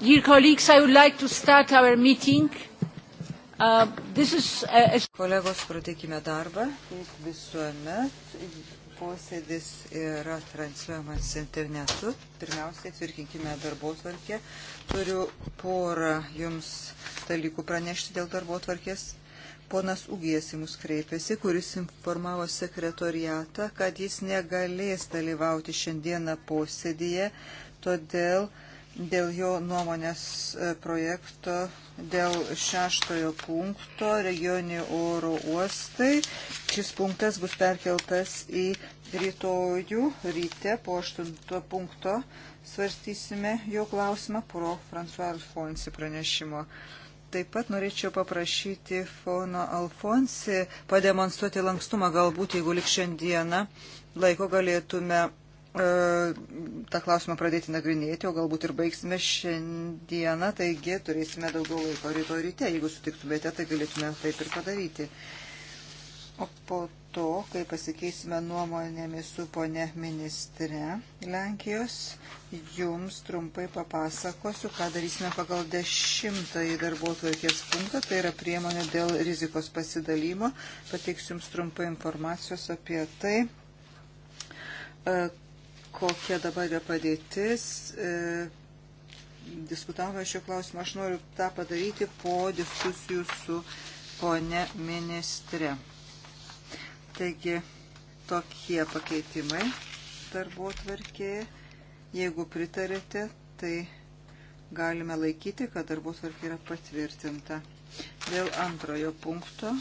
Dear colleagues, I would like to start our meeting. Uh, this is uh, a... Kolegos, pradėkime darbą. Kaip visuomet, posėdis yra transliuojamas internetu. Pirmiausiai tvirkinkime darbo tvarkę. Turiu porą jums dalykų pranešti dėl darbo tvarkės. Ponas Ugijas į mus kreipėsi, kuris informavo sekretoriatą, kad jis negalės dalyvauti šiandieną posėdėje, todėl uh, dėl jo nuomonės e, projekto, dėl šeštojo punkto regioniai oro uostai. Šis punktas bus perkeltas į rytojų ryte po aštunto punkto. Svarstysime jo klausimą pro François Alfonsi pranešimo. Taip pat norėčiau paprašyti Fono Alfonsi pademonstruoti lankstumą, galbūt jeigu lik šiandieną laiko galėtume E, tą klausimą pradėti nagrinėti, o galbūt ir baigsime šiandieną, taigi turėsime daugiau laiko rytoj ryte. Jeigu sutiktumėte, tai galėtume taip ir padaryti. O po to, kai pasikeisime nuomonėmis su ponė ministre Lenkijos, jums trumpai papasakosiu, ką darysime pagal dešimtąjį darbo tvarkės punktą, tai yra priemonė dėl rizikos pasidalymo. Pateiksiu jums trumpai informacijos apie tai e, kokia dabar yra padėtis. E, diskutavome šio klausimą. Aš noriu tą padaryti po diskusijų su pone ministre. Taigi, tokie pakeitimai darbo tvarkėje. Jeigu pritarėte, tai galime laikyti, kad darbo tvarkė yra patvirtinta. Dėl antrojo punkto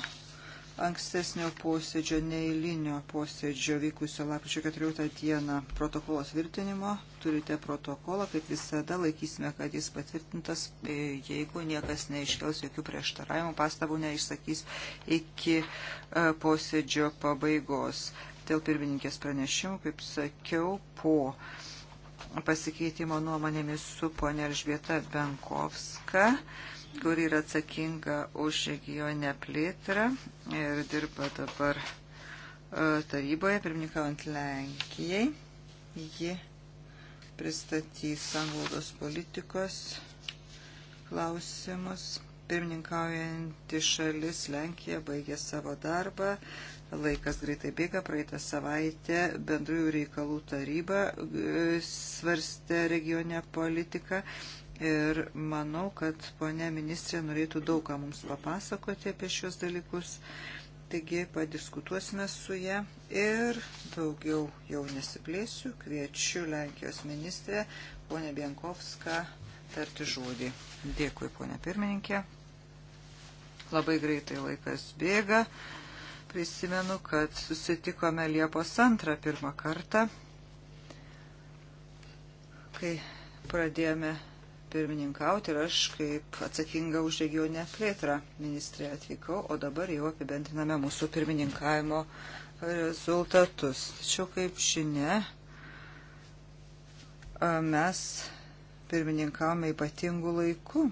ankstesnio posėdžio, neįlinio posėdžio vykusio lapkričio 14 dieną protokolo tvirtinimo. Turite protokolą, kaip visada laikysime, kad jis patvirtintas, e, jeigu niekas neiškels jokių prieštaravimų, pastabų neišsakys iki e, posėdžio pabaigos. Dėl pirmininkės pranešimų, kaip sakiau, po pasikeitimo nuomonėmis su ponė Elžbieta Benkovska kuri yra atsakinga už regionę plėtrą ir dirba dabar e, taryboje, pirmininkaujant Lenkijai. Ji pristatys sanglaudos politikos klausimus. Pirmininkaujanti šalis Lenkija baigė savo darbą. Laikas greitai bėga. Praeitą savaitę bendrųjų reikalų taryba e, svarstė regionę politiką Ir manau, kad ponė ministrė norėtų daug ką mums papasakoti apie šios dalykus. Taigi padiskutuosime su ją ir daugiau jau nesiplėsiu. Kviečiu Lenkijos ministrę ponę Bienkovską tarti žodį. Dėkui, ponė pirmininkė. Labai greitai laikas bėga. Prisimenu, kad susitikome Liepos antrą pirmą kartą, kai pradėjome pirmininkauti ir aš kaip atsakinga už regionę plėtrą ministrė atvykau, o dabar jau apibendriname mūsų pirmininkavimo rezultatus. Tačiau, kaip žinia, mes pirmininkavome ypatingų laikų.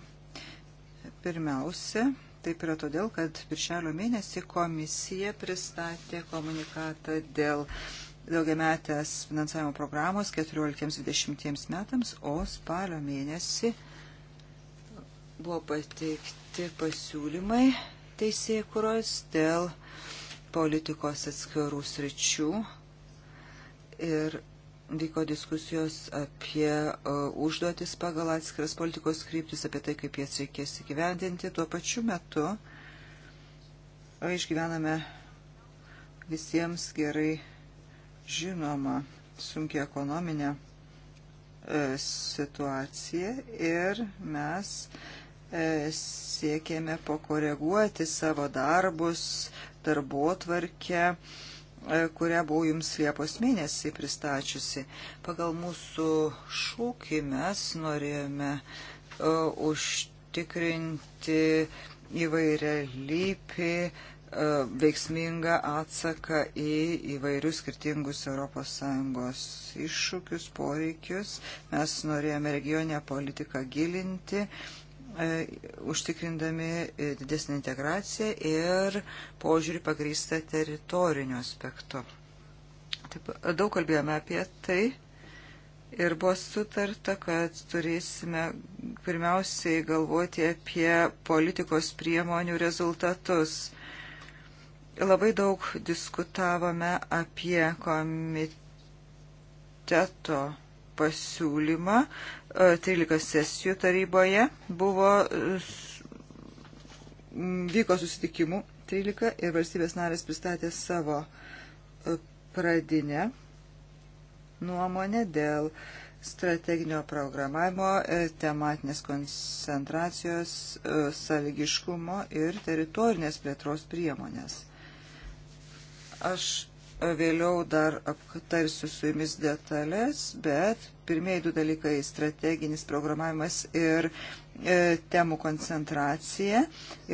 Pirmiausia, taip yra todėl, kad piršelio mėnesį komisija pristatė komunikatą dėl uh, daugiametės finansavimo programos 14-20 metams, o spalio mėnesį buvo pateikti pasiūlymai teisėkuros dėl politikos atskirų sričių ir vyko diskusijos apie e, užduotis pagal atskiras politikos kryptis, apie tai, kaip jas reikės įgyvendinti. Tuo pačiu metu e, išgyvename visiems gerai žinoma sunkia ekonominė e, situacija ir mes e, siekėme pakoreguoti savo darbus, darbotvarkę, e, kurią buvau jums Liepos mėnesį pristačiusi. Pagal mūsų šūkį mes norėjome užtikrinti įvairią lypį, E, veiksmingą atsaką į įvairius skirtingus ES iššūkius, poreikius. Mes norėjome regioninę politiką gilinti, e, užtikrindami didesnį integraciją ir požiūrį pagrįstą teritoriniu aspektu. Taip, daug kalbėjome apie tai ir buvo sutarta, kad turėsime pirmiausiai galvoti apie politikos priemonių rezultatus. Labai daug diskutavome apie komiteto pasiūlymą. 13 e, sesijų taryboje buvo, vyko susitikimų 13 ir valstybės narės pristatė savo e, pradinę nuomonę dėl strateginio programavimo, e, tematinės koncentracijos, sąlygiškumo ir teritorinės plėtros priemonės. Aš e, vėliau dar aptarsiu su jumis detalės, bet pirmieji du dalykai - strateginis programavimas ir e, temų koncentracija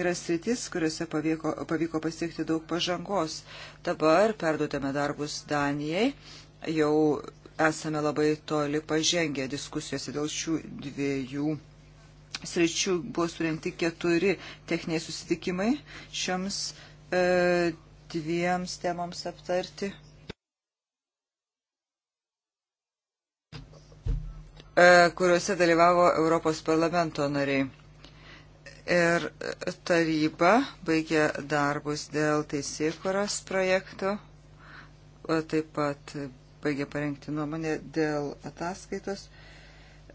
yra sritis, kuriuose pavyko, pavyko pasiekti daug pažangos. Dabar perduotame darbus Danijai, jau esame labai toli pažengę diskusijose dėl šių dviejų sričių. Buvo surinkti keturi techniniai susitikimai šioms e, dviems temams aptarti. E, kuriuose dalyvavo Europos parlamento nariai. Ir taryba baigė darbus dėl teisėkuros projektų, e, taip pat baigė parengti nuomonę dėl ataskaitos.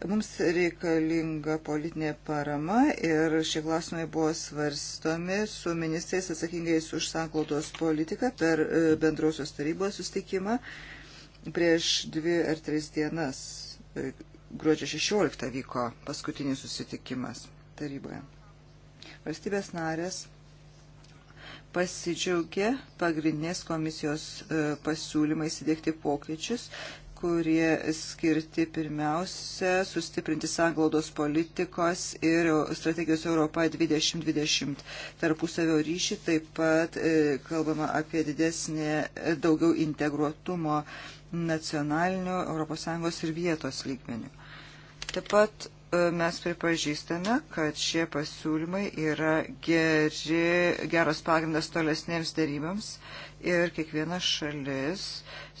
Mums reikalinga politinė parama ir šie klausimai buvo svarstomi su ministrais atsakingais už sanklautos politiką per e, bendrosios tarybos sustikimą prieš dvi ar tris dienas. E, gruodžio 16 vyko paskutinis susitikimas taryboje. Valstybės narės pasidžiaugė pagrindinės komisijos e, pasiūlymais įdėkti pokyčius kurie skirti pirmiausia sustiprinti sanglaudos politikos ir strategijos Europa 2020 tarpusavio ryšį, taip pat e, kalbama apie didesnį e, daugiau integruotumo nacionalinių ES ir vietos lygmenių. Taip pat E, mes pripažįstame, kad šie pasiūlymai yra geri, geras pagrindas tolesnėms dėrybams ir kiekviena šalis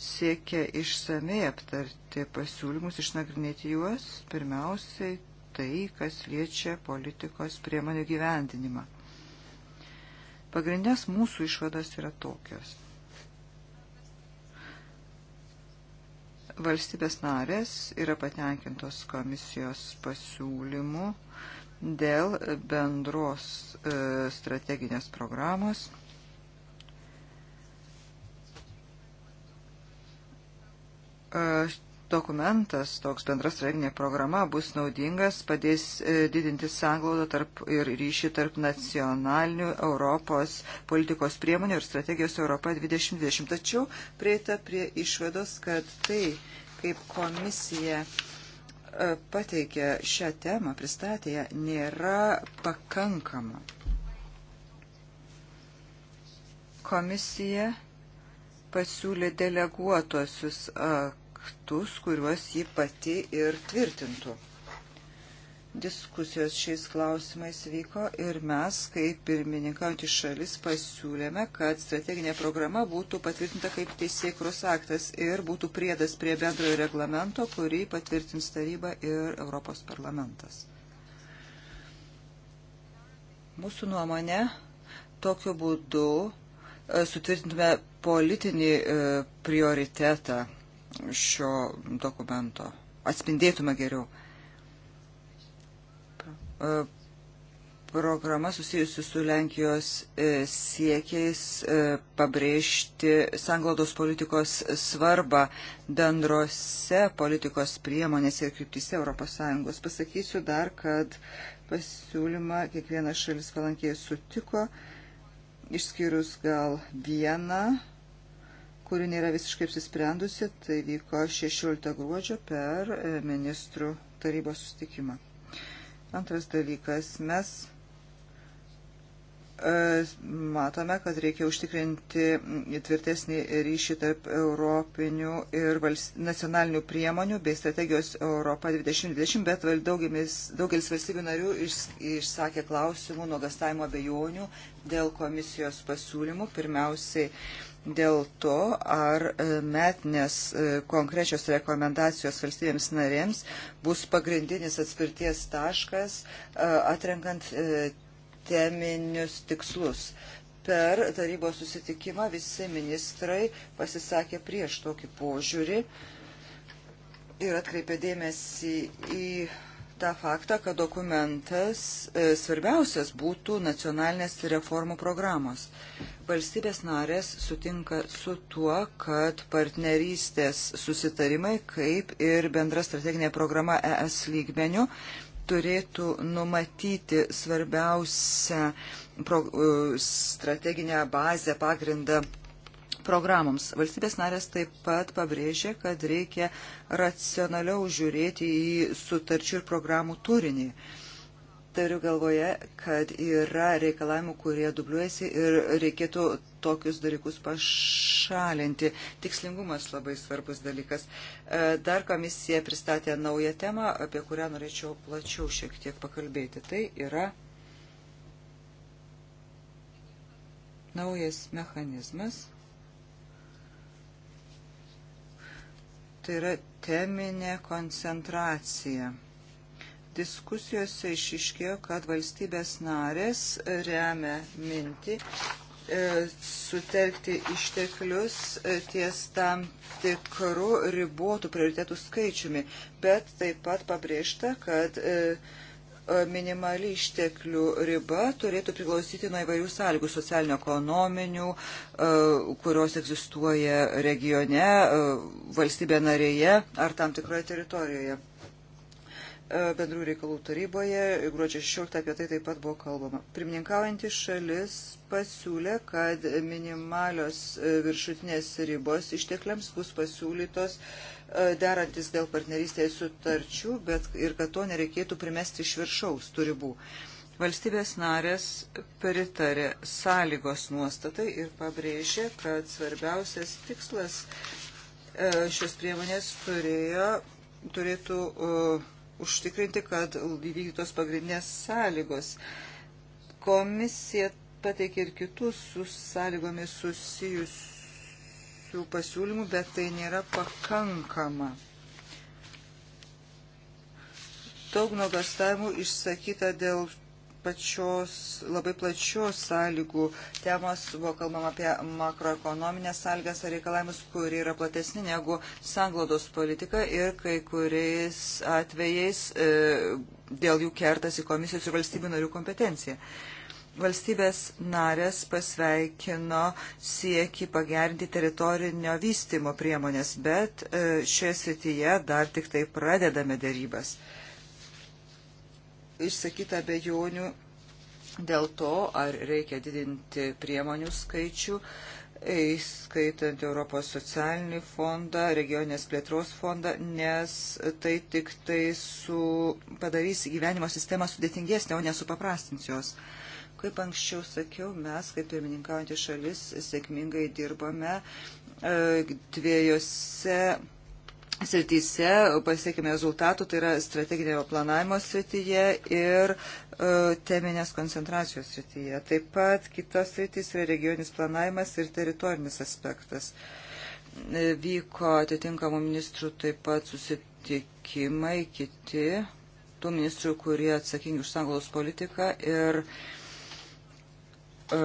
siekia išsamei aptarti pasiūlymus, išnagrinėti juos, pirmiausiai tai, kas liečia politikos priemonių gyvendinimą. Pagrindinės mūsų išvados yra tokios. valstybės narės yra patenkintos komisijos pasiūlymų dėl bendros e, strateginės programos dokumentas, toks bendras strateginė programa bus naudingas, padės e, didinti sanglaudą tarp ir ryšį tarp nacionalinių Europos politikos priemonių ir strategijos Europa 2020. Tačiau prieita prie išvados, kad tai, kaip komisija e, pateikė šią temą, pristatė ją, nėra pakankama. Komisija pasiūlė deleguotosius e, aktus, kuriuos ji pati ir tvirtintų. Diskusijos šiais klausimais vyko ir mes, kaip pirmininkaujantys šalis, pasiūlėme, kad strateginė programa būtų patvirtinta kaip teisėkros aktas ir būtų priedas prie bendrojo reglamento, kurį patvirtins taryba ir Europos parlamentas. Mūsų nuomonė, tokiu būdu e, sutvirtintume politinį e, prioritetą šio dokumento, atspindėtume geriau. E, programa susijusi su Lenkijos e, siekiais e, pabrėžti sanglaudos politikos svarbą bendrose politikos priemonėse ir kryptise ES. Pasakysiu dar, kad pasiūlymą kiekviena šalis palankiai sutiko, išskyrus gal vieną kuri nėra visiškai apsisprendusi, tai vyko 16 gruodžio per e, ministrų tarybos sustikimą. Antras dalykas, mes e, matome, kad reikia užtikrinti tvirtesnį ryšį tarp europinių ir nacionalinių priemonių bei strategijos Europa 2020, bet daugelis, daugelis valstybių narių iš, išsakė klausimų, nuogastavimo abejonių dėl komisijos pasiūlymų. Pirmiausiai dėl to, ar e, metinės e, konkrečios rekomendacijos valstybėms narėms bus pagrindinis atspirties taškas e, atrenkant teminius tikslus. Per tarybos susitikimą visi ministrai pasisakė prieš tokį požiūrį ir atkreipė dėmesį į tą faktą, kad dokumentas e, svarbiausias būtų nacionalinės reformų programos. Valstybės narės sutinka su tuo, kad partnerystės susitarimai, kaip ir bendra strateginė programa ES lygmenių, turėtų numatyti svarbiausią pro, e, strateginę bazę pagrindą programoms. Valstybės narės taip pat pabrėžė, kad reikia racionaliau žiūrėti į sutarčių ir programų turinį. Turiu galvoje, kad yra reikalavimų, kurie dubliuojasi ir reikėtų tokius dalykus pašalinti. Tikslingumas labai svarbus dalykas. E, dar komisija pristatė naują temą, apie kurią norėčiau plačiau šiek tiek pakalbėti. Tai yra naujas mechanizmas tai yra teminė koncentracija. Diskusijose išiškėjo, kad valstybės narės remia mintį e, sutelkti išteklius e, ties tam tikrų ribotų prioritėtų skaičiumi, bet taip pat pabrėžta, kad e, minimali išteklių riba turėtų priklausyti nuo įvairių sąlygų - socialinio ekonominių, e, kurios egzistuoja regione, e, valstybė narėje ar tam tikroje teritorijoje. E, bendrų reikalų taryboje gruodžio 16 apie tai taip pat buvo kalbama. Pirmininkaujantis šalis pasiūlė, kad minimalios viršutinės ribos ištekliams bus pasiūlytos uh, E, derantis dėl partnerystės sutarčių, bet ir kad to nereikėtų primesti iš viršaus turibų. Valstybės narės pritarė sąlygos nuostatai ir pabrėžė, kad svarbiausias tikslas e, šios priemonės turėjo, turėtų uh, užtikrinti, kad įvykdytos pagrindinės sąlygos. Komisija pateikė ir kitus su sąlygomis susijusius tokių pasiūlymų, bet tai nėra pakankama. Daug nuogastavimų išsakyta dėl pačios labai plačios sąlygų temos, buvo kalbama apie makroekonominės sąlygas ar reikalavimus, kurie yra platesni negu sanglodos politika ir kai kuriais atvejais e, dėl jų kertasi komisijos ir valstybių narių kompetencija. E, Valstybės narės pasveikino sieki pagerinti teritorinio vystimo priemonės, bet e, šioje srityje dar tik tai pradedame dėrybas. Išsakyta bejonių dėl to, ar reikia didinti priemonių skaičių, įskaitant Europos socialinį fondą, regioninės plėtros fondą, nes tai tik tai su, padarys gyvenimo sistemą sudėtingesnę, o nesupaprastins jos. Uh, Kaip anksčiau sakiau, mes, kaip pirmininkaujantį šalis, sėkmingai dirbame e, dviejose srityse, pasiekime rezultatų, tai yra strateginio planavimo srityje ir e, teminės koncentracijos srityje. Taip pat kitos sritys yra regioninis planavimas ir teritorinis aspektas. E, vyko atitinkamų ministrų taip pat susitikimai, kiti tų ministrų, kurie atsakingi už sanglaus politiką ir uh, E,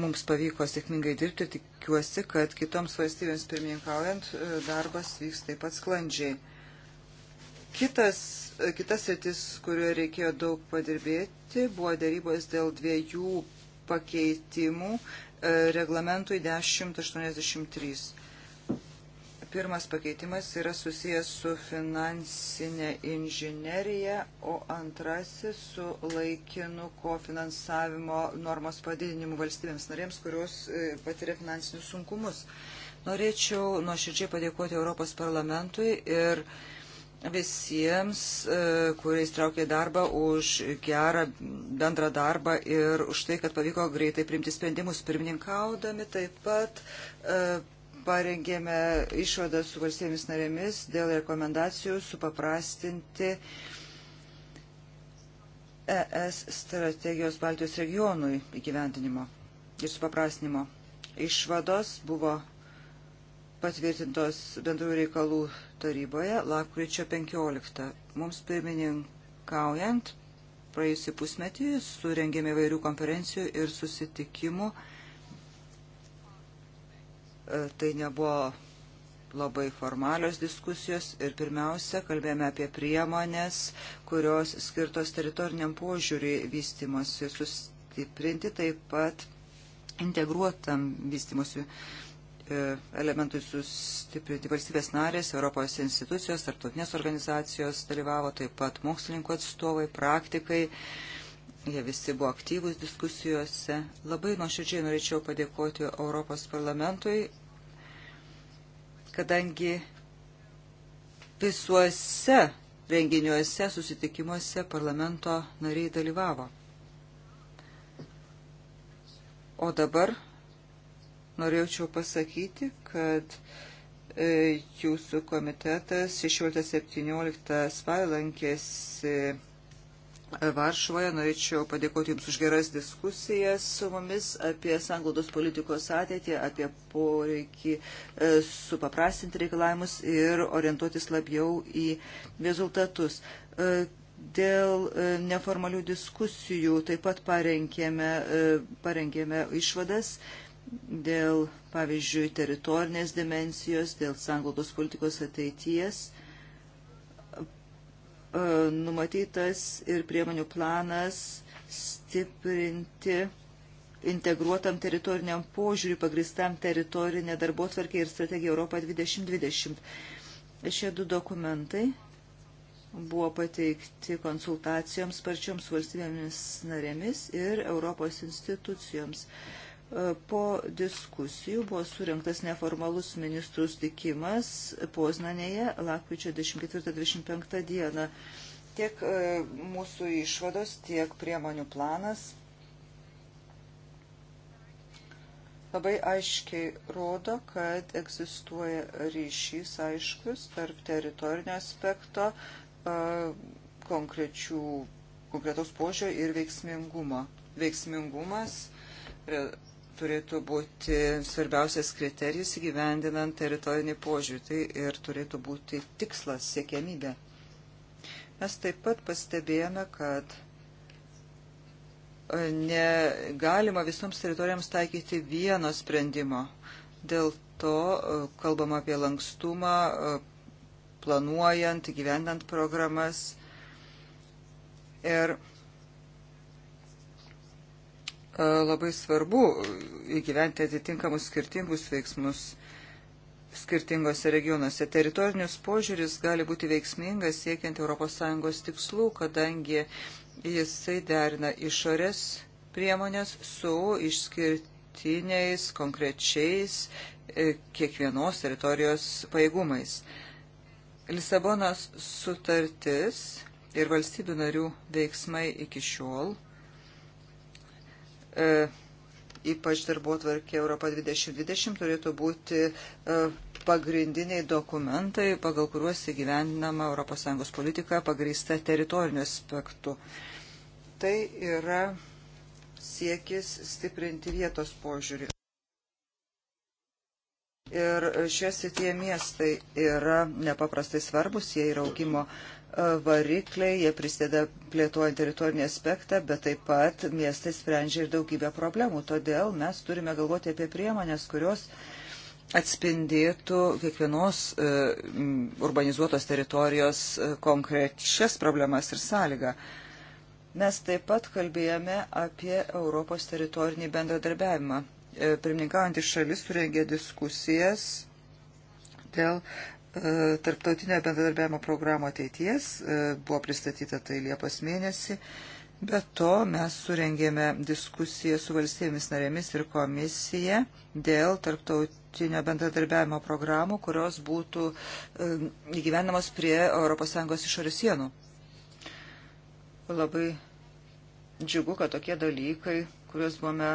mums pavyko sėkmingai dirbti, tikiuosi, kad kitoms valstybėms pirmininkaujant e, darbas vyks taip pat sklandžiai. Kitas, e, kitas rytis, kurioje reikėjo daug padirbėti, buvo dėrybos dėl dviejų pakeitimų reglamentui 1083. Pirmas pakeitimas yra susijęs su finansinė inžinerija, o antrasis su laikinu kofinansavimo normos padidinimu valstybėms narėms, kurios e, patiria finansinius sunkumus. Norėčiau nuoširdžiai padėkoti Europos parlamentui ir visiems, e, kurie įstraukė darbą už gerą bendrą darbą ir už tai, kad pavyko greitai priimti sprendimus pirmininkaudami, taip pat e, parengėme išvadą su valstybėmis narėmis dėl rekomendacijų supaprastinti ES strategijos Baltijos regionui įgyvendinimo ir supaprastinimo. Išvados buvo patvirtintos bendrųjų reikalų taryboje lapkričio 15. Mums pirmininkaujant praėjusį pusmetį surengėme vairių konferencijų ir susitikimų E, tai nebuvo labai formalios diskusijos ir pirmiausia kalbėjome apie priemonės, kurios skirtos teritoriniam požiūriui vystimosi sustiprinti, taip pat integruotam vystimosi e, elementui sustiprinti valstybės narės, Europos institucijos, tarptautinės organizacijos dalyvavo, taip pat mokslininkų atstovai, praktikai. E, Jie visi buvo aktyvus diskusijose. Labai nuoširdžiai norėčiau padėkoti Europos parlamentui, kadangi visuose renginiuose, susitikimuose parlamento nariai dalyvavo. O dabar norėčiau pasakyti, kad e, jūsų komitetas 16-17 spalį lankėsi Varšuvoje. Norėčiau padėkoti Jums už geras diskusijas su mumis apie sanglaudos politikos ateitį, apie poreikį e, supaprastinti reikalavimus ir orientuotis labiau į rezultatus. E, dėl e, neformalių diskusijų taip pat parengėme, parengėme išvadas dėl, pavyzdžiui, teritorinės dimensijos, dėl sanglaudos politikos ateities. E, numatytas ir priemonių planas stiprinti integruotam teritoriniam požiūriui pagristam teritorinė darbo tvarkė ir strategija Europa 2020. Šie du dokumentai buvo pateikti konsultacijoms parčioms valstybėmis narėmis ir Europos institucijoms. E, po diskusijų buvo surinktas neformalus ministrų stikimas Poznanėje lakvičio 24-25 dieną. Tiek e, mūsų išvados, tiek priemonių planas labai aiškiai rodo, kad egzistuoja ryšys aiškus tarp teritorinio aspekto, e, konkrečių, konkretaus požio ir veiksmingumo. Veiksmingumas turėtų būti svarbiausias kriterijus įgyvendinant teritorinį požiūrį. Tai ir turėtų būti tikslas, siekiamybė. Mes taip pat pastebėjome, kad e, negalima visoms teritorijoms taikyti vieno sprendimo. Dėl to e, kalbama apie lankstumą, e, planuojant, gyvendant programas. Ir E, labai svarbu įgyventi atitinkamus skirtingus veiksmus skirtingose regionuose. Teritorinis požiūris gali būti veiksmingas siekiant ES tikslų, kadangi jisai derina išorės priemonės su išskirtiniais, konkrečiais e, kiekvienos teritorijos pajėgumais. Lisabonos sutartis ir valstybių narių veiksmai iki šiol E, ypač darbo tvarkė Europa 2020 turėtų būti e, pagrindiniai dokumentai, pagal kuriuos įgyvendinama ES politika pagrįsta teritoriniu aspektu. Tai yra siekis stiprinti vietos požiūrį. Ir šioje srityje miestai yra nepaprastai svarbus, jie yra augimo uh, varikliai, jie prisideda plėtojant teritorinį aspektą, bet taip pat miestai sprendžia ir daugybę problemų. Todėl mes turime galvoti apie priemonės, kurios atspindėtų kiekvienos e, urbanizuotos teritorijos e, konkrečias problemas ir sąlygą. Mes taip pat kalbėjome apie Europos teritorinį bendradarbiavimą. E, Pirmininkaujantys šalis surengė diskusijas dėl E, tarptautinio bendradarbiavimo programų ateities, e, buvo pristatyta tai Liepos mėnesį. Be to mes surengėme diskusiją su valstybėmis narėmis ir komisija dėl tarptautinio bendradarbiavimo programų, kurios būtų e, įgyvenamos prie ES išorės sienų. Labai džiugu, kad tokie dalykai, kuriuos buvome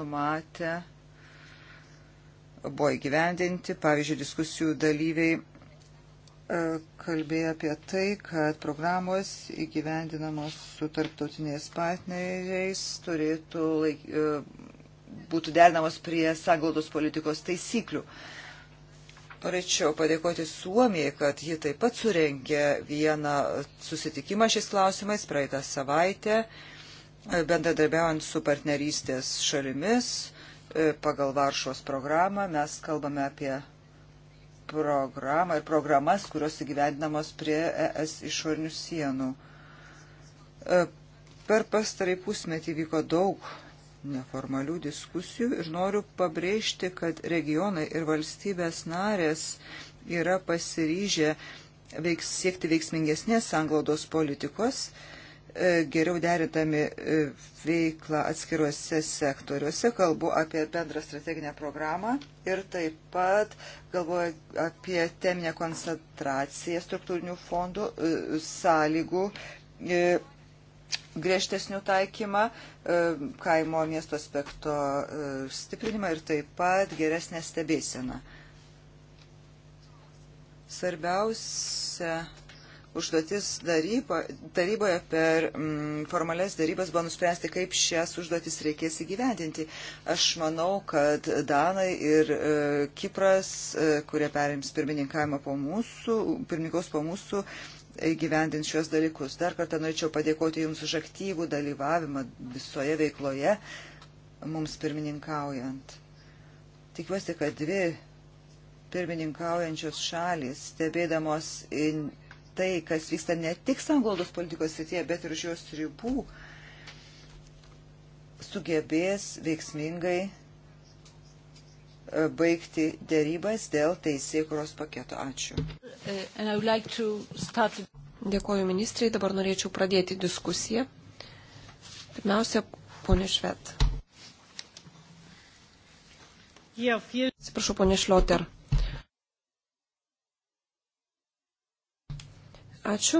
numatę buvo įgyvendinti. Pavyzdžiui, diskusijų dalyviai e, kalbėjo apie tai, kad programos įgyvendinamos su tarptautiniais partneriais turėtų laik, e, būtų derinamos prie sągaudos politikos taisyklių. Norėčiau padėkoti Suomijai, kad ji taip pat surengė vieną susitikimą šiais klausimais praeitą savaitę, e, bendradarbiaujant su partnerystės šalimis. E, pagal Varšuos programą. Mes kalbame apie programą ir programas, kurios įgyvendinamos prie ES išorinių sienų. E, per pastarai pusmetį vyko daug neformalių diskusijų ir noriu pabrėžti, kad regionai ir valstybės narės yra pasiryžę veiks, siekti veiksmingesnės sanglaudos politikos E, geriau derindami e, veiklą atskiruose sektoriuose. Kalbu apie bendrą strateginę programą ir taip pat galvoju apie teminę koncentraciją struktūrinių fondų e, sąlygų griežtesnių taikymą, kaimo miesto aspekto stiprinimą ir taip pat geresnę stebėseną. Svarbiausia užduotis daryba, taryboje per mm, formales darybas buvo nuspręsti, kaip šias užduotis reikės įgyvendinti. Aš manau, kad Danai ir e, Kipras, e, kurie perims pirmininkavimą po mūsų, pirmininkaus po mūsų, įgyvendins šios dalykus. Dar kartą norėčiau padėkoti Jums už aktyvų dalyvavimą visoje veikloje mums pirmininkaujant. Tikiuosi, kad dvi pirmininkaujančios šalis, stebėdamos in, tai, kas vyksta ne tik sanglaudos politikos srityje, bet ir už jos ribų, sugebės veiksmingai e, baigti dėrybas dėl teisėkuros paketo. Ačiū. E, like start... Dėkoju ministrai, dabar norėčiau pradėti diskusiją. Pirmiausia, ponė Švet. Atsiprašau, ponė Šlioter. Ačiū.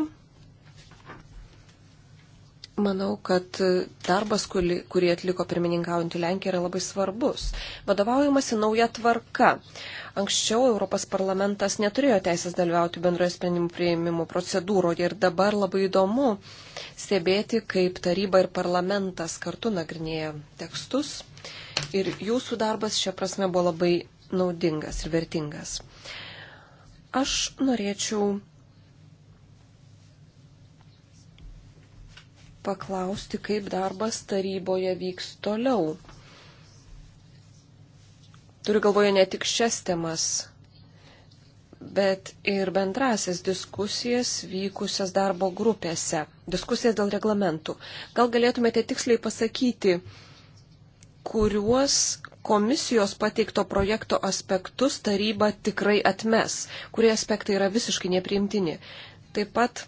Manau, kad darbas, kurį atliko pirmininkaujantį Lenkiją, yra labai svarbus. Vadovaujamasi nauja tvarka. Anksčiau Europos parlamentas neturėjo teisės dalyvauti bendroje sprendimų prieimimo procedūroje ir dabar labai įdomu stebėti, kaip taryba ir parlamentas kartu nagrinėja tekstus. Ir jūsų darbas šia prasme buvo labai naudingas ir vertingas. Aš norėčiau paklausti, kaip darbas taryboje vyks toliau. Turiu galvoje ne tik šias temas, bet ir bendrasias diskusijas vykusias darbo grupėse, diskusijas dėl reglamentų. Gal galėtumėte tiksliai pasakyti, kuriuos komisijos pateikto projekto aspektus taryba tikrai atmes, kurie aspektai yra visiškai nepriimtini. Taip pat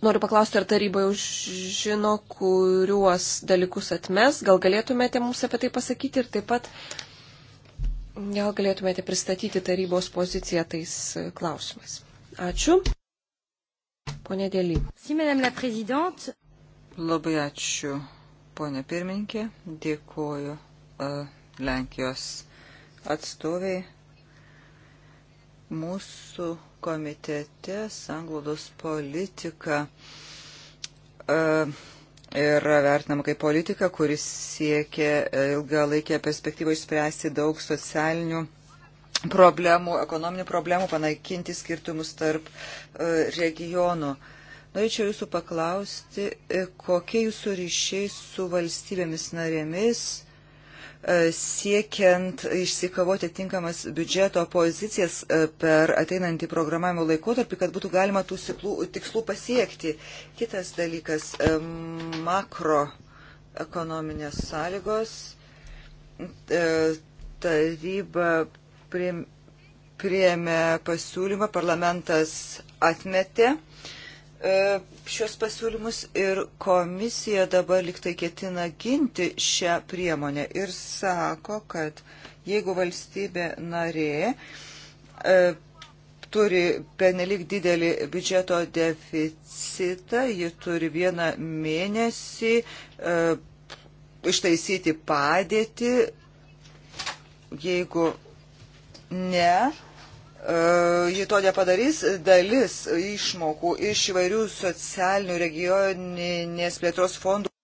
Noriu paklausti, ar taryba jau žino, kuriuos dalykus atmes. Gal galėtumėte mums apie tai pasakyti ir taip pat, gal galėtumėte pristatyti tarybos poziciją tais e, klausimais. Ačiū. Pone Dėly. Labai ačiū, ponė pirmininkė. Dėkuoju uh, e, Lenkijos atstoviai. Mūsų komitete sanglaudos politika yra e, vertinama kaip politika, kuris siekia e, ilgalaikę perspektyvą išspręsti daug socialinių problemų, ekonominių problemų, panaikinti skirtumus tarp e, regionų. Norėčiau jūsų paklausti, kokie jūsų ryšiai su valstybėmis narėmis E, siekiant išsikavoti tinkamas biudžeto pozicijas e, per ateinantį programavimo laikotarpį, kad būtų galima tų siklų, tikslų pasiekti. Kitas dalykas e, - makroekonominės sąlygos. Taryba priėmė pasiūlymą, parlamentas atmetė. E, šios pasiūlymus ir komisija dabar liktai ketina ginti šią priemonę ir sako, kad jeigu valstybė narė e, turi penelik didelį biudžeto deficitą, ji turi vieną mėnesį e, ištaisyti padėtį, jeigu ne, E, ji to nepadarys, dalis išmokų iš įvairių socialinių regioninės plėtros fondų e,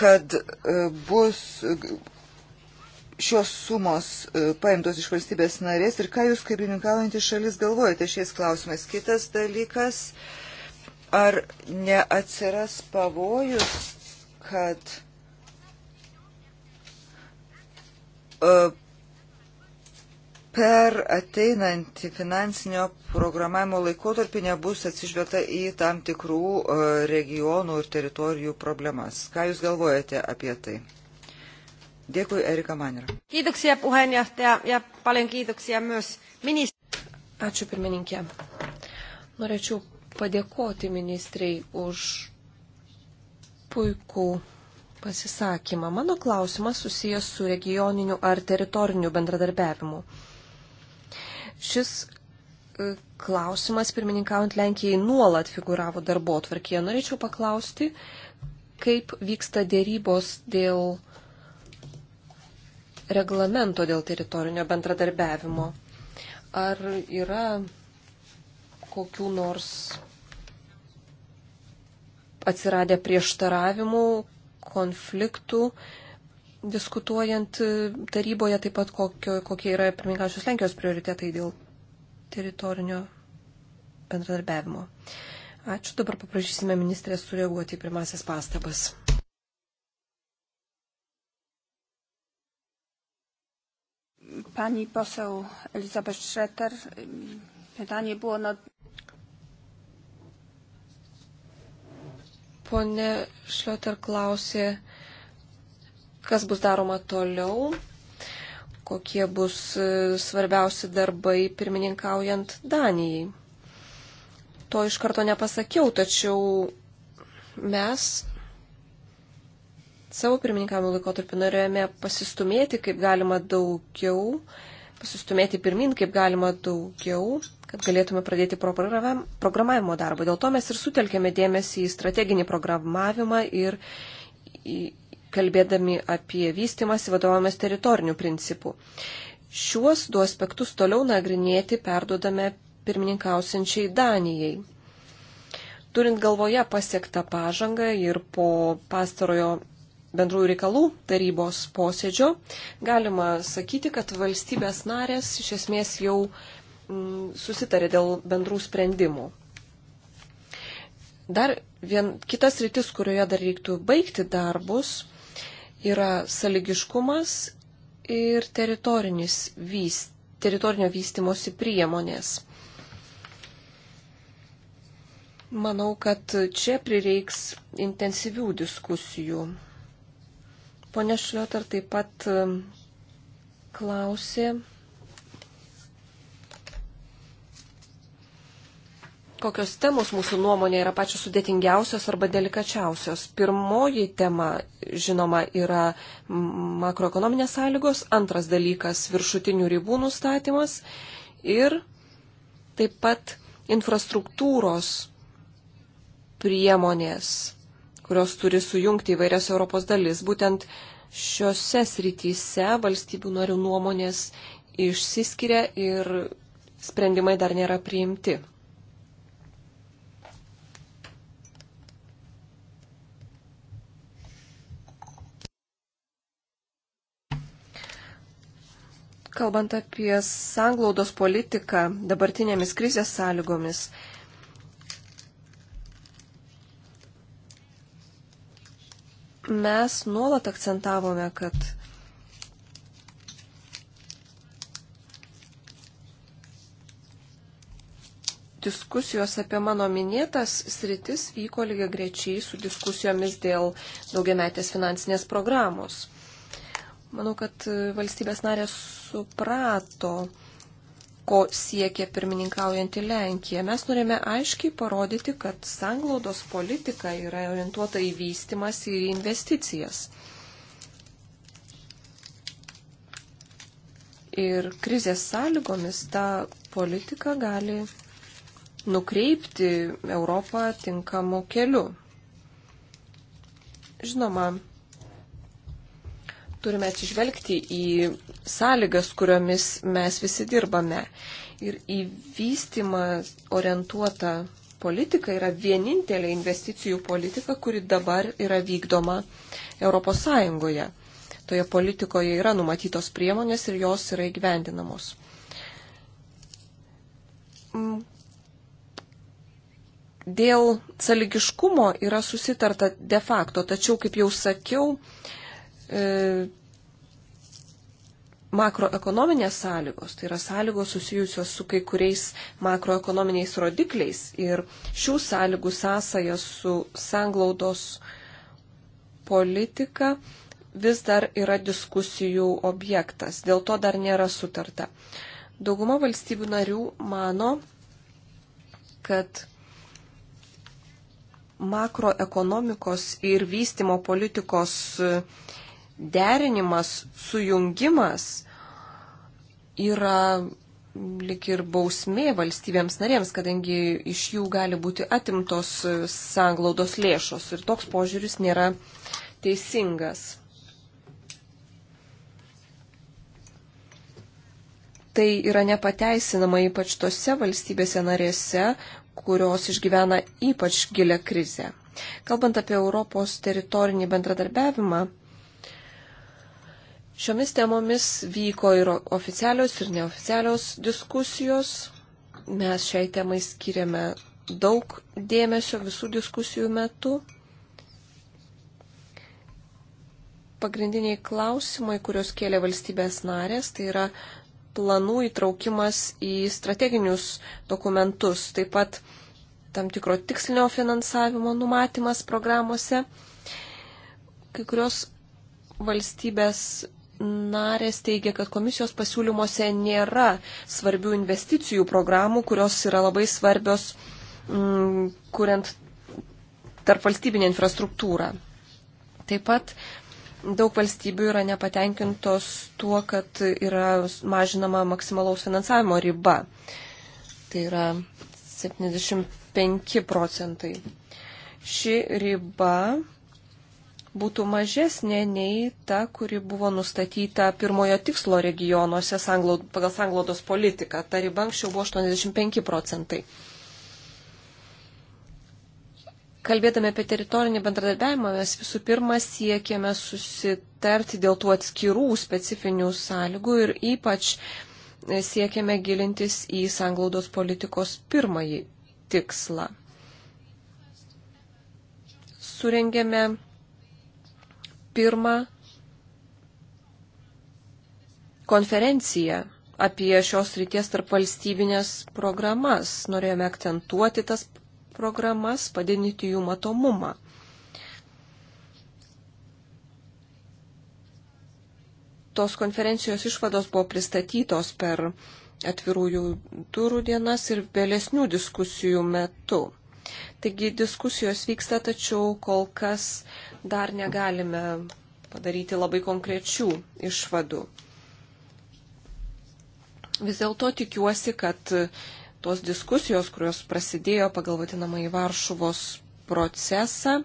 kad e, bus šios sumos paimtos iš valstybės narės ir ką jūs kaip pirmininkaujantys šalis galvojate šiais klausimais. Kitas dalykas, ar neatsiras pavojus, kad E, per ateinantį finansinio programavimo laikotarpį nebus atsižvelgta į tam tikrų e, regionų ir teritorijų problemas. Ką Jūs galvojate apie tai? Dėkui, Erika Manira. Kiitoksia puheenjohtaja ja paljon kiitoksia myös ministeri. Ačiū pirmininkė. Norėčiau padėkoti ministrei už puikų pasisakymą. Mano klausimas susijęs su regioniniu ar teritoriniu bendradarbiavimu. Šis e, klausimas, pirmininkaujant Lenkijai, nuolat figuravo darbo atvarkėje. Norėčiau paklausti, kaip vyksta dėrybos dėl reglamento dėl teritorinio bendradarbiavimo. Ar yra kokių nors atsiradę prieštaravimų, konfliktų, diskutuojant taryboje taip pat, kokio, kokie yra pirmininkačios Lenkijos prioritetai dėl teritorinio bendradarbiavimo. Ačiū, dabar paprašysime ministrės sureaguoti į pirmasis pastabas. Pani poseł Elizabeth Schroeter, pytanie było... No... Pone Šlioter klausė, kas bus daroma toliau, kokie bus e, svarbiausi darbai pirmininkaujant Danijai. To iš karto nepasakiau, tačiau mes savo pirmininkavimo laikotarpį norėjome pasistumėti kaip galima daugiau, pasistumėti pirmin kaip galima daugiau, kad galėtume pradėti programavimo darbą. Dėl to mes ir sutelkėme dėmesį į strateginį programavimą ir kalbėdami apie vystimąsi vadovavomės teritorinių principų. Šiuos du aspektus toliau nagrinėti perdodame pirmininkausiančiai Danijai. Turint galvoje pasiektą pažangą ir po pastarojo bendrųjų reikalų tarybos posėdžio, galima sakyti, kad valstybės narės iš esmės jau uh, Mm, susitarė dėl bendrų sprendimų. Dar vien, kitas rytis, kurioje dar reiktų baigti darbus, yra saligiškumas ir vyst, teritorinio vystimosi priemonės. Manau, kad čia prireiks intensyvių diskusijų. Pone Šliotar taip pat mm, klausė, kokios temos mūsų nuomonė yra pačios sudėtingiausios arba delikačiausios. Pirmoji tema, žinoma, yra makroekonominės sąlygos, antras dalykas - viršutinių ribų nustatymas ir taip pat infrastruktūros priemonės, kurios turi sujungti įvairias Europos dalis. Būtent šiuose srityse valstybių narių nuomonės išsiskiria ir sprendimai dar nėra priimti. Kalbant apie sanglaudos politiką dabartinėmis krizės sąlygomis, mes nuolat akcentavome, kad diskusijos apie mano minėtas sritis vyko lygiai grečiai su diskusijomis dėl daugiametės finansinės programos. Manau, kad e, valstybės narės suprato, ko siekia pirmininkaujantį Lenkiją. Mes norime aiškiai parodyti, kad sanglaudos politika yra orientuota į vystimas ir investicijas. Ir krizės sąlygomis tą politiką gali nukreipti Europą tinkamu keliu. Žinoma, turime atsižvelgti į sąlygas, kuriomis mes visi dirbame. Ir į vystimą orientuota politika yra vienintelė investicijų politika, kuri dabar yra vykdoma ES. Toje politikoje yra numatytos priemonės ir jos yra įgyvendinamos. Mm. Dėl saligiškumo yra susitarta de facto, tačiau, kaip jau sakiau, E, makroekonominės sąlygos, tai yra sąlygos susijusios su kai kuriais makroekonominiais rodikliais ir šių sąlygų sąsaja su sanglaudos politika vis dar yra diskusijų objektas, dėl to dar nėra sutarta. Dauguma valstybių narių mano, kad makroekonomikos ir vystimo politikos uh, derinimas, sujungimas yra lik ir bausmė valstybėms narėms, kadangi iš jų gali būti atimtos sanglaudos lėšos ir toks požiūris nėra teisingas. Tai yra nepateisinama ypač tose valstybėse narėse, kurios išgyvena ypač gilę krizę. Kalbant apie Europos teritorinį bendradarbiavimą, Šiomis temomis vyko ir oficialios, ir neoficialios diskusijos. Mes šiai temai skiriame daug dėmesio visų diskusijų metu. Pagrindiniai klausimai, kurios kėlė valstybės narės, tai yra planų įtraukimas į strateginius dokumentus, taip pat tam tikro tikslinio finansavimo numatymas programuose. Kai kurios valstybės narės teigia, kad komisijos pasiūlymuose nėra svarbių investicijų programų, kurios yra labai svarbios, m, mm, kuriant tarp valstybinę infrastruktūrą. Taip pat daug valstybių yra nepatenkintos tuo, kad yra mažinama maksimalaus finansavimo riba. Tai yra 75 procentai. Ši riba būtų mažesnė nei ta, kuri buvo nustatyta pirmojo tikslo regionuose sanglaud, pagal sanglaudos politiką. Ta riba anksčiau buvo 85 procentai. Kalbėdami apie teritorinį bendradarbiavimą, mes visų pirma siekėme susitarti dėl tų atskirų specifinių sąlygų ir ypač e, siekėme gilintis į sanglaudos politikos pirmąjį tikslą. Surengėme pirmą konferenciją apie šios ryties tarp valstybinės programas. Norėjome akcentuoti tas programas, padidinti jų matomumą. Tos konferencijos išvados buvo pristatytos per atvirųjų durų dienas ir vėlesnių diskusijų metu. Taigi diskusijos vyksta, tačiau kol kas dar negalime padaryti labai konkrečių išvadų. Vis dėlto tikiuosi, kad tos diskusijos, kurios prasidėjo pagal vadinamą į Varšuvos procesą,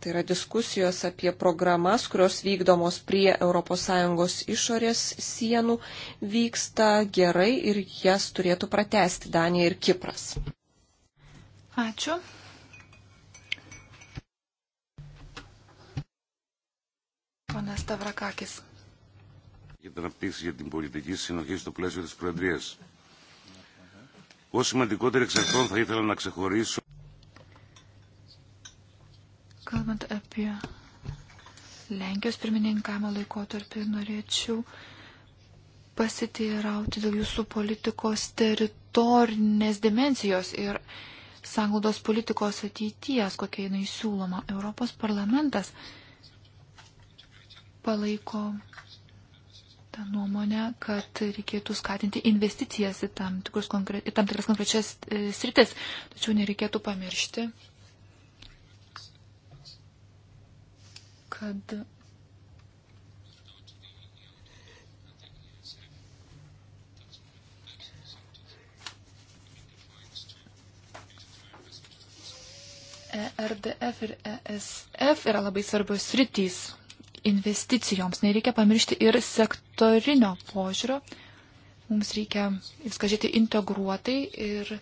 tai yra diskusijos apie programas, kurios vykdomos prie ES išorės sienų, vyksta gerai ir jas turėtų pratesti Danija ir Kipras. Ačiū. Ponas Tavrakakis. Για την αναπτύξη για την πολιτική συνοχή στο πλαίσιο της Προεδρίας. Ως σημαντικότερη εξ αυτών θα ήθελα να ξεχωρίσω... Kalbant apie Lenkijos pirmininkavimo laikotarpį, norėčiau pasiteirauti dėl jūsų politikos teritorinės dimensijos ir sanglaudos politikos ateities, kokia jinai siūloma. Europos parlamentas palaiko tą nuomonę, kad reikėtų skatinti investicijas į tam, konkre... į tam tikras konkrečias e, sritis. Tačiau nereikėtų pamiršti, kad ERDF ir ESF yra labai svarbios rytys investicijoms. Nereikia pamiršti ir sektorinio požiūrio. Mums reikia viską žiūrėti integruotai ir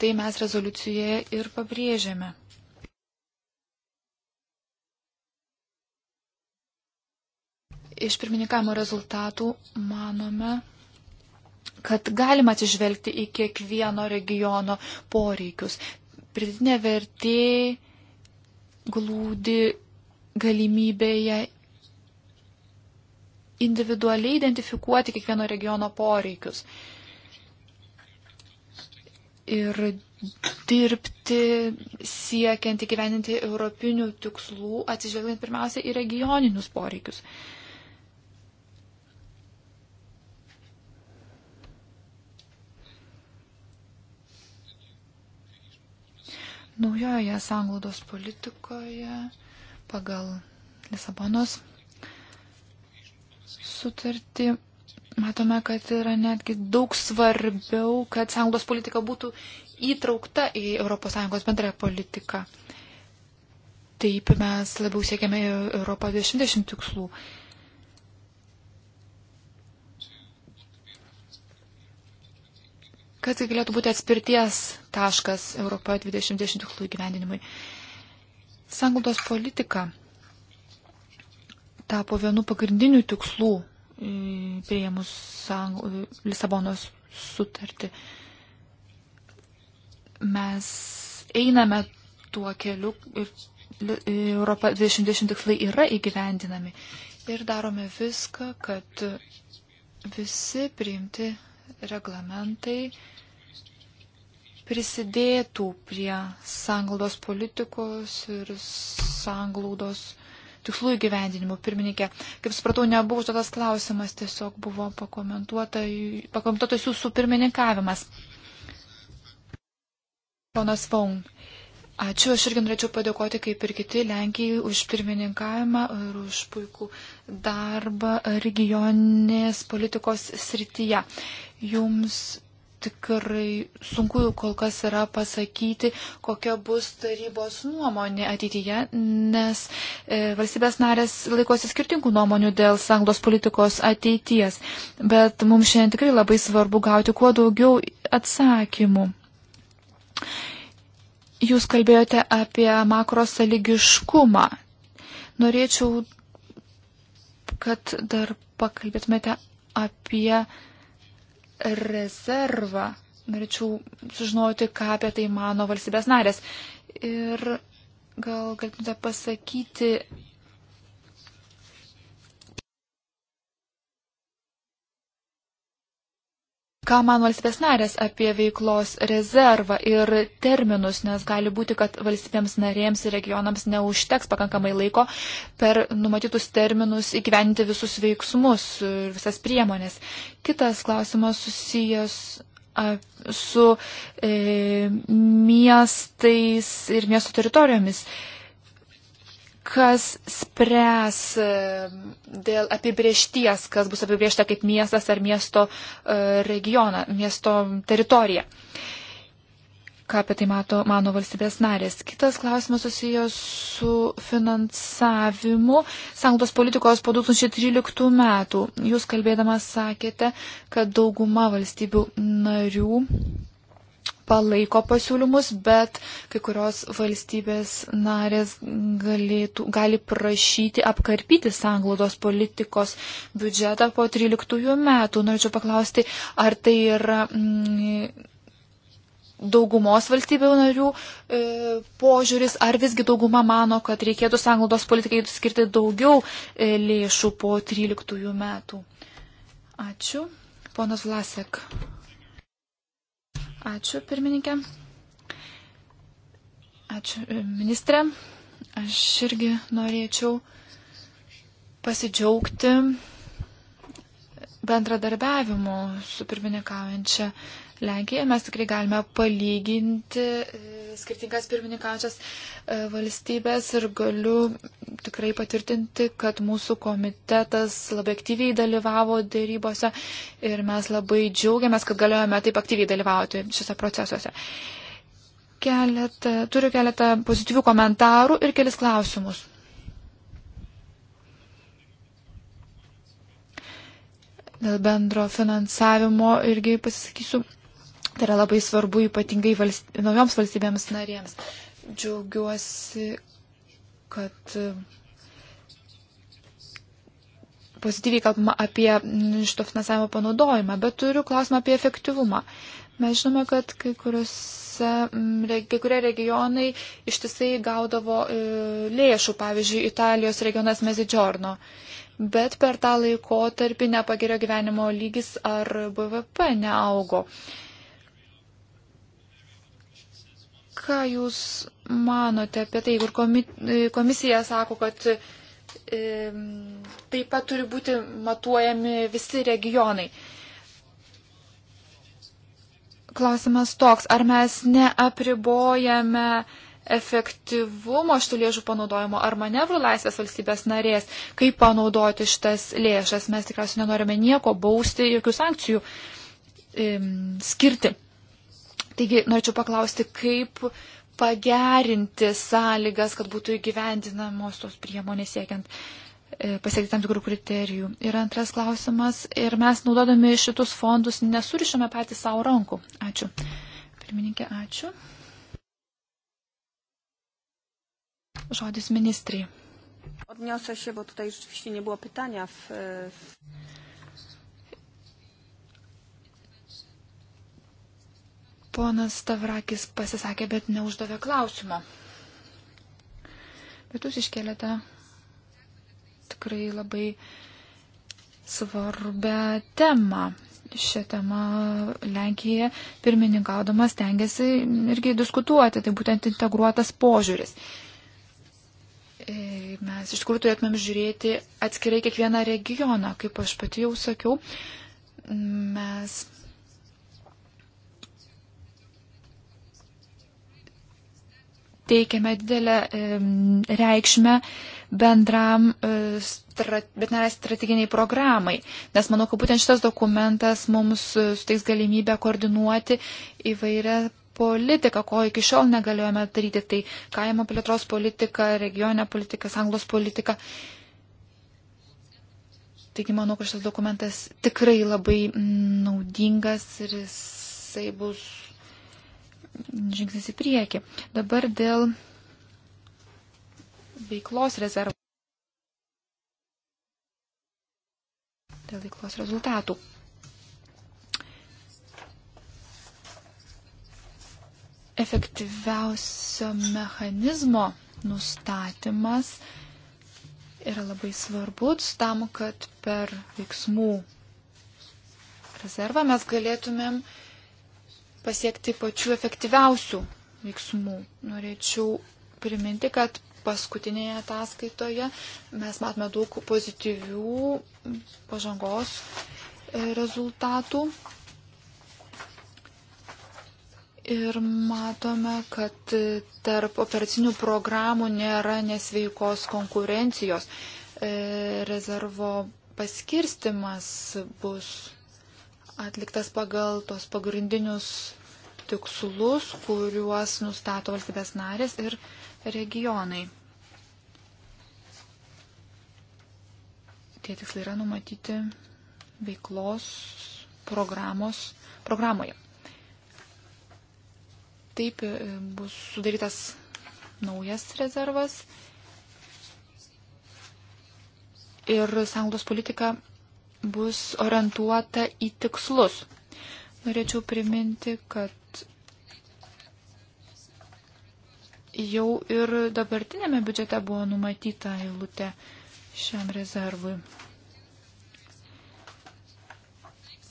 tai mes rezoliucijoje ir pabrėžiame. Iš pirmininkavimo rezultatų manome, kad galima atsižvelgti į kiekvieno regiono poreikius pridėtinė vertė glūdi galimybėje individualiai identifikuoti kiekvieno regiono poreikius ir dirbti siekiant įgyveninti europinių tikslų, atsižvelgiant pirmiausia į regioninius poreikius. Uh, Naujoje sanglaudos politikoje pagal Lisabonos sutartį matome, kad yra netgi daug svarbiau, kad sanglaudos politika būtų įtraukta į ES bendrąją politiką. Taip mes labiau siekiame Europą 2020 tikslų. Kas tai galėtų būti atspirties taškas Europa 2020 tikslų įgyvendinimui? Sanglaudos politika tapo vienu pagrindinių tikslų e, prieimus e, Lisabonos sutartį. Mes einame tuo keliu ir Europa 2020 tikslai yra įgyvendinami ir darome viską, kad visi priimti reglamentai prisidėtų prie sanglaudos politikos ir sanglaudos tikslų įgyvendinimo. Pirmininkė, kaip supratau, nebuvo tas klausimas, tiesiog buvo pakomentuotas jūsų pirmininkavimas. Ponas Vaung. Ačiū, aš irgi norėčiau padėkoti, kaip ir kiti Lenkijai, už pirmininkavimą ir už puikų darbą regioninės politikos srityje jums tikrai sunku kol kas yra pasakyti, kokia bus tarybos nuomonė ateityje, nes e, valstybės narės laikosi skirtingų nuomonių dėl sanglos politikos ateities. Bet mums šiandien tikrai labai svarbu gauti kuo daugiau atsakymų. Jūs kalbėjote apie makrosaligiškumą. Norėčiau, kad dar pakalbėtumėte apie rezervą. Norėčiau sužinoti, ką apie tai mano valstybės narės. Ir gal galite pasakyti, ką man valstybės narės apie veiklos rezervą ir terminus, nes gali būti, kad valstybėms narėms ir regionams neužteks pakankamai laiko per numatytus terminus įgyventi visus veiksmus ir visas priemonės. Kitas klausimas susijęs su e, miestais ir miesto teritorijomis. E, kas spręs e, dėl apibriešties, kas bus apibriešta kaip miestas ar miesto e, regioną, miesto teritoriją. Ką apie tai mato mano valstybės narės. Kitas klausimas susijęs su finansavimu sanglos politikos po 2013 metų. Jūs kalbėdamas sakėte, kad dauguma valstybių narių palaiko pasiūlymus, bet kai kurios valstybės narės galėtų, gali prašyti apkarpyti sanglaudos politikos biudžetą po 13 metų. Norėčiau paklausti, ar tai yra. Mm, Daugumos valstybių narių e, požiūris, ar visgi dauguma mano, kad reikėtų sanglaudos politikai skirti daugiau e, lėšų po 13 metų. Ačiū. Ponas Vlasek. Ačiū, pirmininkė. Ačiū, e, ministrė. Aš irgi norėčiau pasidžiaugti bendradarbiavimu su pirmininkaujančia Lenkiją, mes tikrai galime palyginti e, skirtingas pirmininkaujančias e, valstybės ir galiu tikrai patvirtinti, kad mūsų komitetas labai aktyviai dalyvavo dėrybose ir mes labai džiaugiamės, kad galėjome taip aktyviai dalyvauti šiuose procesuose. Keletą, turiu keletą pozityvių komentarų ir kelis klausimus. dėl bendro finansavimo irgi pasisakysiu. Tai yra labai svarbu ypatingai valst... naujoms valstybėms narėms. Džiaugiuosi, kad e, pozityviai kalbama apie šito finansavimo panaudojimą, bet turiu klausimą apie efektyvumą. Mes žinome, kad kai, kuriuose, kai kurie regionai ištisai gaudavo e, lėšų, pavyzdžiui, Italijos regionas Mezidžiorno, bet per tą laikotarpį nepagerėjo gyvenimo lygis ar BVP neaugo. Uh, Ką Jūs manote apie tai, kur e, komisija sako, kad e, taip pat turi būti matuojami visi regionai? Klausimas toks, ar mes neapribojame efektyvumo šitų lėšų panaudojimo ar manevrų laisvės valstybės narės, kaip panaudoti šitas lėšas. Mes tikriausiai nenorime nieko bausti, jokių sankcijų im, skirti. Taigi norėčiau paklausti, kaip pagerinti sąlygas, kad būtų įgyvendinamos tos priemonės siekiant e, pasiekti tam tikrų kriterijų. Ir antras klausimas, ir mes naudodami šitus fondus nesurišame patys savo rankų. Ačiū. Pirmininkė, ačiū. Žodis ministrai. Odniosę się, bo tutaj rzeczywiście nie było pytania w... Ponas Tavrakis pasisakė, bet neuždavė klausimo. Bet jūs iškėlėte tikrai labai svarbę temą. Šią temą Lenkija pirmininkaudamas tengiasi irgi diskutuoti, tai būtent integruotas požiūris. E, mes iš tikrųjų turėtumėm žiūrėti atskirai kiekvieną regioną, kaip aš pati jau sakiau. Mes teikiame didelę reikšmę bendram veterinariai strateginiai programai, nes manau, kad būtent šitas dokumentas mums e, suteiks galimybę koordinuoti įvairią politiką, ko iki šiol negalėjome daryti, tai kaimo plėtros politika, regioninė politika, sanglos politika. Taigi manau, kad šitas dokumentas tikrai labai mm, naudingas ir jisai bus žingsnis į priekį. Dabar dėl veiklos rezervų. Dėl veiklos rezultatų. Efektyviausio mechanizmo nustatymas yra labai svarbus tam, kad per veiksmų rezervą mes galėtumėm uh, pasiekti pačių efektyviausių veiksmų. Norėčiau priminti, kad paskutinėje ataskaitoje mes matome daug pozityvių pažangos e, rezultatų. Ir matome, kad e, tarp operacinių programų nėra nesveikos konkurencijos. E, rezervo paskirstimas bus atliktas pagal tos pagrindinius tikslus, kuriuos nustato valstybės narės ir regionai. Tie tikslai yra numatyti veiklos programos programoje. Taip e, bus sudarytas naujas rezervas ir sąnaudos politika bus orientuota į tikslus. Norėčiau priminti, kad jau ir dabartinėme biudžete buvo numatyta eilutė šiam rezervui.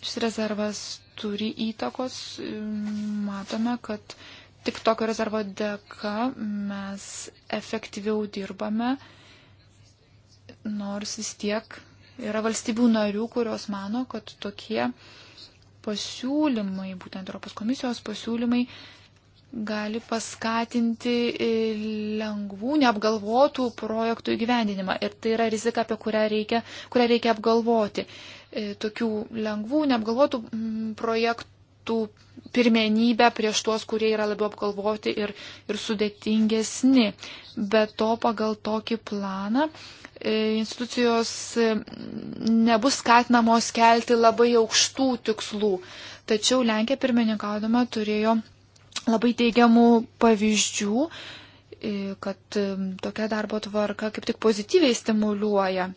Šis rezervas turi įtakos. Matome, kad tik tokio rezervo dėka mes efektyviau dirbame, nors vis tiek Yra valstybių narių, kurios mano, kad tokie pasiūlymai, būtent Europos komisijos pasiūlymai, gali paskatinti e, lengvų, neapgalvotų projektų įgyvendinimą. Ir tai yra rizika, apie kurią reikia, kurią reikia apgalvoti. E, tokių lengvų, neapgalvotų mm, projektų pirmenybę prieš tuos, kurie yra labiau apgalvoti ir, ir sudėtingesni. Be to, pagal tokį planą E, institucijos e, nebus skatinamos kelti labai aukštų tikslų. Tačiau Lenkija pirmininkaudama turėjo labai teigiamų pavyzdžių, e, kad tokia darbo tvarka kaip tik pozityviai stimuliuoja.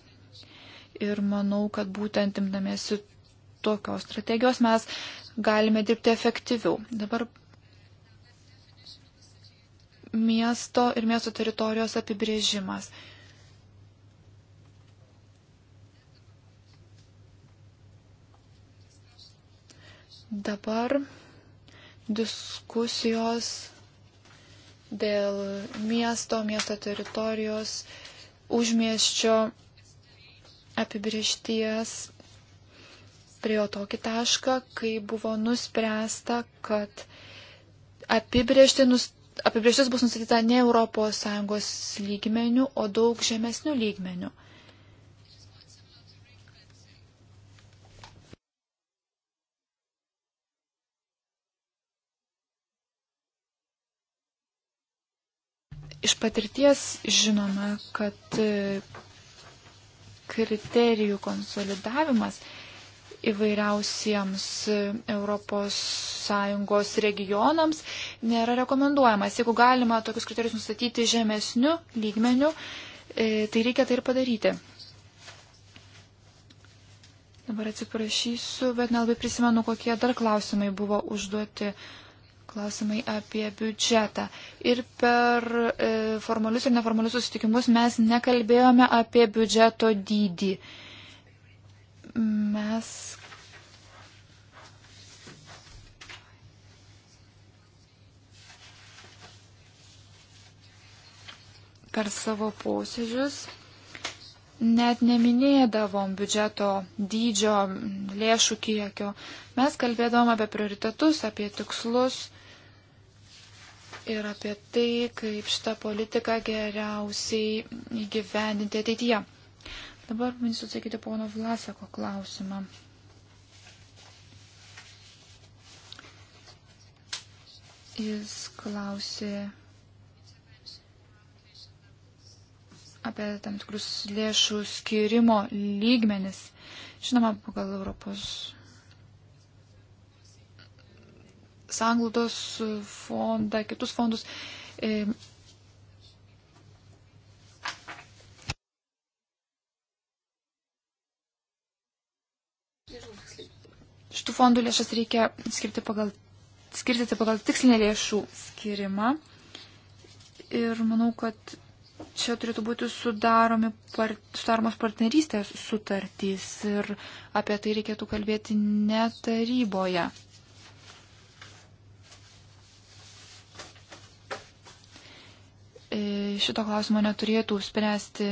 Ir manau, kad būtent imdamėsi tokios strategijos mes galime dirbti efektyviau. Dabar miesto ir miesto teritorijos apibrėžimas. Dabar diskusijos dėl miesto, miesto teritorijos, užmieščio apibriešties priejo tokį tašką, kai buvo nuspręsta, kad apibrieštis bus nustatyta ne ES lygmenių, o daug žemesnių lygmenių. Iš patirties žinome, kad e, kriterijų konsolidavimas įvairiausiems ES regionams nėra rekomenduojamas. Jeigu galima tokius kriterijus nustatyti žemesniu lygmeniu, e, tai reikia tai ir padaryti. Dabar atsiprašysiu, bet nelabai prisimenu, kokie dar klausimai buvo užduoti. Uh, klausimai apie biudžetą. Ir per e, formalius ir neformalius susitikimus mes nekalbėjome apie biudžeto dydį. Mes. Per savo posėdžius net neminėdavom biudžeto dydžio, lėšų kiekio. Mes kalbėdavom apie prioritetus, apie tikslus ir apie tai, kaip šitą politiką geriausiai įgyvendinti ateityje. Dabar minsiu atsakyti pono Vlasako klausimą. Jis klausė apie tam tikrus lėšų skirimo lygmenis. Žinoma, pagal Europos sanglaudos fondą, kitus fondus. E, šitų fondų lėšas reikia skirti pagal, skirti pagal tikslinę lėšų skirimą. Ir manau, kad čia turėtų būti part, sudaromos partnerystės sutartys ir apie tai reikėtų kalbėti ne taryboje. E, šito klausimo neturėtų spręsti,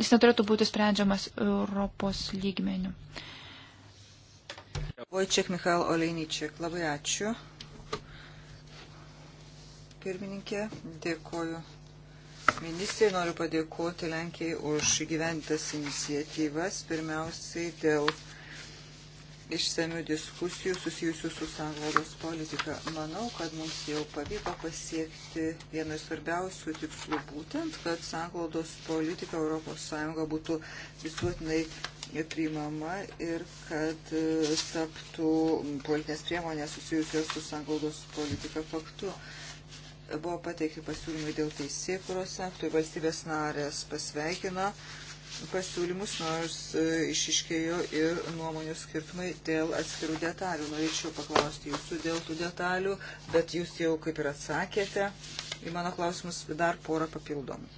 jis neturėtų būti sprendžiamas Europos lygmenių. Vojčiak Michal Oleiničiak, labai ačiū. Pirmininkė, dėkoju. Ministrė, noriu padėkoti Lenkijai už gyventas iniciatyvas, pirmiausiai dėl išsamių diskusijų susijusių su sanglaudos politika. Manau, kad mums jau pavyko pasiekti vieną svarbiausių tikslų būtent, kad sanglaudos politika ES būtų visuotinai priimama ir kad e, taptų politinės priemonės susijusios su sanglaudos politika faktu. Buvo pateikti pasiūlymai dėl teisėkuros aktų ir valstybės narės pasveikino. Uh, pasiūlymus, nors e, išiškėjo ir nuomonių skirtumai dėl atskirų detalių. Norėčiau paklausti jūsų dėl tų detalių, bet jūs jau kaip ir atsakėte į mano klausimus dar porą papildomų.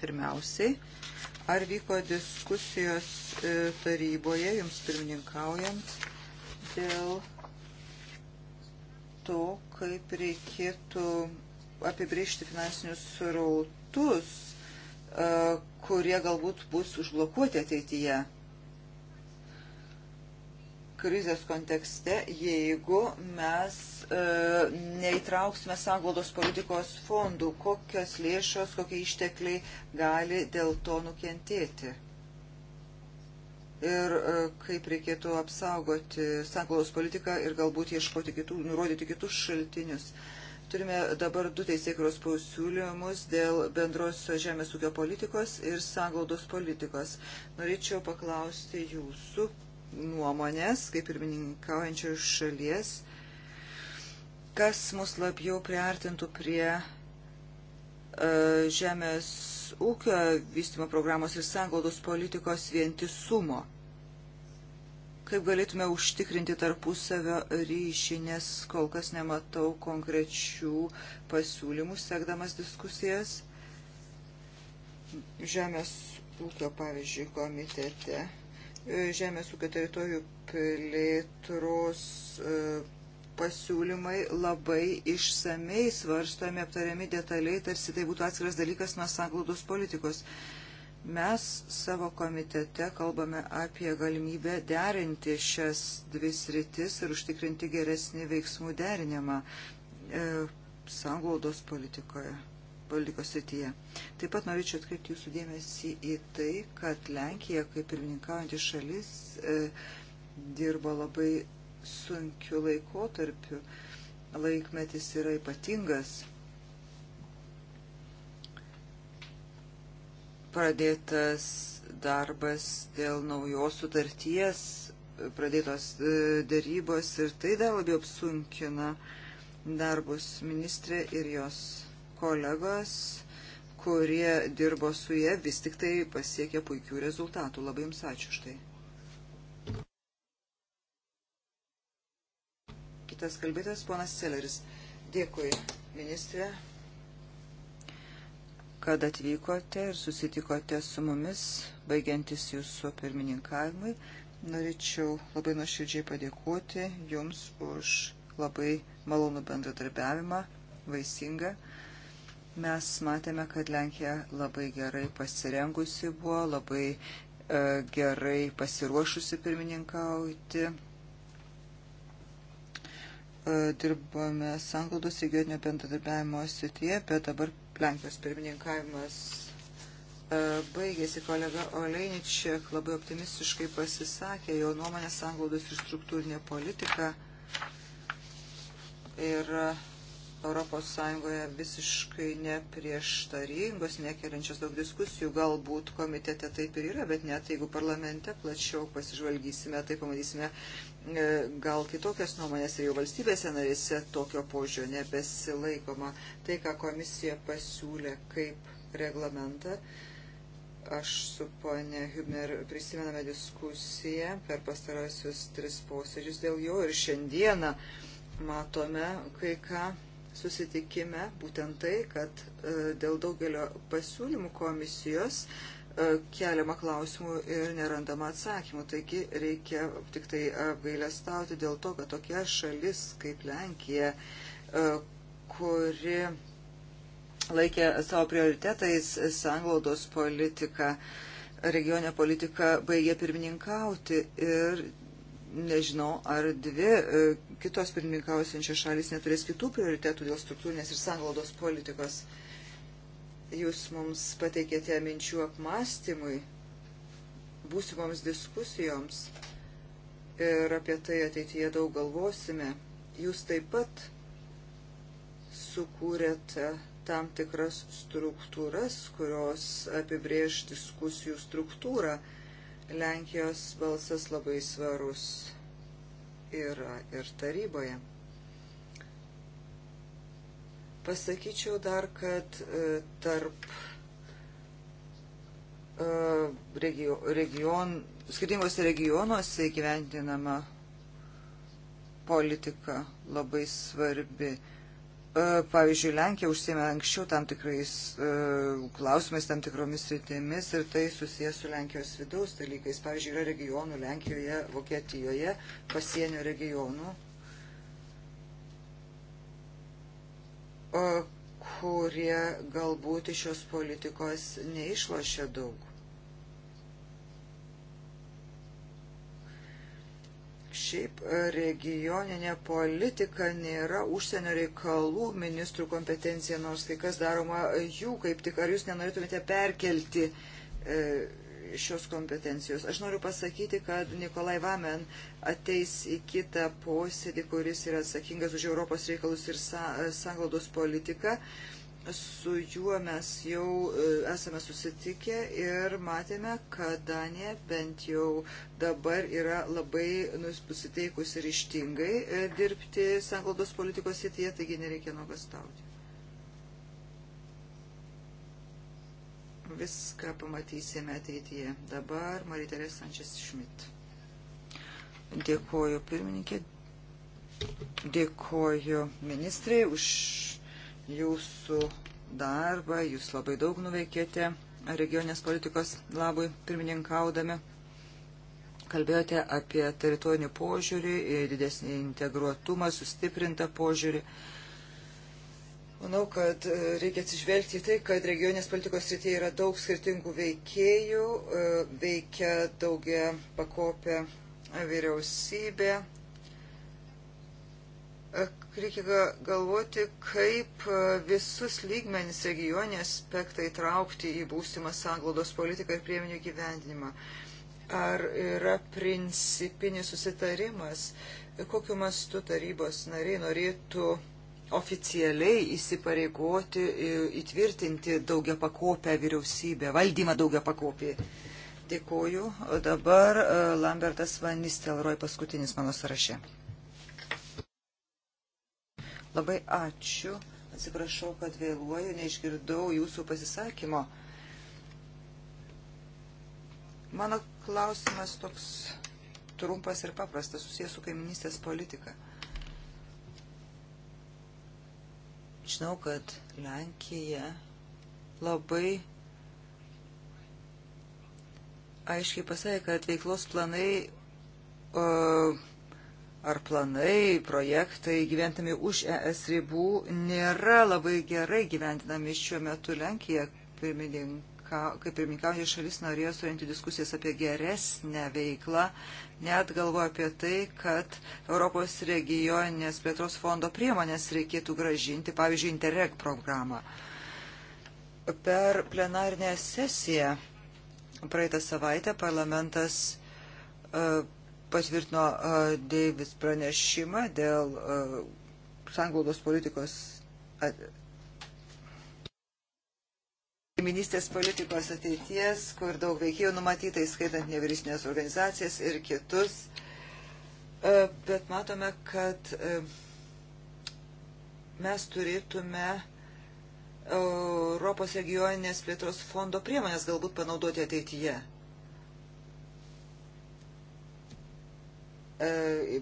Pirmiausiai, ar vyko diskusijos e, taryboje, jums pirmininkaujant, dėl to, kaip reikėtų apibriežti finansinius srautus, e, kurie galbūt bus užblokuoti ateityje krizės kontekste, jeigu mes e, neįtrauksime sąnglaudos politikos fondų, kokios lėšos, kokie ištekliai gali dėl to nukentėti. Ir e, kaip reikėtų apsaugoti sąnglaudos politiką ir galbūt ieškoti kitų, nurodyti kitus šaltinius. E, Turime dabar du teisėkros pausiūlymus dėl bendrosios žemės ūkio politikos ir sanglaudos politikos. Norėčiau paklausti jūsų nuomonės, kaip ir mininkaujančio šalies, kas mus labiau priartintų prie e, žemės ūkio vystimo programos ir sanglaudos politikos vientisumo kaip galėtume užtikrinti tarpusavio ryšį, nes kol kas nematau konkrečių pasiūlymų, sekdamas diskusijas. Žemės ūkio, pavyzdžiui, komitete, e, žemės ūkio teritorijų plėtros e, pasiūlymai labai išsamei svarstami, aptariami detaliai, tarsi tai būtų atskiras dalykas nuo sanglaudos politikos. Mes savo komitete kalbame apie galimybę derinti šias dvi sritis ir užtikrinti geresnį veiksmų derinimą e, sanglaudos politikoje, politikos srityje. Taip pat norėčiau atkreipti jūsų dėmesį į tai, kad Lenkija, kaip pirmininkaujantį šalis, e, dirba labai sunkiu laikotarpiu. Laikmetis yra ypatingas pradėtas darbas dėl naujos sutarties, pradėtos e, dėrybos ir tai dar labiau apsunkina darbus ministrė ir jos kolegos, kurie dirbo su jie, vis tik tai pasiekė puikių rezultatų. Labai jums ačiū už tai. Kitas kalbėtojas, ponas Celeris. Dėkui, ministrė kad atvykote ir susitikote su mumis, baigiantis jūsų pirmininkavimui. Norėčiau labai nuoširdžiai padėkoti Jums už labai malonų bendradarbiavimą, vaisingą. Mes matėme, kad Lenkija labai gerai pasirengusi buvo, labai e, gerai pasiruošusi pirmininkauti. E, dirbome sanglaudos regioninio bendradarbiavimo srityje, bet dabar Lenkijos pirmininkavimas e, baigėsi kolega Oleiničiak labai optimistiškai pasisakė jo nuomonės sanglaudos ir struktūrinė politika ir Europos Sąjungoje visiškai neprieštaringos, nekeliančios daug diskusijų. Galbūt komitete taip ir yra, bet net jeigu parlamente plačiau pasižvalgysime, tai pamatysime e, gal kitokias nuomonės ir jau valstybėse narėse tokio požiūrio nebesilaikoma. Tai, ką komisija pasiūlė kaip reglamentą, aš su ponė Hübner prisimename diskusiją per pastarosius tris posėdžius dėl jo ir šiandieną matome kai ką susitikime būtent tai, kad e, dėl daugelio pasiūlymų komisijos e, keliama klausimų ir nerandama atsakymų. Taigi reikia tik tai apgailestauti dėl to, kad tokia šalis kaip Lenkija, e, kuri laikė savo prioritetais sanglaudos politiką, regionė politika baigė pirmininkauti ir nežinau, ar dvi e, kitos pirmininkausiančios šalis neturės kitų prioritetų dėl struktūrinės ir sanglaudos politikos. Jūs mums pateikėte minčių apmastymui, būsimoms diskusijoms ir apie tai ateityje daug galvosime. Jūs taip pat sukūrėte tam tikras struktūras, kurios apibrėž diskusijų struktūrą Lenkijos balsas labai svarus yra ir taryboje. Pasakyčiau dar, kad e, tarp e, regio, region, skirtingose regionuose įgyventinama politika labai svarbi. E, pavyzdžiui, Lenkija užsėmė anksčiau tam tikrais e, klausimais, tam tikromis rytėmis ir tai susijęs su Lenkijos vidaus dalykais. Pavyzdžiui, yra regionų Lenkijoje, Vokietijoje, pasienio regionų, e, kurie galbūt iš šios politikos neišlošia daug. Šiaip e, regioninė politika nėra užsienio reikalų ministrų kompetencija, nors kai kas daroma jų, kaip tik ar jūs nenorėtumėte perkelti e, šios kompetencijos. Aš noriu pasakyti, kad Nikolai Vamen ateis į kitą posėdį, kuris yra atsakingas už Europos reikalus ir sanglaudos politiką. E, Su juo mes jau e, esame susitikę ir matėme, kad Danija bent jau dabar yra labai nusiteikusi ryštingai e, dirbti sanglaudos politikos sityje, taigi nereikia nuogastauti. Viską pamatysime ateityje. Dabar Mariterė Sančias Šmit. Dėkoju pirmininkė, dėkoju ministrai už jūsų darbą. Jūs labai daug nuveikėte regionės politikos labui pirmininkaudami. Kalbėjote apie teritorinį požiūrį, didesnį integruotumą, sustiprintą požiūrį. Manau, kad e, reikia atsižvelgti į tai, kad regionės politikos srityje yra daug skirtingų veikėjų, e, veikia daugia pakopė vyriausybė, reikia galvoti, kaip e, visus lygmenis regionį aspektą įtraukti į būsimą sanglaudos politiką ir priemonių gyvendinimą. Ar yra principinis susitarimas, kokiu mastu tarybos nariai norėtų oficialiai įsipareigoti, e, įtvirtinti daugia pakopę vyriausybę, valdymą daugia pakopį. Dėkuoju. O dabar e, Lambertas Van Nistelroj paskutinis mano sąraše. Labai ačiū. Atsiprašau, kad vėluoju, neišgirdau jūsų pasisakymo. Mano klausimas toks trumpas ir paprastas, susijęs su kaiminystės politika. Žinau, kad Lenkija labai aiškiai pasakė, kad veiklos planai uh, ar planai, projektai gyventami už ES ribų nėra labai gerai gyventinami šiuo metu Lenkija, pirmininka, kaip pirmininkauja šalis, norėjo surinkti diskusijas apie geresnę veiklą, net galvoja apie tai, kad Europos regioninės plėtros fondo priemonės reikėtų gražinti, pavyzdžiui, Interreg programą. Per plenarinę sesiją praeitą savaitę parlamentas uh, patvirtino Deivis pranešimą dėl sanglaudos politikos Ministės politikos ateities, kur daug veikėjų numatyta, įskaitant nevyrisinės organizacijas ir kitus. Bet matome, kad mes turėtume Europos regioninės plėtros fondo priemonės galbūt panaudoti ateityje. E,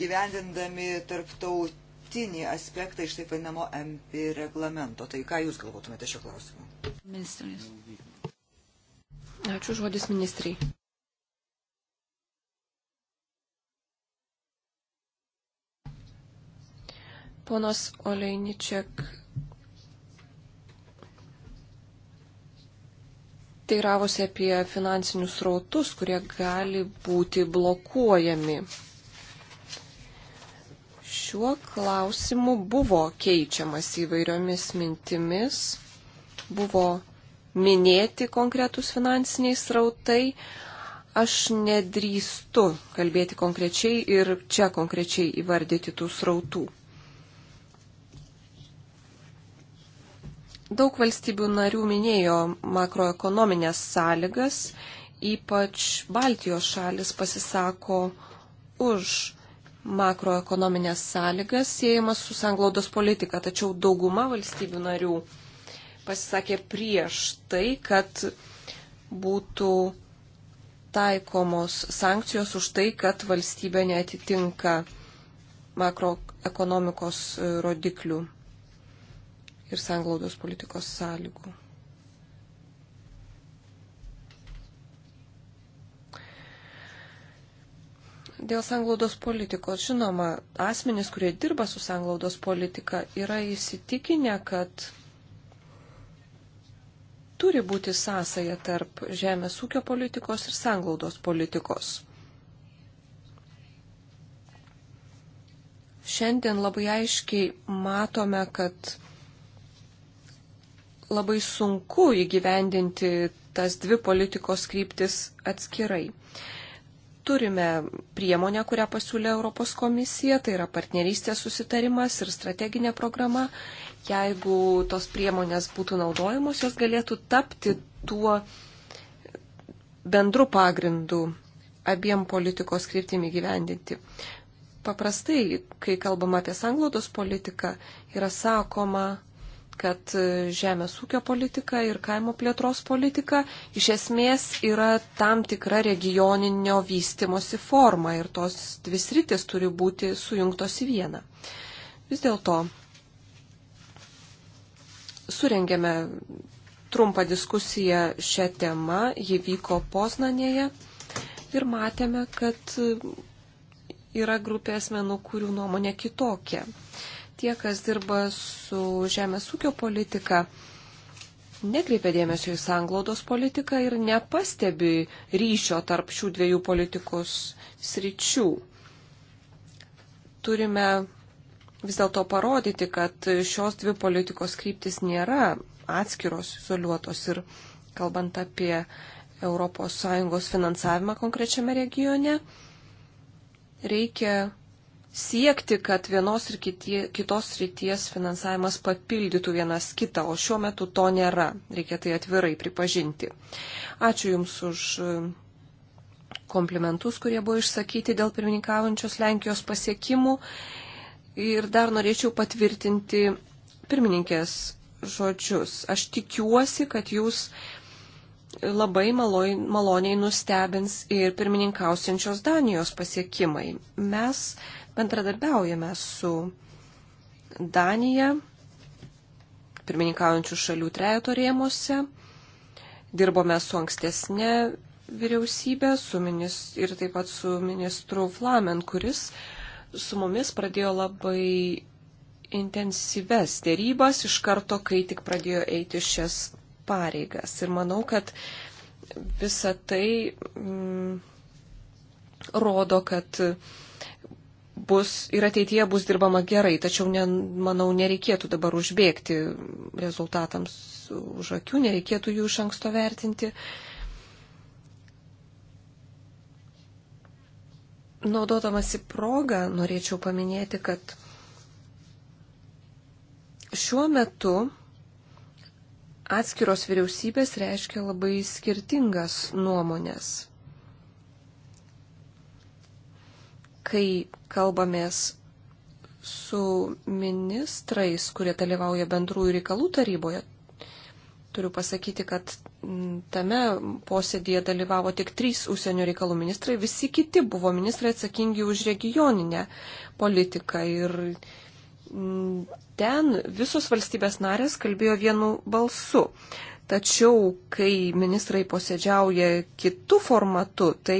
gyvendindami tarptautinį aspektą iš taip vadinamo MP reglamento. Tai ką Jūs galvotumėte šio klausimu? Ministrės. Ačiū žodis ministrai. Ponas Oleiničiak teiravosi apie finansinius rautus, kurie gali būti blokuojami. Šiuo klausimu buvo keičiamas įvairiomis mintimis, buvo minėti konkretus finansiniai srautai. Aš nedrįstu kalbėti konkrečiai ir čia konkrečiai įvardyti tų srautų. Daug valstybių narių minėjo makroekonominės sąlygas, ypač Baltijos šalis pasisako už makroekonominės sąlygas siejamas su sanglaudos politika, tačiau dauguma valstybių narių pasisakė prieš tai, kad būtų taikomos sankcijos už tai, kad valstybė neatitinka makroekonomikos rodiklių ir sanglaudos politikos sąlygų. Dėl sanglaudos politikos, žinoma, asmenys, kurie dirba su sanglaudos politika, yra įsitikinę, kad turi būti sąsaja tarp žemės ūkio politikos ir sanglaudos politikos. Šiandien labai aiškiai matome, kad labai sunku įgyvendinti tas dvi politikos kryptis atskirai. Turime priemonę, kurią pasiūlė Europos komisija, tai yra partnerystės susitarimas ir strateginė programa. Jeigu tos priemonės būtų naudojamos, jos galėtų tapti tuo bendru pagrindu abiem politikos kryptim įgyvendinti. Paprastai, kai kalbama apie sanglaudos politiką, yra sakoma, kad e, žemės ūkio politika ir kaimo plėtros politika iš esmės yra tam tikra regioninio vystimosi forma ir tos dvi sritis turi būti sujungtos į vieną. Vis dėlto surengėme trumpą diskusiją šią temą, ji vyko Poznanėje ir matėme, kad yra grupė asmenų, kurių nuomonė kitokia tie, kas dirba su žemės ūkio politika, nekreipia dėmesio į sanglaudos politiką ir nepastebi ryšio tarp šių dviejų politikos sričių. Turime vis dėlto parodyti, kad šios dvi politikos kryptis nėra atskiros, izoliuotos ir kalbant apie ES finansavimą konkrečiame regione, reikia siekti, kad vienos ir kitie, kitos ryties finansavimas papildytų vienas kitą, o šiuo metu to nėra. Reikia tai atvirai pripažinti. Ačiū Jums už e, komplimentus, kurie buvo išsakyti dėl pirmininkaujančios Lenkijos pasiekimų. Ir dar norėčiau patvirtinti pirmininkės žodžius. Aš tikiuosi, kad Jūs labai maloj, maloniai nustebins ir pirmininkausiančios Danijos pasiekimai. Mes bendradarbiaujame su Danija, pirmininkaujančių šalių trejato rėmose, dirbome su ankstesnė vyriausybė su minis, ir taip pat su ministru Flamen, kuris su mumis pradėjo labai intensyves dėrybas iš karto, kai tik pradėjo eiti šias pareigas. Ir manau, kad visa tai mm, rodo, kad bus ir ateityje bus dirbama gerai, tačiau, ne, manau, nereikėtų dabar užbėgti rezultatams už akių, nereikėtų jų iš anksto vertinti. Naudodamasi progą, norėčiau paminėti, kad šiuo metu atskiros vyriausybės reiškia labai skirtingas nuomonės. Kai kalbamės su ministrais, kurie dalyvauja bendrųjų reikalų taryboje, turiu pasakyti, kad tame posėdėje dalyvavo tik trys užsienio reikalų ministrai, visi kiti buvo ministrai atsakingi už regioninę politiką ir ten visos valstybės narės kalbėjo vienu balsu. Tačiau, kai ministrai posėdžiauja kitų formatų, tai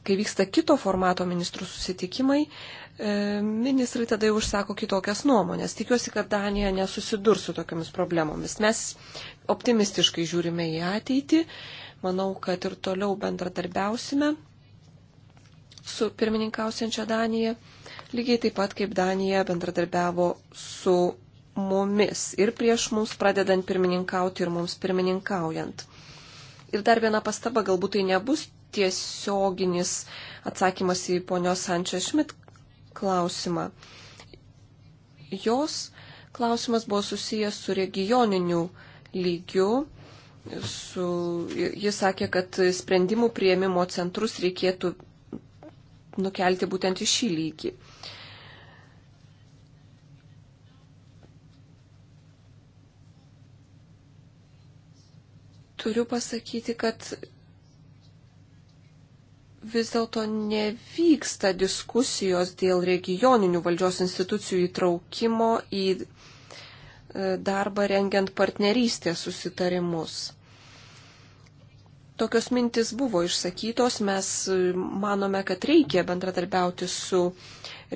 kai vyksta kito formato ministrų susitikimai, e, ministrai tada jau užsako kitokias nuomonės. Tikiuosi, kad Danija nesusidurs su tokiamis problemomis. Mes optimistiškai žiūrime į ateitį. Manau, kad ir toliau bendradarbiausime su pirmininkausiančia Danija lygiai taip pat kaip Danija bendradarbiavo su mumis ir prieš mums pradedant pirmininkauti ir mums pirmininkaujant. Ir dar viena pastaba, galbūt tai nebus tiesioginis atsakymas į ponios Sančias Šmit klausimą. Jos klausimas buvo susijęs su regioniniu lygiu. Su, jis sakė, kad sprendimų prieimimo centrus reikėtų nukelti būtent į šį lygį. turiu pasakyti, kad vis dėlto nevyksta diskusijos dėl regioninių valdžios institucijų įtraukimo į e, darbą rengiant partnerystės susitarimus. Tokios mintis buvo išsakytos, mes e, manome, kad reikia bendradarbiauti su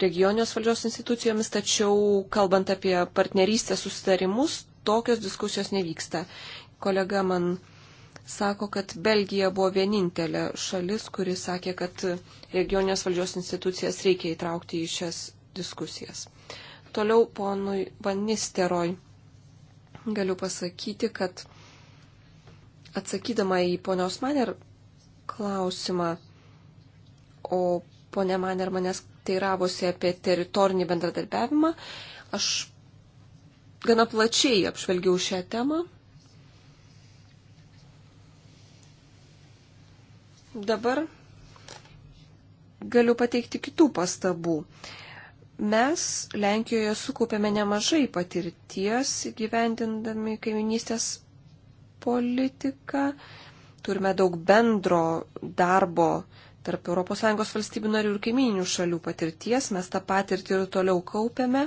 regionios valdžios institucijomis, tačiau kalbant apie partnerystės susitarimus, tokios diskusijos nevyksta. Kolega man sako, kad Belgija buvo vienintelė šalis, kuri sakė, kad regioninės valdžios institucijas reikia įtraukti į šias diskusijas. Toliau ponui Vanisteroj galiu pasakyti, kad atsakydama į ponios Maner klausimą, o ponė Maner manęs teiravosi apie teritorinį bendradarbiavimą, aš gana plačiai apžvelgiau šią temą Dabar galiu pateikti kitų pastabų. Mes Lenkijoje sukaupėme nemažai patirties gyvendindami kaiminystės politiką. Turime daug bendro darbo tarp ES valstybių narių ir kaiminių šalių patirties. Mes tą patirtį ir toliau kaupėme.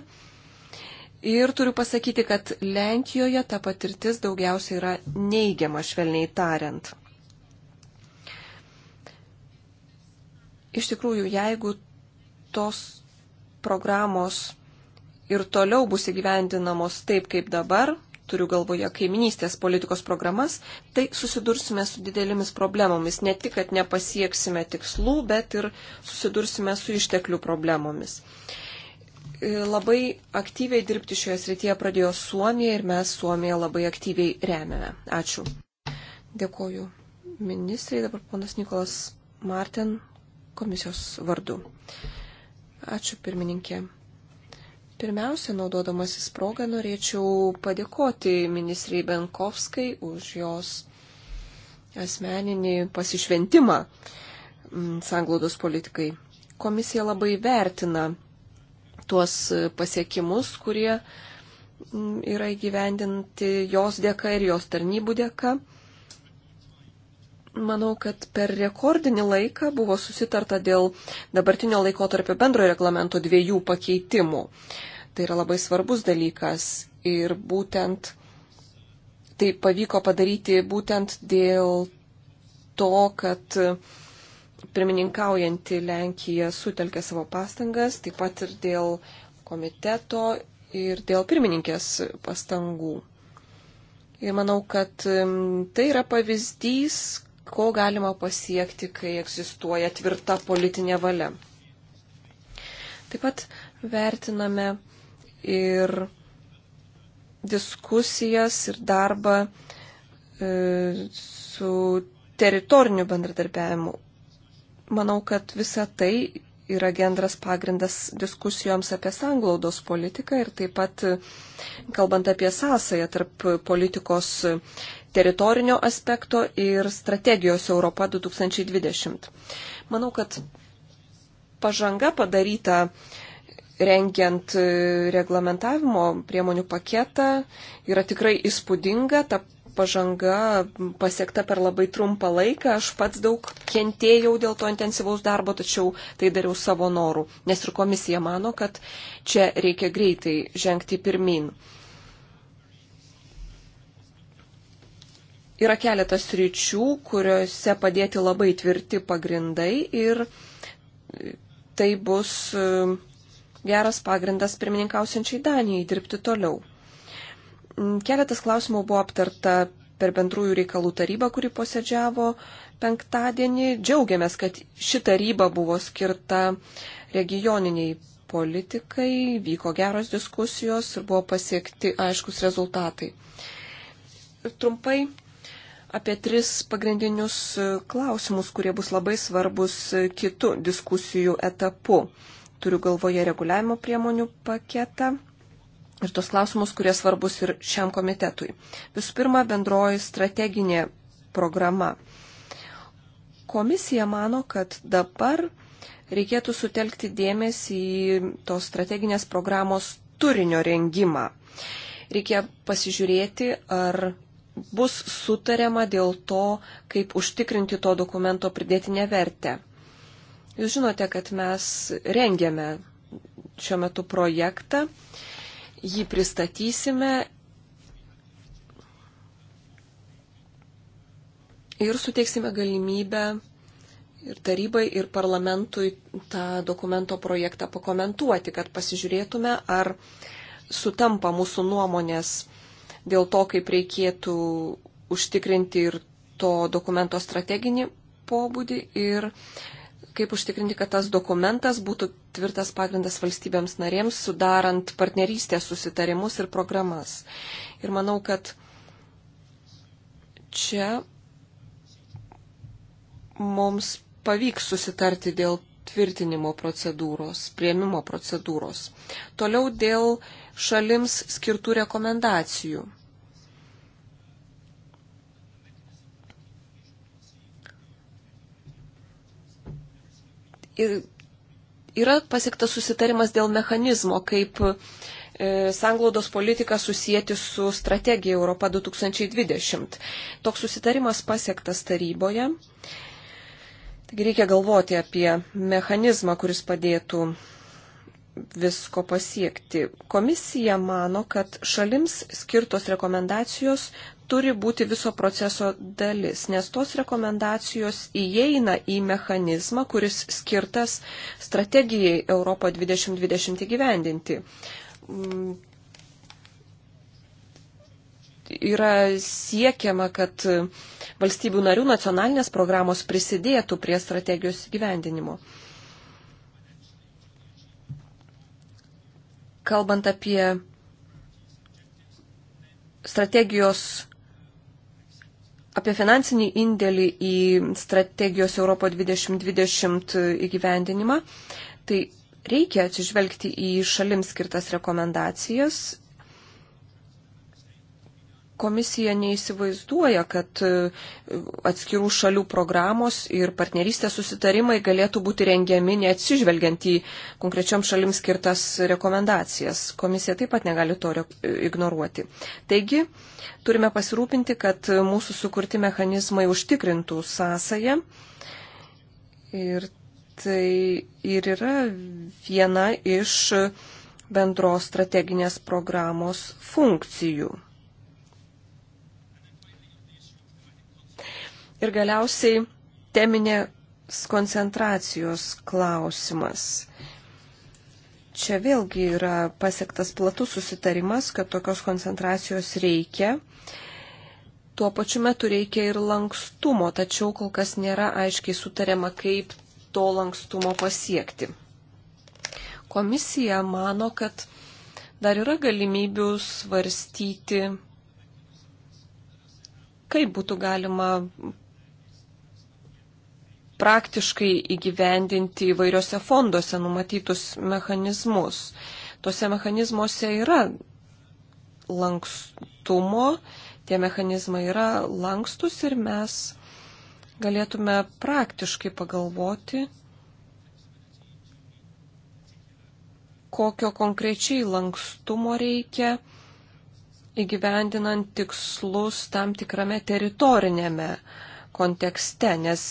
Ir turiu pasakyti, kad Lenkijoje ta patirtis daugiausiai yra neigiama, švelniai tariant. Iš tikrųjų, jeigu tos programos ir toliau bus įgyvendinamos taip kaip dabar, turiu galvoje kaiminystės politikos programas, tai susidursime su didelėmis problemomis. Ne tik, kad nepasieksime tikslų, bet ir susidursime su išteklių problemomis. E, labai aktyviai dirbti šioje srityje pradėjo Suomija ir mes Suomiją labai aktyviai remiame. Ačiū. Dėkoju ministrai. Dabar ponas Nikolas Martin, komisijos vardu. Ačiū pirmininkė. Pirmiausia, naudodamasis progą, norėčiau padėkoti ministrai Benkovskai už jos asmeninį pasišventimą mm, sanglaudos politikai. Komisija labai vertina tuos pasiekimus, kurie mm, yra įgyvendinti jos dėka ir jos tarnybų dėka. Manau, kad per rekordinį laiką buvo susitarta dėl dabartinio laiko tarp bendrojo reglamento dviejų pakeitimų. Tai yra labai svarbus dalykas ir būtent tai pavyko padaryti būtent dėl to, kad pirmininkaujanti Lenkija sutelkė savo pastangas, taip pat ir dėl komiteto ir dėl pirmininkės pastangų. Ir manau, kad tai yra pavyzdys, ko galima pasiekti, kai egzistuoja tvirta politinė valia. Taip pat vertiname ir diskusijas ir darbą e, su teritoriniu bendradarbiavimu. Manau, kad visa tai yra gendras pagrindas diskusijoms apie sanglaudos politiką ir taip pat kalbant apie sąsąją tarp politikos teritorinio aspekto ir strategijos Europa 2020. Manau, kad pažanga padaryta rengiant e, reglamentavimo priemonių paketą yra tikrai įspūdinga. Ta pažanga pasiekta per labai trumpą laiką. Aš pats daug kentėjau dėl to intensyvaus darbo, tačiau tai dariau savo norų, nes ir komisija mano, kad čia reikia greitai žengti pirmin. Yra keletas ryčių, kuriuose padėti labai tvirti pagrindai ir tai bus e, geras pagrindas pirmininkausiančiai Danijai dirbti toliau. Mm, keletas klausimų buvo aptarta per bendrųjų reikalų tarybą, kuri posėdžiavo penktadienį. Džiaugiamės, kad ši taryba buvo skirta regioniniai politikai, vyko geros diskusijos ir buvo pasiekti aiškus rezultatai. Trumpai apie tris pagrindinius e, klausimus, kurie bus labai svarbus e, kitų diskusijų etapu. Turiu galvoje reguliavimo priemonių paketą ir tos klausimus, kurie svarbus ir šiam komitetui. Visų pirma, bendroji strateginė programa. Komisija mano, kad dabar reikėtų sutelkti dėmesį į tos strateginės programos turinio rengimą. Reikia pasižiūrėti, ar bus sutariama dėl to, kaip užtikrinti to dokumento pridėtinę vertę. Jūs žinote, kad mes rengiame šiuo metu projektą, jį pristatysime ir suteiksime galimybę ir tarybai, ir parlamentui tą dokumento projektą pakomentuoti, kad pasižiūrėtume, ar sutampa mūsų nuomonės dėl to, kaip reikėtų užtikrinti ir to dokumento strateginį pobūdį ir kaip užtikrinti, kad tas dokumentas būtų tvirtas pagrindas valstybėms narėms, sudarant partnerystės susitarimus ir programas. Ir manau, kad čia mums pavyks susitarti dėl tvirtinimo procedūros, prieimimo procedūros. Toliau dėl šalims skirtų rekomendacijų. Ir yra pasiektas susitarimas dėl mechanizmo, kaip e, sanglaudos politiką susijęti su strategija Europa 2020. Toks susitarimas pasiektas taryboje. Taigi reikia galvoti apie mechanizmą, kuris padėtų visko pasiekti. Komisija mano, kad šalims skirtos rekomendacijos turi būti viso proceso dalis, nes tos rekomendacijos įeina į mechanizmą, kuris skirtas strategijai Europo 2020 įgyvendinti. Mm, yra siekiama, kad valstybių narių nacionalinės programos prisidėtų prie strategijos įgyvendinimo. kalbant apie strategijos, apie finansinį indėlį į strategijos Europo 2020 įgyvendinimą, tai reikia atsižvelgti į šalims skirtas rekomendacijas komisija neįsivaizduoja, kad e, atskirų šalių programos ir partnerystės susitarimai galėtų būti rengiami neatsižvelgiant į konkrečiom šalim skirtas rekomendacijas. Komisija taip pat negali to ignoruoti. Taigi, turime pasirūpinti, kad mūsų sukurti mechanizmai užtikrintų sąsają. Ir tai ir yra viena iš bendros strateginės programos funkcijų. Ir galiausiai teminės koncentracijos klausimas. Čia vėlgi yra pasiektas platus susitarimas, kad tokios koncentracijos reikia. Tuo pačiu metu reikia ir lankstumo, tačiau kol kas nėra aiškiai sutariama, kaip to lankstumo pasiekti. Komisija mano, kad dar yra galimybių svarstyti, kaip būtų galima praktiškai įgyvendinti įvairiose fonduose numatytus mechanizmus. Tuose mechanizmuose yra lankstumo, tie mechanizmai yra lankstus ir mes galėtume praktiškai pagalvoti, kokio konkrečiai lankstumo reikia įgyvendinant tikslus tam tikrame teritorinėme kontekste, nes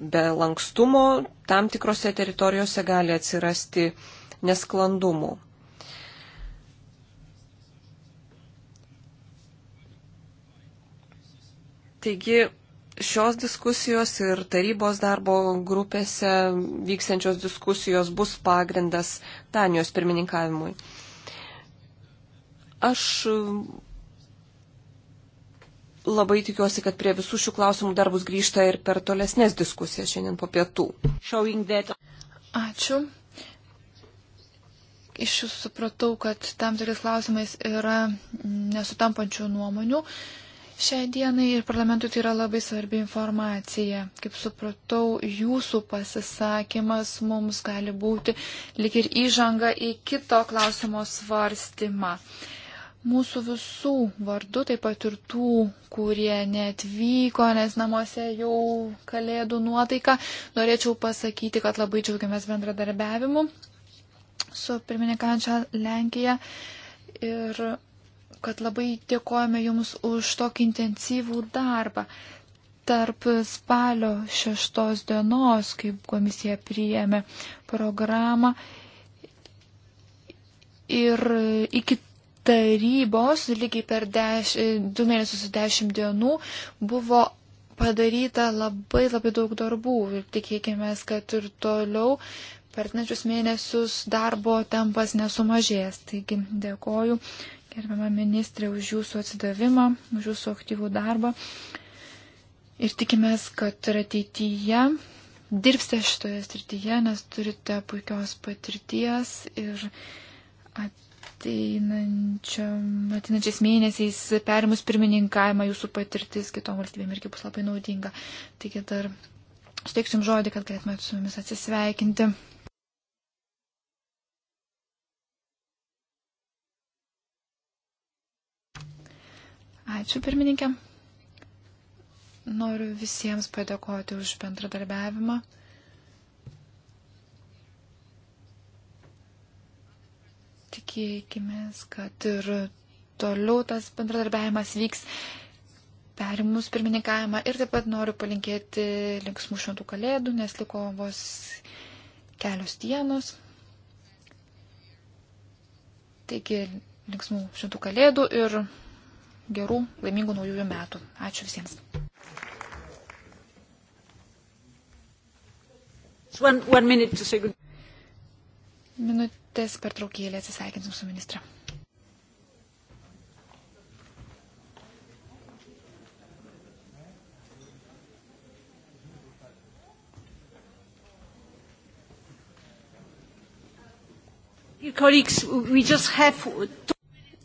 be lankstumo tam tikrose teritorijose gali atsirasti nesklandumų. Taigi šios diskusijos ir tarybos darbo grupėse vyksiančios diskusijos bus pagrindas Danijos pirmininkavimui. Aš labai tikiuosi, kad prie visų šių klausimų dar bus grįžta ir per tolesnės diskusijas šiandien po pietų. Ačiū. Iš jūsų supratau, kad tam tikrais klausimais yra nesutampančių nuomonių. Šiai dienai ir parlamentui tai yra labai svarbi informacija. Kaip supratau, jūsų pasisakymas mums gali būti lik ir įžanga į kito klausimo svarstymą mūsų visų vardu, taip pat ir tų, kurie netvyko, nes namuose jau kalėdų nuotaika, norėčiau pasakyti, kad labai džiaugiamės bendradarbiavimu su pirmininkančia Lenkija ir kad labai dėkojame Jums už tokį intensyvų darbą. Tarp spalio šeštos dienos, kaip komisija priėmė programą ir iki tarybos lygiai per deš, du mėnesius ir dešimt dienų buvo padaryta labai labai daug darbų ir tikėkime, kad ir toliau per nečius mėnesius darbo tempas nesumažės. Taigi dėkoju gerbiamą ministrę už jūsų atsidavimą, už jūsų aktyvų darbą ir tikimės, kad ir ateityje dirbsite šitoje srityje, nes turite puikios patirties ir at ateinančiais mėnesiais perimus pirmininkavimą jūsų patirtis kitom valstybėm irgi bus labai naudinga. Taigi dar suteiksim žodį, kad galėtumėt su jumis atsisveikinti. Ačiū pirmininkė. Noriu visiems padėkoti už bendradarbiavimą. tikėkime, kad ir toliau tas bendradarbiavimas vyks perimus pirmininkavimą ir taip pat noriu palinkėti linksmų šventų kalėdų, nes liko vos kelios dienos. Taigi linksmų šventų kalėdų ir gerų, laimingų naujųjų metų. Ačiū visiems. One, one minutės per traukėlį atsisveikinsim su ministra.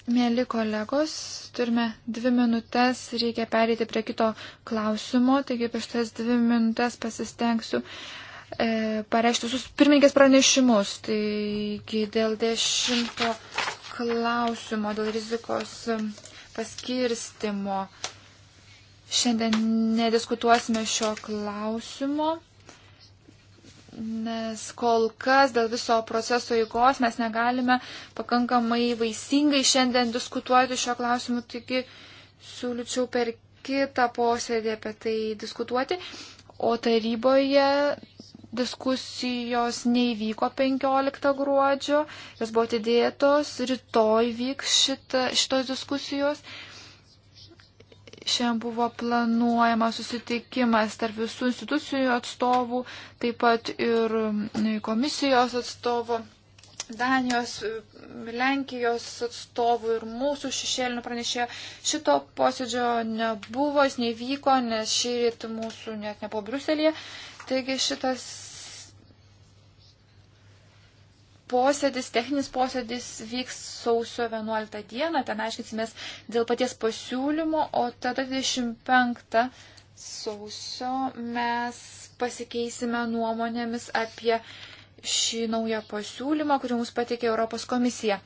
Mėly kolegos, turime dvi minutės, reikia perėti prie kito klausimo, taigi prieš tas dvi minutės pasistengsiu uh, E, pareišti visus pirmininkės pranešimus. Taigi dėl dešimto klausimo, dėl rizikos e, paskirstimo. Šiandien nediskutuosime šio klausimo, nes kol kas dėl viso proceso įgos mes negalime pakankamai vaisingai šiandien diskutuoti šio klausimu, taigi siūlyčiau per kitą posėdį apie tai diskutuoti. O taryboje diskusijos neįvyko 15 gruodžio, jos buvo atidėtos, rytoj vyks šita, šitos diskusijos. Šiandien buvo planuojama susitikimas tarp visų institucijų atstovų, taip pat ir mm, komisijos atstovų, Danijos, Lenkijos atstovų ir mūsų šešėlinių pranešėjo. Šito posėdžio nebuvo, jis nevyko, nes šį rytą mūsų net nebuvo Bruselėje. Taigi šitas posėdis, techninis posėdis vyks sausio 11 dieną, ten aiškinsimės dėl paties pasiūlymo, o tada 25 sausio mes pasikeisime nuomonėmis apie šį naują pasiūlymą, kurį mums pateikė Europos komisija.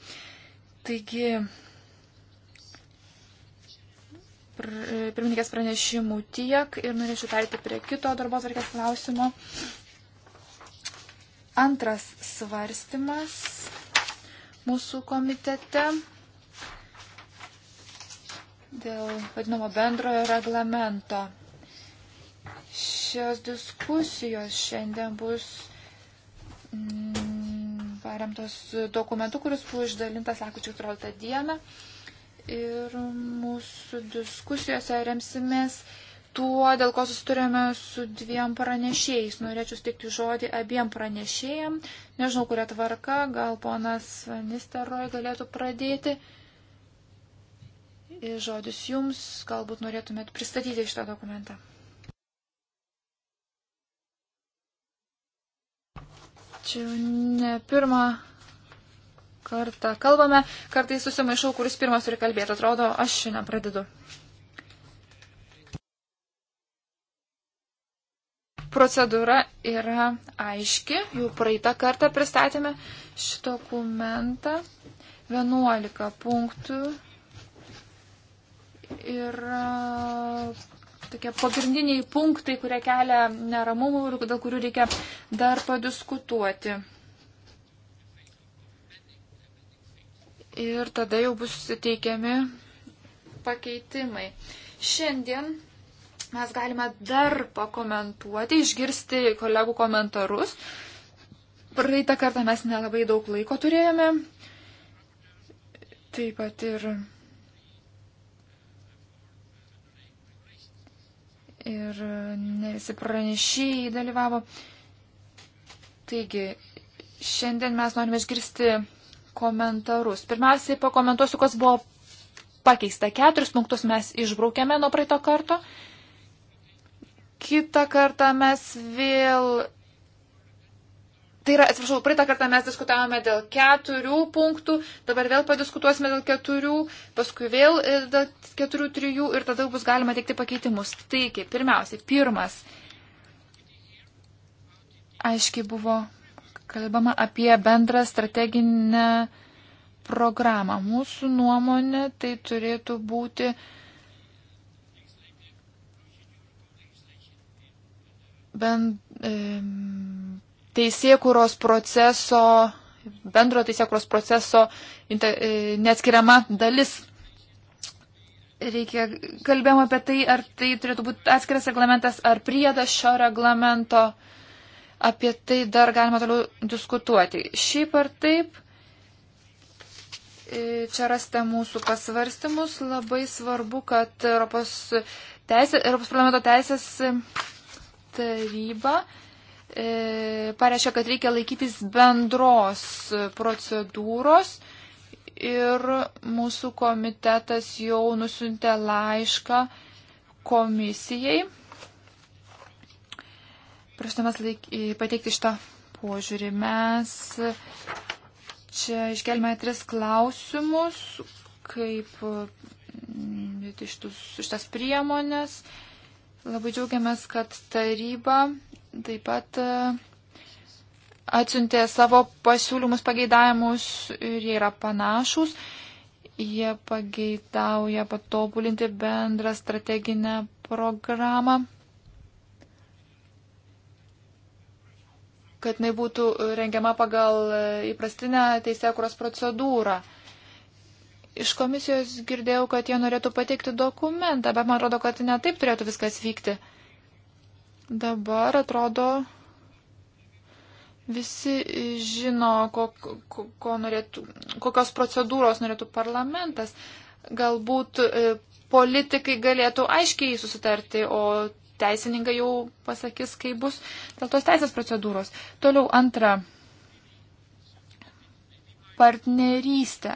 Taigi pr pirmininkės pranešimų tiek ir norėčiau perėti prie kito darbo tvarkės klausimo. Antras svarstymas mūsų komitete dėl vadinamo bendrojo reglamento. Šios diskusijos šiandien bus mm, paremtos dokumentu, kuris buvo išdalintas lakučio 14 dieną ir mūsų diskusijose remsimės tuo, dėl ko susiturėme su dviem pranešėjais. Norėčiau stikti žodį abiem pranešėjam. Nežinau, kuria tvarka, gal ponas Nisteroj galėtų pradėti. Ir žodis jums, galbūt norėtumėt pristatyti šitą dokumentą. Čia ne pirmą kartą kalbame, kartai susimaišau, kuris pirmas turi kalbėti. Atrodo, aš šiandien pradedu. Procedūra yra aiški, jau praeitą kartą pristatėme šį dokumentą. 11 punktų ir e, tokie pagrindiniai punktai, kurie kelia neramumų ir dėl kurių reikia dar padiskutuoti. ir tada jau bus suteikiami pakeitimai. Šiandien mes galime dar pakomentuoti, išgirsti kolegų komentarus. Praeitą kartą mes nelabai daug laiko turėjome. Taip pat ir. Ir nesipranešėjai dalyvavo. Taigi, šiandien mes norime išgirsti komentarus. Pirmiausiai pakomentuosiu, kas buvo pakeista. Keturis punktus mes išbraukėme nuo praeito karto. Kita kartą mes vėl. Tai yra, atsiprašau, praeitą kartą mes diskutavome dėl keturių punktų, dabar vėl padiskutuosime dėl keturių, paskui vėl e, dėl keturių, trijų ir tada bus galima teikti pakeitimus. Taigi, pirmiausiai, pirmas aiškiai buvo kalbama apie bendrą strateginę programą. Mūsų nuomonė tai turėtų būti bend, e, teisėkuros proceso, bendro teisėkuros proceso inte, e, neatskiriama dalis. Reikia, kalbėjom apie tai, ar tai turėtų būti atskiras reglamentas ar priedas šio reglamento. E, apie tai dar galima toliau diskutuoti. Šiaip ar taip, e, čia rasta mūsų pasvarstymus, labai svarbu, kad Europos, teisė, Europos parlamento teisės taryba e, pareiškia, kad reikia laikytis bendros procedūros ir mūsų komitetas jau nusintė laišką komisijai prašytumės pateikti šitą požiūrį. Mes čia iškelime tris klausimus, kaip mm, šitus, šitas priemonės. Labai džiaugiamės, kad taryba taip pat e, atsiuntė savo pasiūlymus, pageidavimus ir jie yra panašus. Jie pageidauja patobulinti bendrą strateginę programą kad jinai būtų rengiama pagal įprastinę teisėkuros procedūrą. Iš komisijos girdėjau, kad jie norėtų pateikti dokumentą, bet man atrodo, kad netaip turėtų viskas vykti. Dabar atrodo, visi žino, ko, ko, ko norėtų, kokios procedūros norėtų parlamentas. Galbūt e, politikai galėtų aiškiai susitarti, o teisininkai jau pasakys, kaip bus dėl tos teisės procedūros. Toliau antra - partnerystė.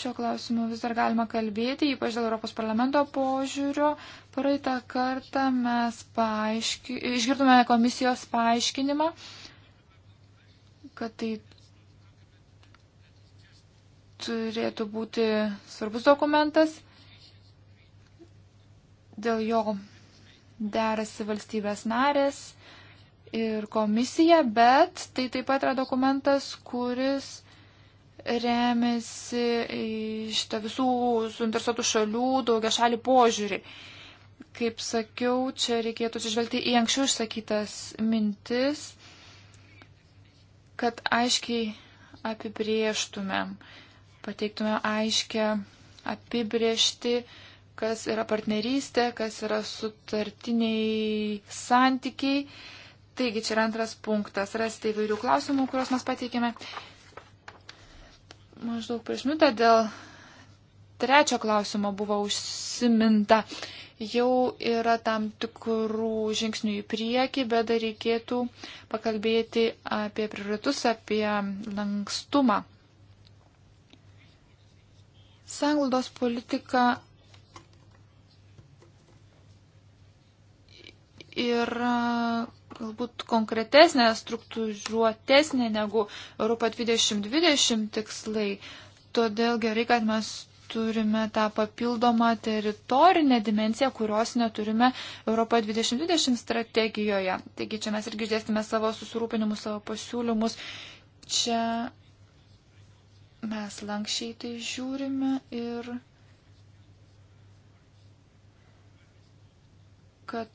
Šio klausimu vis dar galima kalbėti, ypač dėl Europos parlamento požiūrio. Praeitą kartą mes paaiški... išgirdome komisijos paaiškinimą, kad tai turėtų būti svarbus dokumentas dėl jo derasi valstybės narės ir komisija, bet tai taip pat yra dokumentas, kuris remiasi šitą visų suinteresuotų šalių daugia šalį požiūrį. Kaip sakiau, čia reikėtų atsižvelgti į anksčiau išsakytas mintis, kad aiškiai apibrieštumėm, pateiktumėm aiškę apibriešti, kas yra partnerystė, kas yra sutartiniai santykiai. Taigi čia yra antras punktas. Rasite įvairių klausimų, kuriuos mes pateikėme maždaug prieš minutę dėl trečio klausimo buvo užsiminta. Jau yra tam tikrų žingsnių į priekį, bet dar reikėtų pakalbėti apie prioritus, apie lankstumą. Sanglaudos politika yra e, galbūt konkretesnė, struktūruotesnė negu Europa 2020 tikslai. Todėl gerai, kad mes turime tą papildomą teritorinę dimenciją, kurios neturime Europo 2020 strategijoje. Taigi čia mes irgi išdėstėme savo susirūpinimus, savo pasiūlymus. Čia mes lankščiai tai žiūrime ir kad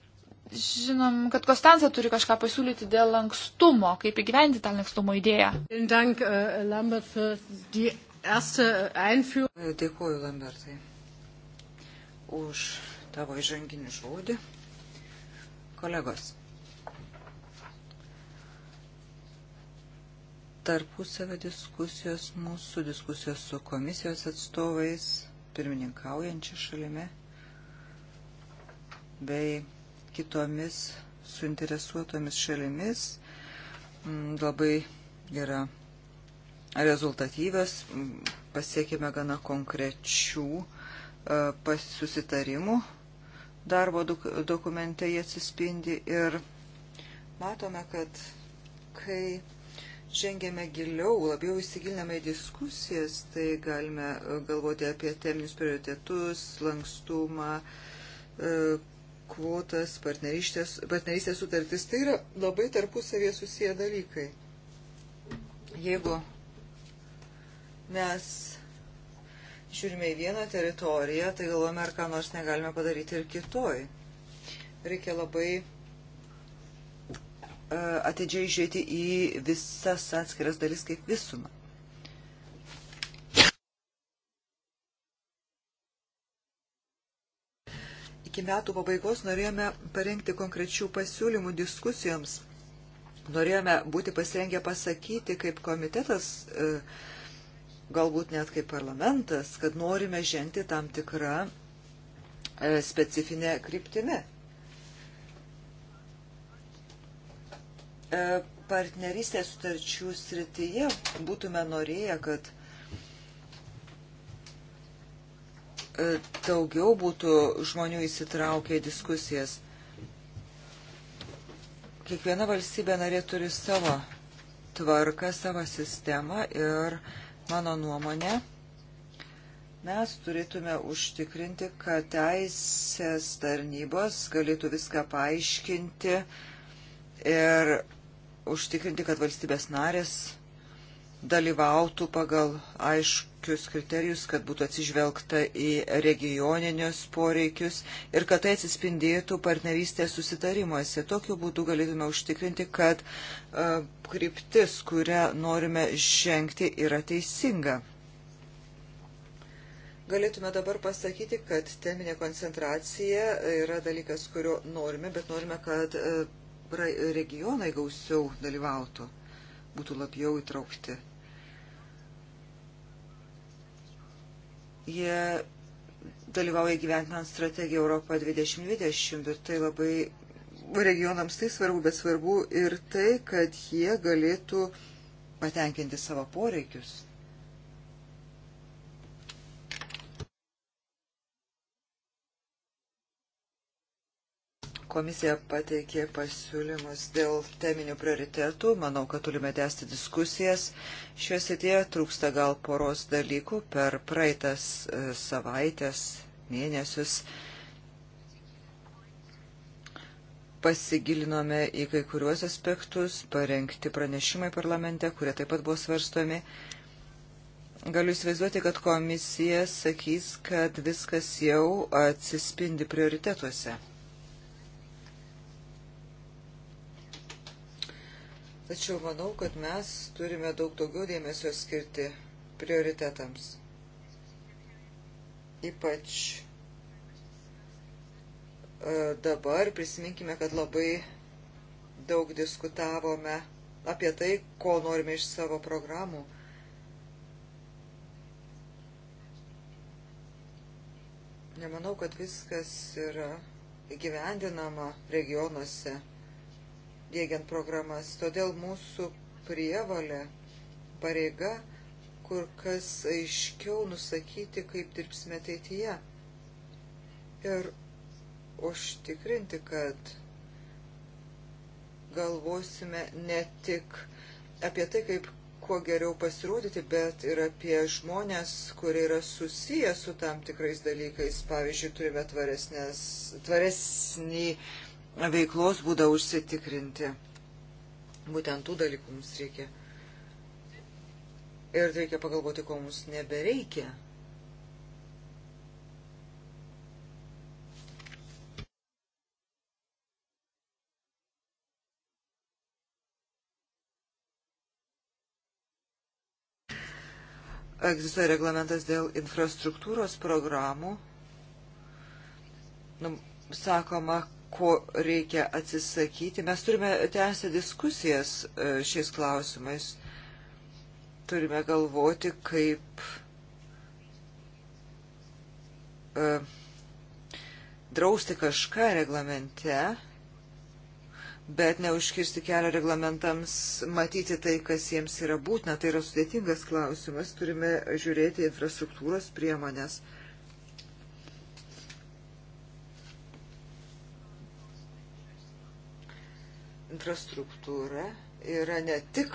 Žinom, kad Kostanca turi kažką pasiūlyti dėl lankstumo, kaip įgyventi tą lankstumo idėją. Äh, Dėkuoju, Lambertai, už tavo įžanginį žodį. Kolegos, tarpusavio diskusijos, mūsų diskusijos su komisijos atstovais, pirmininkaujančia šalimi bei kitomis suinteresuotomis šalimis. Mm, labai yra rezultatyvės, mm, pasiekime gana konkrečių e, susitarimų. Darbo dokumente jie atsispindi ir matome, kad kai žengėme giliau, labiau įsigiliname į diskusijas, tai galime e, galvoti apie teminius prioritetus, lankstumą, e, kvotas, partnerystės, partnerystės sutartis. Tai yra labai tarpusavie susiję dalykai. Jeigu mes žiūrime į vieną teritoriją, tai galvojame, ar ką nors negalime padaryti ir kitoj. Reikia labai e, atidžiai žiūrėti į visas atskiras dalis kaip visumą. iki metų pabaigos norėjome parengti konkrečių pasiūlymų diskusijoms. Norėjome būti pasirengę pasakyti kaip komitetas, e, galbūt net kaip parlamentas, kad norime žengti tam tikrą e, specifinę kryptimį. E, partnerystės sutarčių srityje būtume norėję, kad E, daugiau būtų žmonių įsitraukę į diskusijas. Kiekviena valstybė narė turi savo tvarką, savo sistemą ir mano nuomonė, mes turėtume užtikrinti, kad teisės tarnybos galėtų viską paaiškinti ir užtikrinti, kad valstybės narės dalyvautų pagal aiškius kriterijus, kad būtų atsižvelgta į regioninius poreikius ir kad tai atsispindėtų partnerystės susitarimuose. Tokiu būdu galėtume užtikrinti, kad uh, kryptis, kurią norime žengti, yra teisinga. Galėtume dabar pasakyti, kad teminė koncentracija yra dalykas, kurio norime, bet norime, kad uh, regionai gausiau dalyvautų, būtų labiau įtraukti Jie dalyvauja gyventinant strategiją Europą 2020 ir tai labai regionams tai svarbu, bet svarbu ir tai, kad jie galėtų patenkinti savo poreikius. Komisija pateikė pasiūlymus dėl teminių prioritetų. Manau, kad turime tęsti diskusijas. Šioje srityje trūksta gal poros dalykų per praeitas e, savaitės, mėnesius. Pasigilinome į kai kuriuos aspektus, parengti pranešimai parlamente, kurie taip pat buvo svarstomi galiu įsivaizduoti, kad komisija sakys, kad viskas jau atsispindi prioritetuose. Tačiau manau, kad mes turime daug daugiau dėmesio skirti prioritetams. Ypač e, dabar prisiminkime, kad labai daug diskutavome apie tai, ko norime iš savo programų. Nemanau, kad viskas yra įgyvendinama regionuose dėgiant programas. Todėl mūsų prievalė, pareiga, kur kas aiškiau nusakyti, kaip dirbsime ateityje. Ir užtikrinti, kad galvosime ne tik apie tai, kaip kuo geriau pasirodyti, bet ir apie žmonės, kurie yra susiję su tam tikrais dalykais. Pavyzdžiui, turime tvaresnį veiklos būdą užsitikrinti. Būtent tų dalykų mums reikia. Ir reikia pagalvoti, ko mums nebereikia. Egzistuoja reglamentas dėl infrastruktūros programų. Nu, sakoma, ko reikia atsisakyti. Mes turime tęsę diskusijas e, šiais klausimais. Turime galvoti, kaip e, drausti kažką reglamente, bet neužkirsti kelio reglamentams matyti tai, kas jiems yra būtina. Tai yra sudėtingas klausimas. Turime žiūrėti infrastruktūros priemonės. Uh, infrastruktūra yra ne tik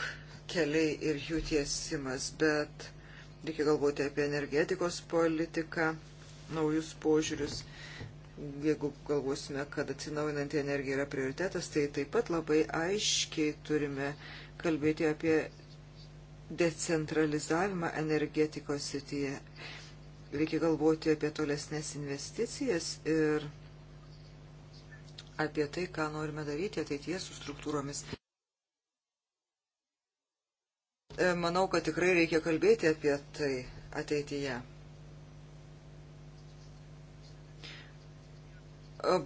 keliai ir jų tiesimas, bet reikia galvoti apie energetikos politiką, naujus požiūrius. Jeigu galvosime, kad atsinaujinanti energija yra prioritetas, tai taip pat labai aiškiai turime kalbėti apie decentralizavimą energetikos sityje. Reikia galvoti apie tolesnės investicijas ir apie tai, ką norime daryti ateityje su struktūromis. E, manau, kad tikrai reikia kalbėti apie tai ateityje.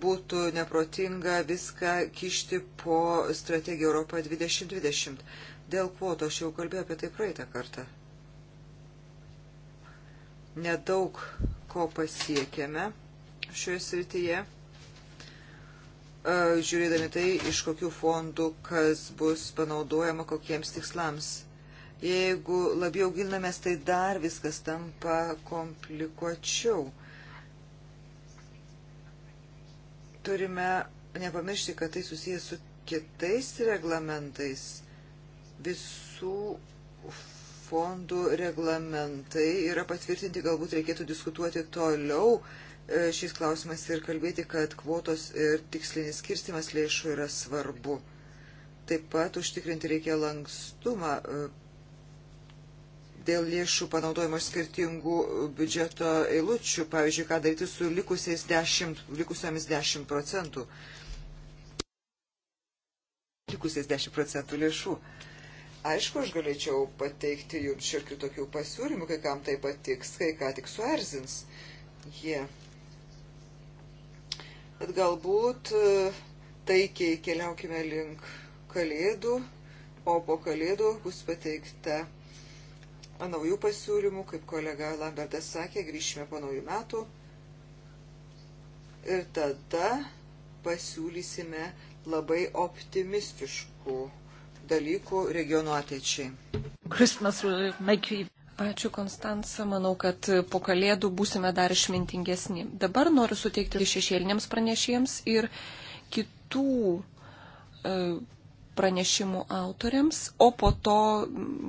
Būtų neprotinga viską kišti po strategiją Europą 2020. Dėl kvoto aš jau kalbėjau apie tai praeitą kartą. Nedaug ko pasiekėme šioje srityje. E, žiūrėdami tai, iš kokių fondų, kas bus panaudojama kokiems tikslams. Jeigu labiau gilinamės, tai dar viskas tampa komplikuočiau. Turime nepamiršti, kad tai susijęs su kitais reglamentais. Visų fondų reglamentai yra patvirtinti, galbūt reikėtų diskutuoti toliau, uh, E, šiais klausimais ir kalbėti, kad kvotos ir tikslinis skirstimas lėšų yra svarbu. Taip pat užtikrinti reikia lankstumą e, dėl lėšų panaudojimo skirtingų biudžeto eilučių, pavyzdžiui, ką daryti su likusiais 10, likusiamis 10 procentų. Likusiais 10 procentų lėšų. Aišku, aš galėčiau pateikti jums šiokių tokių pasiūlymų, kai kam tai patiks, kai ką tik suerzins. Jie yeah. Bet galbūt e, taikiai keliaukime link kalėdų, o po kalėdų bus pateikta naujų pasiūlymų, kaip kolega Lambertas sakė, grįšime po naujų metų ir tada pasiūlysime labai optimistiškų dalykų regionų ateičiai. You... Ačiū, Konstanca. Manau, kad po kalėdų būsime dar išmintingesni. Dabar noriu suteikti šešėliniams pranešėjams ir kitų e, pranešimų autoriams, o po to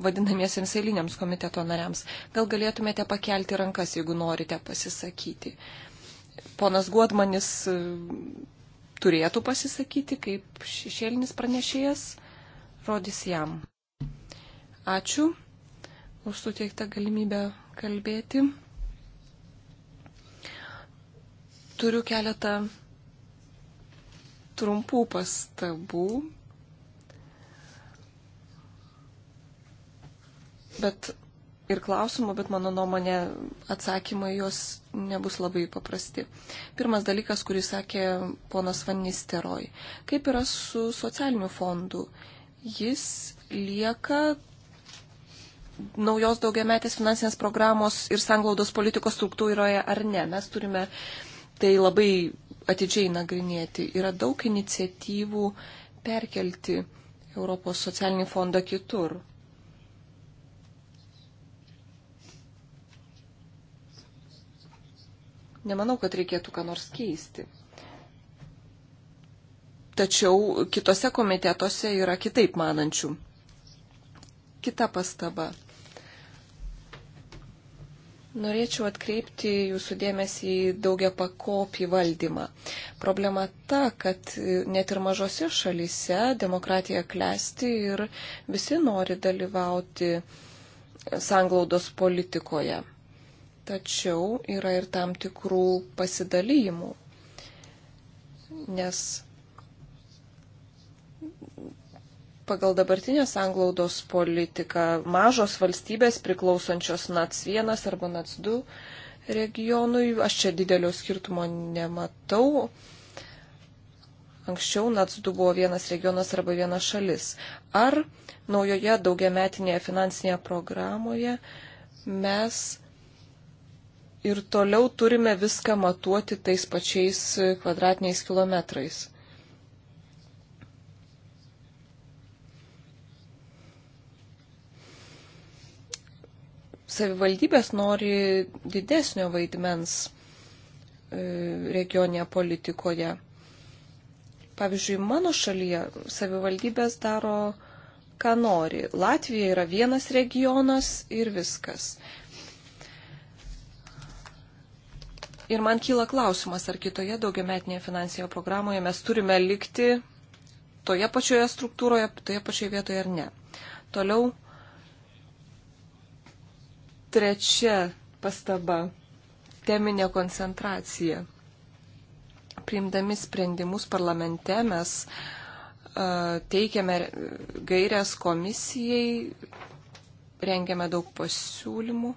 vadinamiesiems eiliniams komiteto nariams. Gal galėtumėte pakelti rankas, jeigu norite pasisakyti. Ponas Guodmanis e, turėtų pasisakyti kaip šešėlinis pranešėjas. Rodys jam. Ačiū už suteiktą galimybę kalbėti. Turiu keletą trumpų pastabų, bet ir klausimų, bet mano nuomonė atsakymai jos nebus labai paprasti. Pirmas dalykas, kurį sakė ponas Vanisteroj. Kaip yra su socialiniu fondu? Jis lieka naujos daugiametės finansinės programos ir sanglaudos politikos struktūroje ar ne. Mes turime tai labai atidžiai nagrinėti. Yra daug iniciatyvų perkelti Europos socialinį fondą kitur. Nemanau, kad reikėtų ką nors keisti. Tačiau kitose komitetuose yra kitaip manančių. Kita pastaba. Norėčiau atkreipti jūsų dėmesį į daugia pakopį valdymą. Problema ta, kad e, net ir mažose šalise demokratija klesti ir visi nori dalyvauti e, sanglaudos politikoje. Tačiau yra ir tam tikrų pasidalyjimų, nes pagal dabartinės anglaudos politiką mažos valstybės priklausančios NAC 1 arba NAC 2 regionui, aš čia didelio skirtumo nematau. Anksčiau NAC 2 buvo vienas regionas arba viena šalis. Ar naujoje daugiametinėje finansinėje programoje mes ir toliau turime viską matuoti tais pačiais kvadratiniais kilometrais? savivaldybės nori didesnio vaidmens e, regioninėje politikoje. Pavyzdžiui, mano šalyje savivaldybės daro, ką nori. Latvija yra vienas regionas ir viskas. Ir man kyla klausimas, ar kitoje daugiametinėje finansinėje programoje mes turime likti toje pačioje struktūroje, toje pačioje vietoje ar ne. Toliau Trečia pastaba - teminė koncentracija. Priimdami sprendimus parlamente mes teikiame gairias komisijai, rengiame daug pasiūlymų.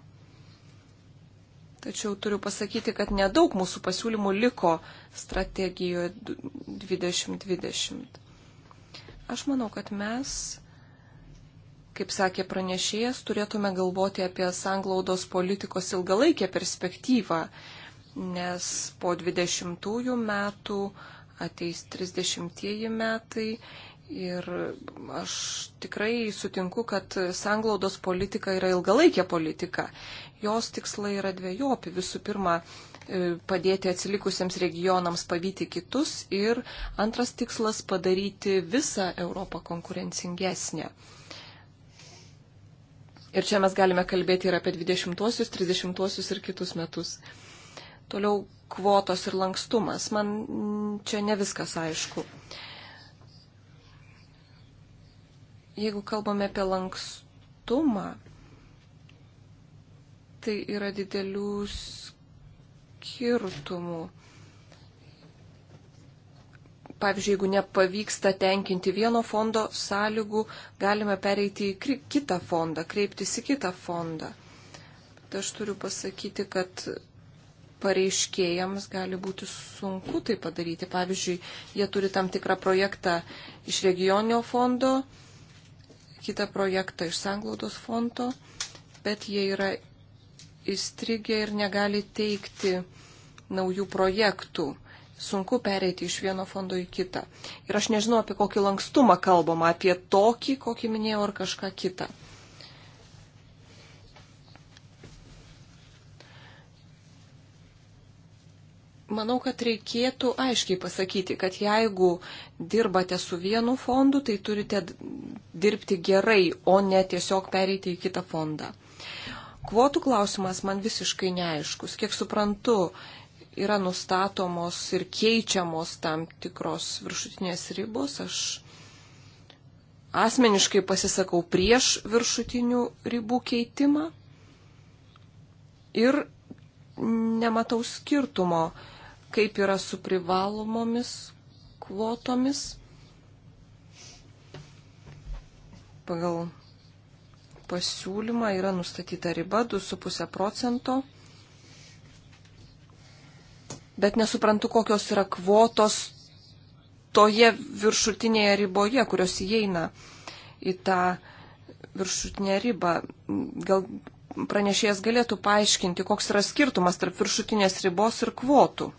Tačiau turiu pasakyti, kad nedaug mūsų pasiūlymų liko strategijoje 2020. Aš manau, kad mes Kaip sakė pranešėjas, turėtume galvoti apie sanglaudos politikos ilgalaikę perspektyvą, nes po 20 metų ateis 30 metai ir aš tikrai sutinku, kad sanglaudos politika yra ilgalaikė politika. Jos tikslai yra dviejopi. Visų pirma, e, padėti atsilikusiems regionams pavyti kitus ir antras tikslas - padaryti visą Europą konkurencingesnę. Ir čia mes galime kalbėti ir apie 20-uosius, 30-uosius ir kitus metus. Toliau kvotos ir lankstumas. Man čia ne viskas aišku. Jeigu kalbame apie lankstumą, tai yra didelių skirtumų pavyzdžiui, jeigu nepavyksta tenkinti vieno fondo sąlygų, galime pereiti į kitą fondą, kreiptis į kitą fondą. Bet aš turiu pasakyti, kad pareiškėjams gali būti sunku tai padaryti. Pavyzdžiui, jie turi tam tikrą projektą iš regioninio fondo, kitą projektą iš sanglaudos fondo, bet jie yra įstrigę ir negali teikti naujų projektų sunku pereiti iš vieno fondo į kitą. Ir aš nežinau, apie kokį lankstumą kalbama, apie tokį, kokį minėjau, ar kažką kitą. Manau, kad reikėtų aiškiai pasakyti, kad jeigu dirbate su vienu fondu, tai turite dirbti gerai, o ne tiesiog pereiti į kitą fondą. Kvotų klausimas man visiškai neaiškus. Kiek suprantu, yra nustatomos ir keičiamos tam tikros viršutinės ribos. Aš asmeniškai pasisakau prieš viršutinių ribų keitimą ir nematau skirtumo, kaip yra su privalomomis kvotomis. Pagal pasiūlymą yra nustatyta riba 2,5 procento bet nesuprantu, kokios yra kvotos toje viršutinėje riboje, kurios įeina į tą viršutinę ribą. Gal pranešėjas galėtų paaiškinti, koks yra skirtumas tarp viršutinės ribos ir kvotų.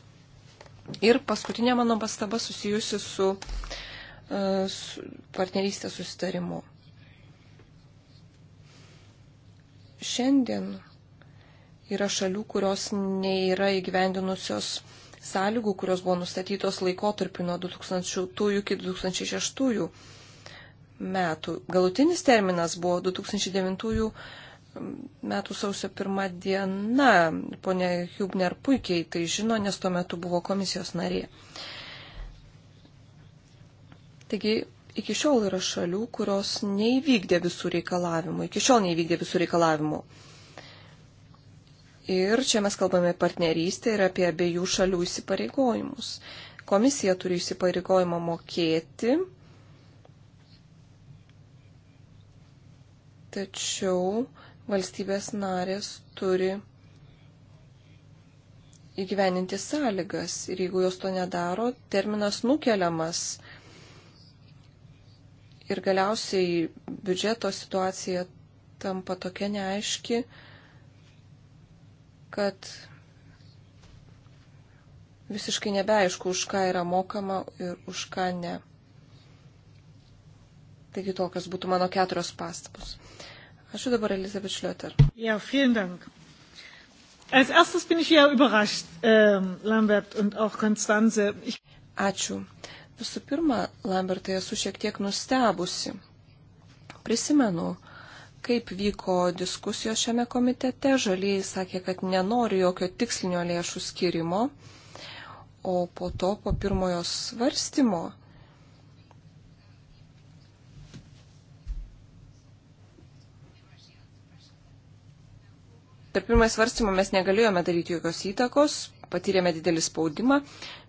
Ir paskutinė mano pastaba susijusi su, e, su partnerystės susitarimu. Šiandien Yra šalių, kurios nėra įgyvendinusios sąlygų, kurios buvo nustatytos laikotarpiu nuo 2000 iki 2006 metų. Galutinis terminas buvo 2009 metų sausio pirmą dieną. Pone Hubner puikiai tai žino, nes tuo metu buvo komisijos narė. Taigi, iki šiol yra šalių, kurios neįvykdė visų reikalavimų. Iki šiol neįvykdė visų reikalavimų. Ir čia mes kalbame partnerystę ir apie abiejų šalių įsipareigojimus. Komisija turi įsipareigojimą mokėti, tačiau valstybės narės turi įgyveninti sąlygas ir jeigu jos to nedaro, terminas nukeliamas ir galiausiai biudžeto situacija tampa tokia neaiški, kad visiškai nebeaišku, už ką yra mokama ir už ką ne. Taigi tokios būtų mano keturios pastabos. Ačiū dabar Elizabeth Šlioter. Ja, vielen Dank. Als erstes bin ich ja überrascht, äh, Lambert und auch Konstanze. Ich... Ačiū. Visų pirma, Lambertai, esu šiek tiek nustebusi. Prisimenu, kaip vyko diskusijos šiame komitete. Žalieji sakė, kad nenori jokio tikslinio lėšų skirimo, o po to, po pirmojo svarstymo, Per pirmąjį svarstymą mes negalėjome daryti jokios įtakos, patyrėme didelį spaudimą.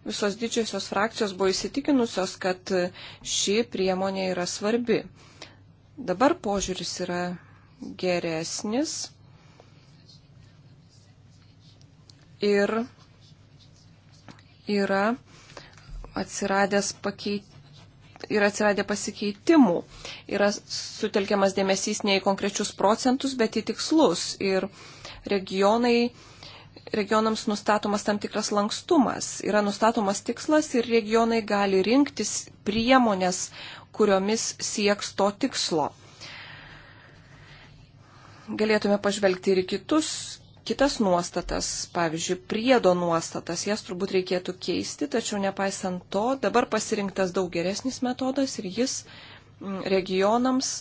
Visos didžiosios frakcijos buvo įsitikinusios, kad ši priemonė yra svarbi. Dabar požiūris yra geresnis ir yra atsiradęs pakeit... yra atsiradę pasikeitimų. Yra sutelkiamas dėmesys ne į konkrečius procentus, bet į tikslus. Ir regionai regionams nustatomas tam tikras lankstumas. Yra nustatomas tikslas ir regionai gali rinktis priemonės, kuriomis sieks to tikslo. Galėtume pažvelgti ir kitus, kitas nuostatas, pavyzdžiui, priedo nuostatas, jas turbūt reikėtų keisti, tačiau nepaisant to, dabar pasirinktas daug geresnis metodas ir jis mm, regionams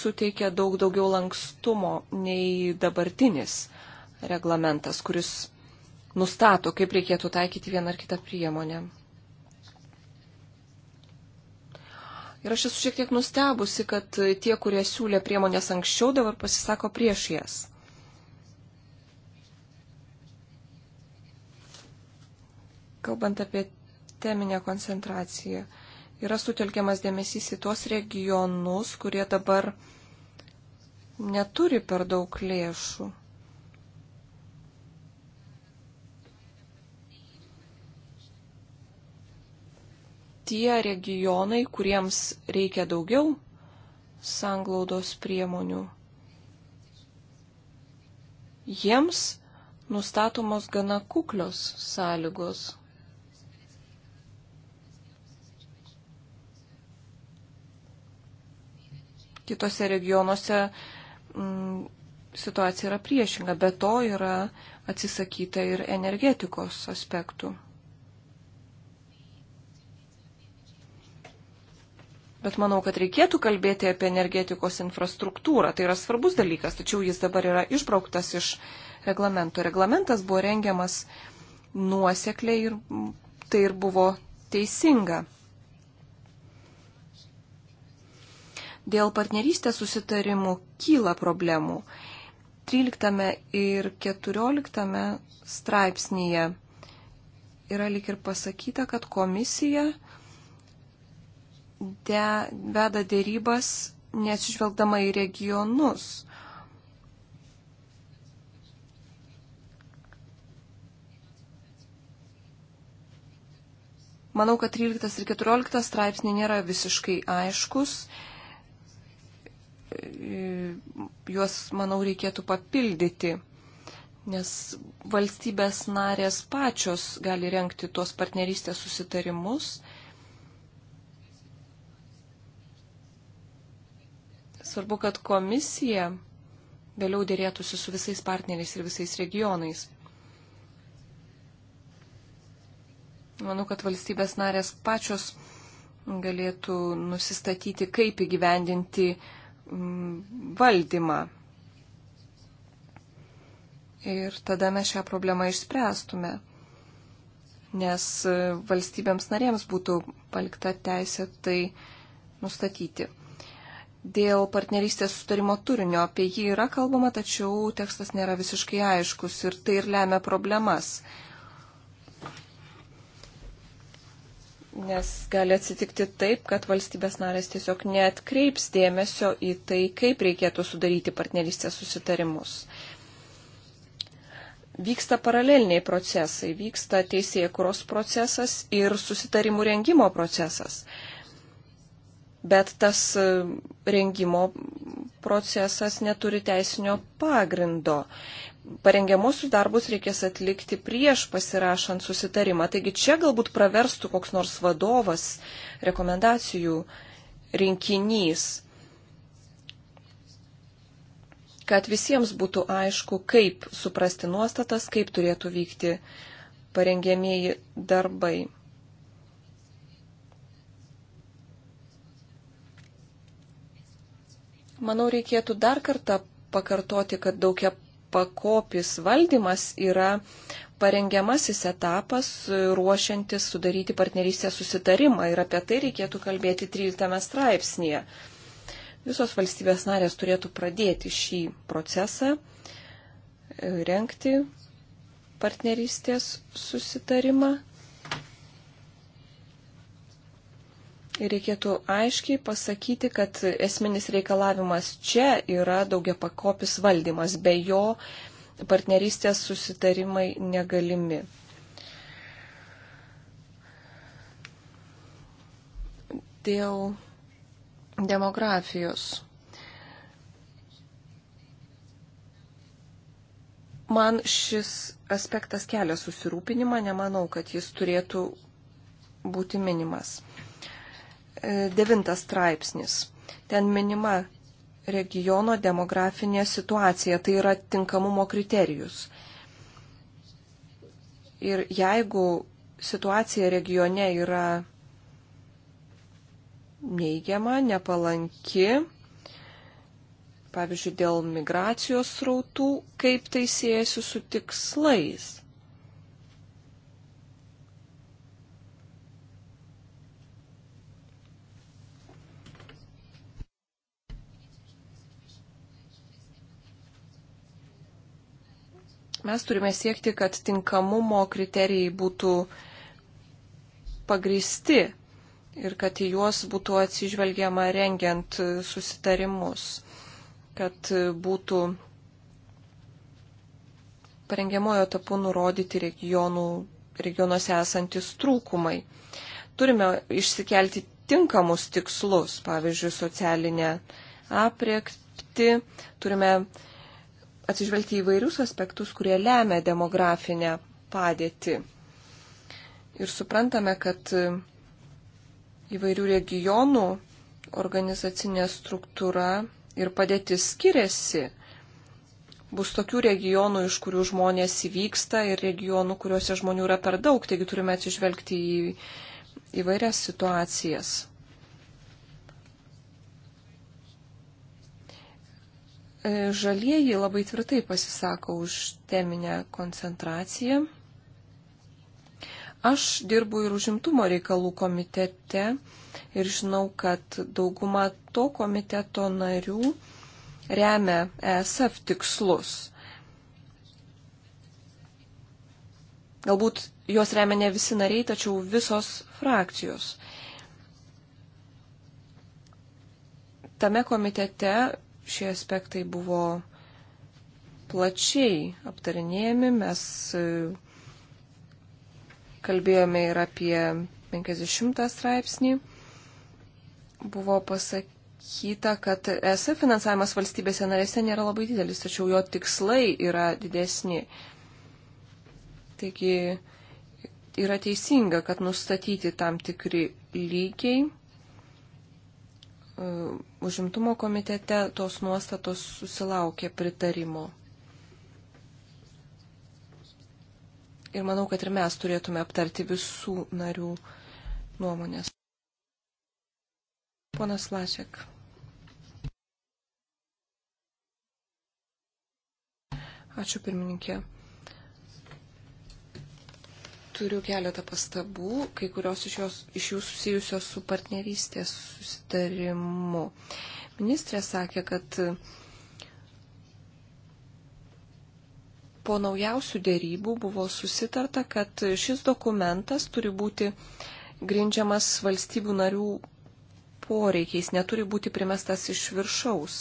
suteikia daug daugiau lankstumo nei dabartinis reglamentas, kuris nustato, kaip reikėtų taikyti vieną ar kitą priemonę. Ir aš esu šiek tiek nustebusi, kad tie, kurie siūlė priemonės anksčiau, dabar pasisako prieš jas. Kalbant apie teminę koncentraciją, yra sutelkiamas dėmesys į tuos regionus, kurie dabar neturi per daug lėšų. tie regionai, kuriems reikia daugiau sanglaudos priemonių, jiems nustatomos gana kuklios sąlygos. Kitose regionuose m, mm, situacija yra priešinga, be to yra atsisakyta ir energetikos aspektų. Bet manau, kad reikėtų kalbėti apie energetikos infrastruktūrą. Tai yra svarbus dalykas, tačiau jis dabar yra išbrauktas iš reglamento. Reglamentas buvo rengiamas nuosekliai ir tai ir buvo teisinga. Dėl partnerystės susitarimų kyla problemų. 13 ir 14 straipsnėje yra lik ir pasakyta, kad komisija de, veda dėrybas neatsižvelgdama į regionus. Manau, kad 13 ir 14 straipsniai nėra visiškai aiškus. Juos, manau, reikėtų papildyti, nes valstybės narės pačios gali renkti tuos partnerystės susitarimus Svarbu, kad komisija vėliau dėrėtųsi su visais partneriais ir visais regionais. Manau, kad valstybės narės pačios galėtų nusistatyti, kaip įgyvendinti mm, valdymą. Ir tada mes šią problemą išspręstume, nes e, valstybėms narėms būtų palikta teisė tai nustatyti dėl partnerystės sutarimo turinio. Apie jį yra kalbama, tačiau tekstas nėra visiškai aiškus ir tai ir lemia problemas. Nes gali atsitikti taip, kad valstybės narės tiesiog netkreips dėmesio į tai, kaip reikėtų sudaryti partnerystės susitarimus. Vyksta paraleliniai procesai, vyksta teisėjų kuros procesas ir susitarimų rengimo procesas. Uh, bet tas e, rengimo procesas neturi teisinio pagrindo. Parengiamusius darbus reikės atlikti prieš pasirašant susitarimą. Taigi čia galbūt praverstų koks nors vadovas rekomendacijų rinkinys, kad visiems būtų aišku, kaip suprasti nuostatas, kaip turėtų vykti parengiamieji darbai. Manau, reikėtų dar kartą pakartoti, kad daugia pakopis valdymas yra parengiamasis etapas ruošiantis sudaryti partnerystės susitarimą ir apie tai reikėtų kalbėti 13 straipsnėje. Visos valstybės narės turėtų pradėti šį procesą, e, renkti partnerystės susitarimą Reikėtų aiškiai pasakyti, kad esminis reikalavimas čia yra daugia pakopis valdymas, be jo partnerystės susitarimai negalimi. Dėl demografijos. Man šis aspektas kelia susirūpinimą, nemanau, kad jis turėtų būti minimas devintas straipsnis. Ten minima regiono demografinė situacija, tai yra tinkamumo kriterijus. Ir jeigu situacija regione yra neigiama, nepalanki, pavyzdžiui, dėl migracijos srautų, kaip tai siejasi su tikslais. Mes turime siekti, kad tinkamumo kriterijai būtų pagristi ir kad į juos būtų atsižvelgiama rengiant susitarimus, kad būtų parengiamojo tapu nurodyti regionų, regionuose esantis trūkumai. Turime išsikelti tinkamus tikslus, pavyzdžiui, socialinę apriekti, turime atsižvelgti į vairius aspektus, kurie lemia demografinę padėtį. Ir suprantame, kad įvairių regionų organizacinė struktūra ir padėtis skiriasi. Bus tokių regionų, iš kurių žmonės įvyksta ir regionų, kuriuose žmonių yra per daug, taigi turime atsižvelgti į įvairias situacijas. E, žalieji labai tvirtai pasisako už teminę koncentraciją. Aš dirbu ir užimtumo reikalų komitete ir žinau, kad dauguma to komiteto narių remia ESF tikslus. Galbūt juos remia ne visi nariai, tačiau visos frakcijos. Tame komitete šie aspektai buvo plačiai aptarinėjami. Mes e, kalbėjome ir apie 50 straipsnį. Buvo pasakyta, kad ES finansavimas valstybėse narėse nėra labai didelis, tačiau jo tikslai yra didesni. Taigi yra teisinga, kad nustatyti tam tikri lygiai E, užimtumo komitete tos nuostatos susilaukė pritarimo. Ir manau, kad ir mes turėtume aptarti visų narių nuomonės. Ponas Lašek. Ačiū pirmininkė. Turiu keletą pastabų, kai kurios iš, jos, iš jų susijusios su partnerystės susitarimu. Ministrė sakė, kad po naujausių dėrybų buvo susitarta, kad šis dokumentas turi būti grindžiamas valstybių narių poreikiais, neturi būti primestas iš viršaus.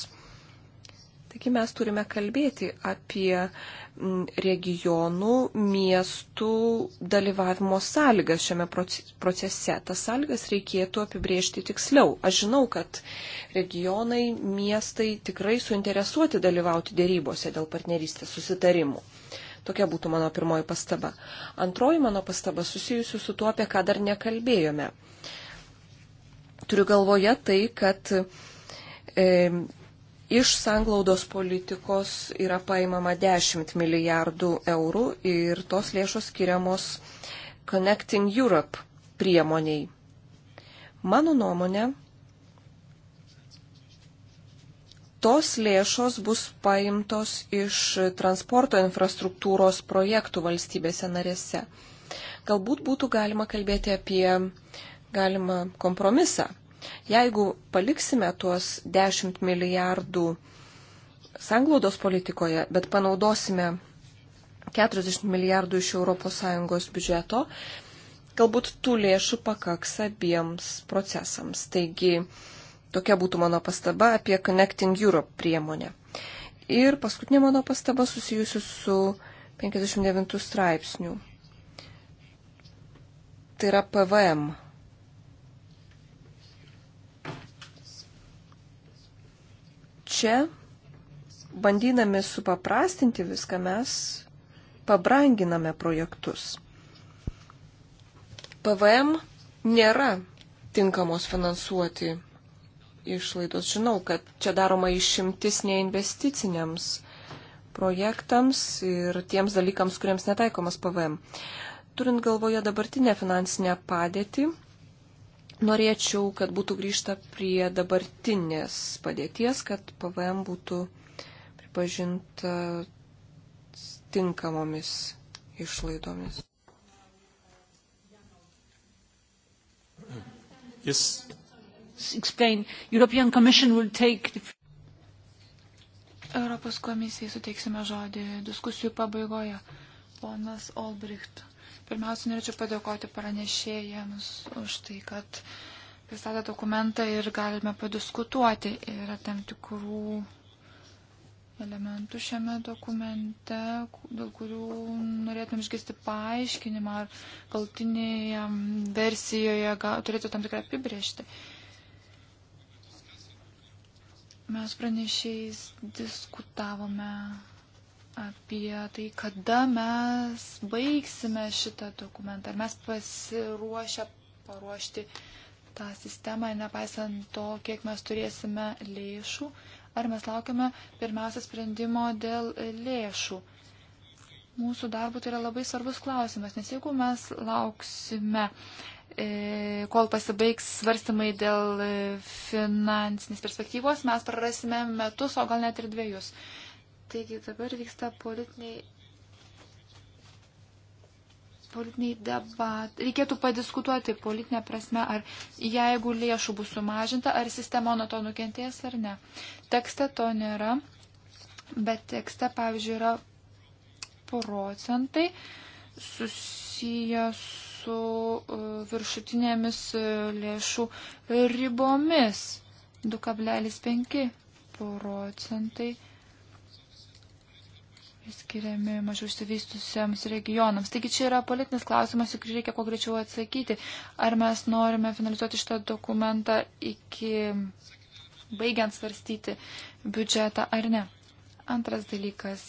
Taigi mes turime kalbėti apie regionų, miestų dalyvavimo sąlygas šiame procese. Tas sąlygas reikėtų apibriežti tiksliau. Aš žinau, kad regionai, miestai tikrai suinteresuoti dalyvauti dėrybose dėl partnerystės susitarimų. Tokia būtų mano pirmoji pastaba. Antroji mano pastaba susijusi su tuo, apie ką dar nekalbėjome. Turiu galvoje tai, kad e, Iš sanglaudos politikos yra paimama 10 milijardų eurų ir tos lėšos skiriamos Connecting Europe priemoniai. Mano nuomonė, tos lėšos bus paimtos iš transporto infrastruktūros projektų valstybėse narėse. Galbūt būtų galima kalbėti apie galimą kompromisą. Jeigu paliksime tuos 10 milijardų sanglaudos politikoje, bet panaudosime 40 milijardų iš ES biudžeto, galbūt tų lėšų pakaks abiems procesams. Taigi tokia būtų mano pastaba apie Connecting Europe priemonę. Ir paskutinė mano pastaba susijusi su 59 straipsniu. Tai yra PVM čia, bandydami supaprastinti viską, mes pabranginame projektus. PVM nėra tinkamos finansuoti išlaidos. Žinau, kad čia daroma išimtis neinvesticiniams projektams ir tiems dalykams, kuriems netaikomas PVM. Turint galvoje dabartinę finansinę padėtį, norėčiau, kad būtų grįžta prie dabartinės padėties, kad PVM būtų pripažinta tinkamomis išlaidomis. Yes. Explain. European Commission will take the... Europos komisijai suteiksime žodį diskusijų pabaigoje. Ponas Olbricht. Pirmiausia, norėčiau padėkoti pranešėjams už tai, kad pristatė dokumentą ir galime padiskutuoti. Yra tam tikrų elementų šiame dokumente, dėl kurių norėtum išgirsti paaiškinimą ar galtinėje versijoje gal, turėtų tam tikrą apibriežtį. Mes pranešiais diskutavome apie tai, kada mes baigsime šitą dokumentą. Ar mes pasiruošę paruošti tą sistemą, nepaisant to, kiek mes turėsime lėšų, ar mes laukiame pirmiausia sprendimo dėl lėšų. Mūsų darbų tai yra labai svarbus klausimas, nes jeigu mes lauksime e, kol pasibaigs svarstymai dėl e, finansinės perspektyvos, mes prarasime metus, o gal net ir dviejus. Taigi dabar vyksta politiniai. Politiniai debat. Reikėtų padiskutuoti politinę prasme, ar jeigu lėšų bus sumažinta, ar sistema nuo to nukentės ar ne. Tekste to nėra, bet tekste, pavyzdžiui, yra procentai susiję su e, viršutinėmis e, lėšų ribomis. 2,5 procentai skiriami mažiau išsivystusiems regionams. Taigi čia yra politinis klausimas, į kurį reikia kuo greičiau atsakyti. Ar mes norime finalizuoti šitą dokumentą iki baigiant svarstyti biudžetą ar ne. Antras dalykas.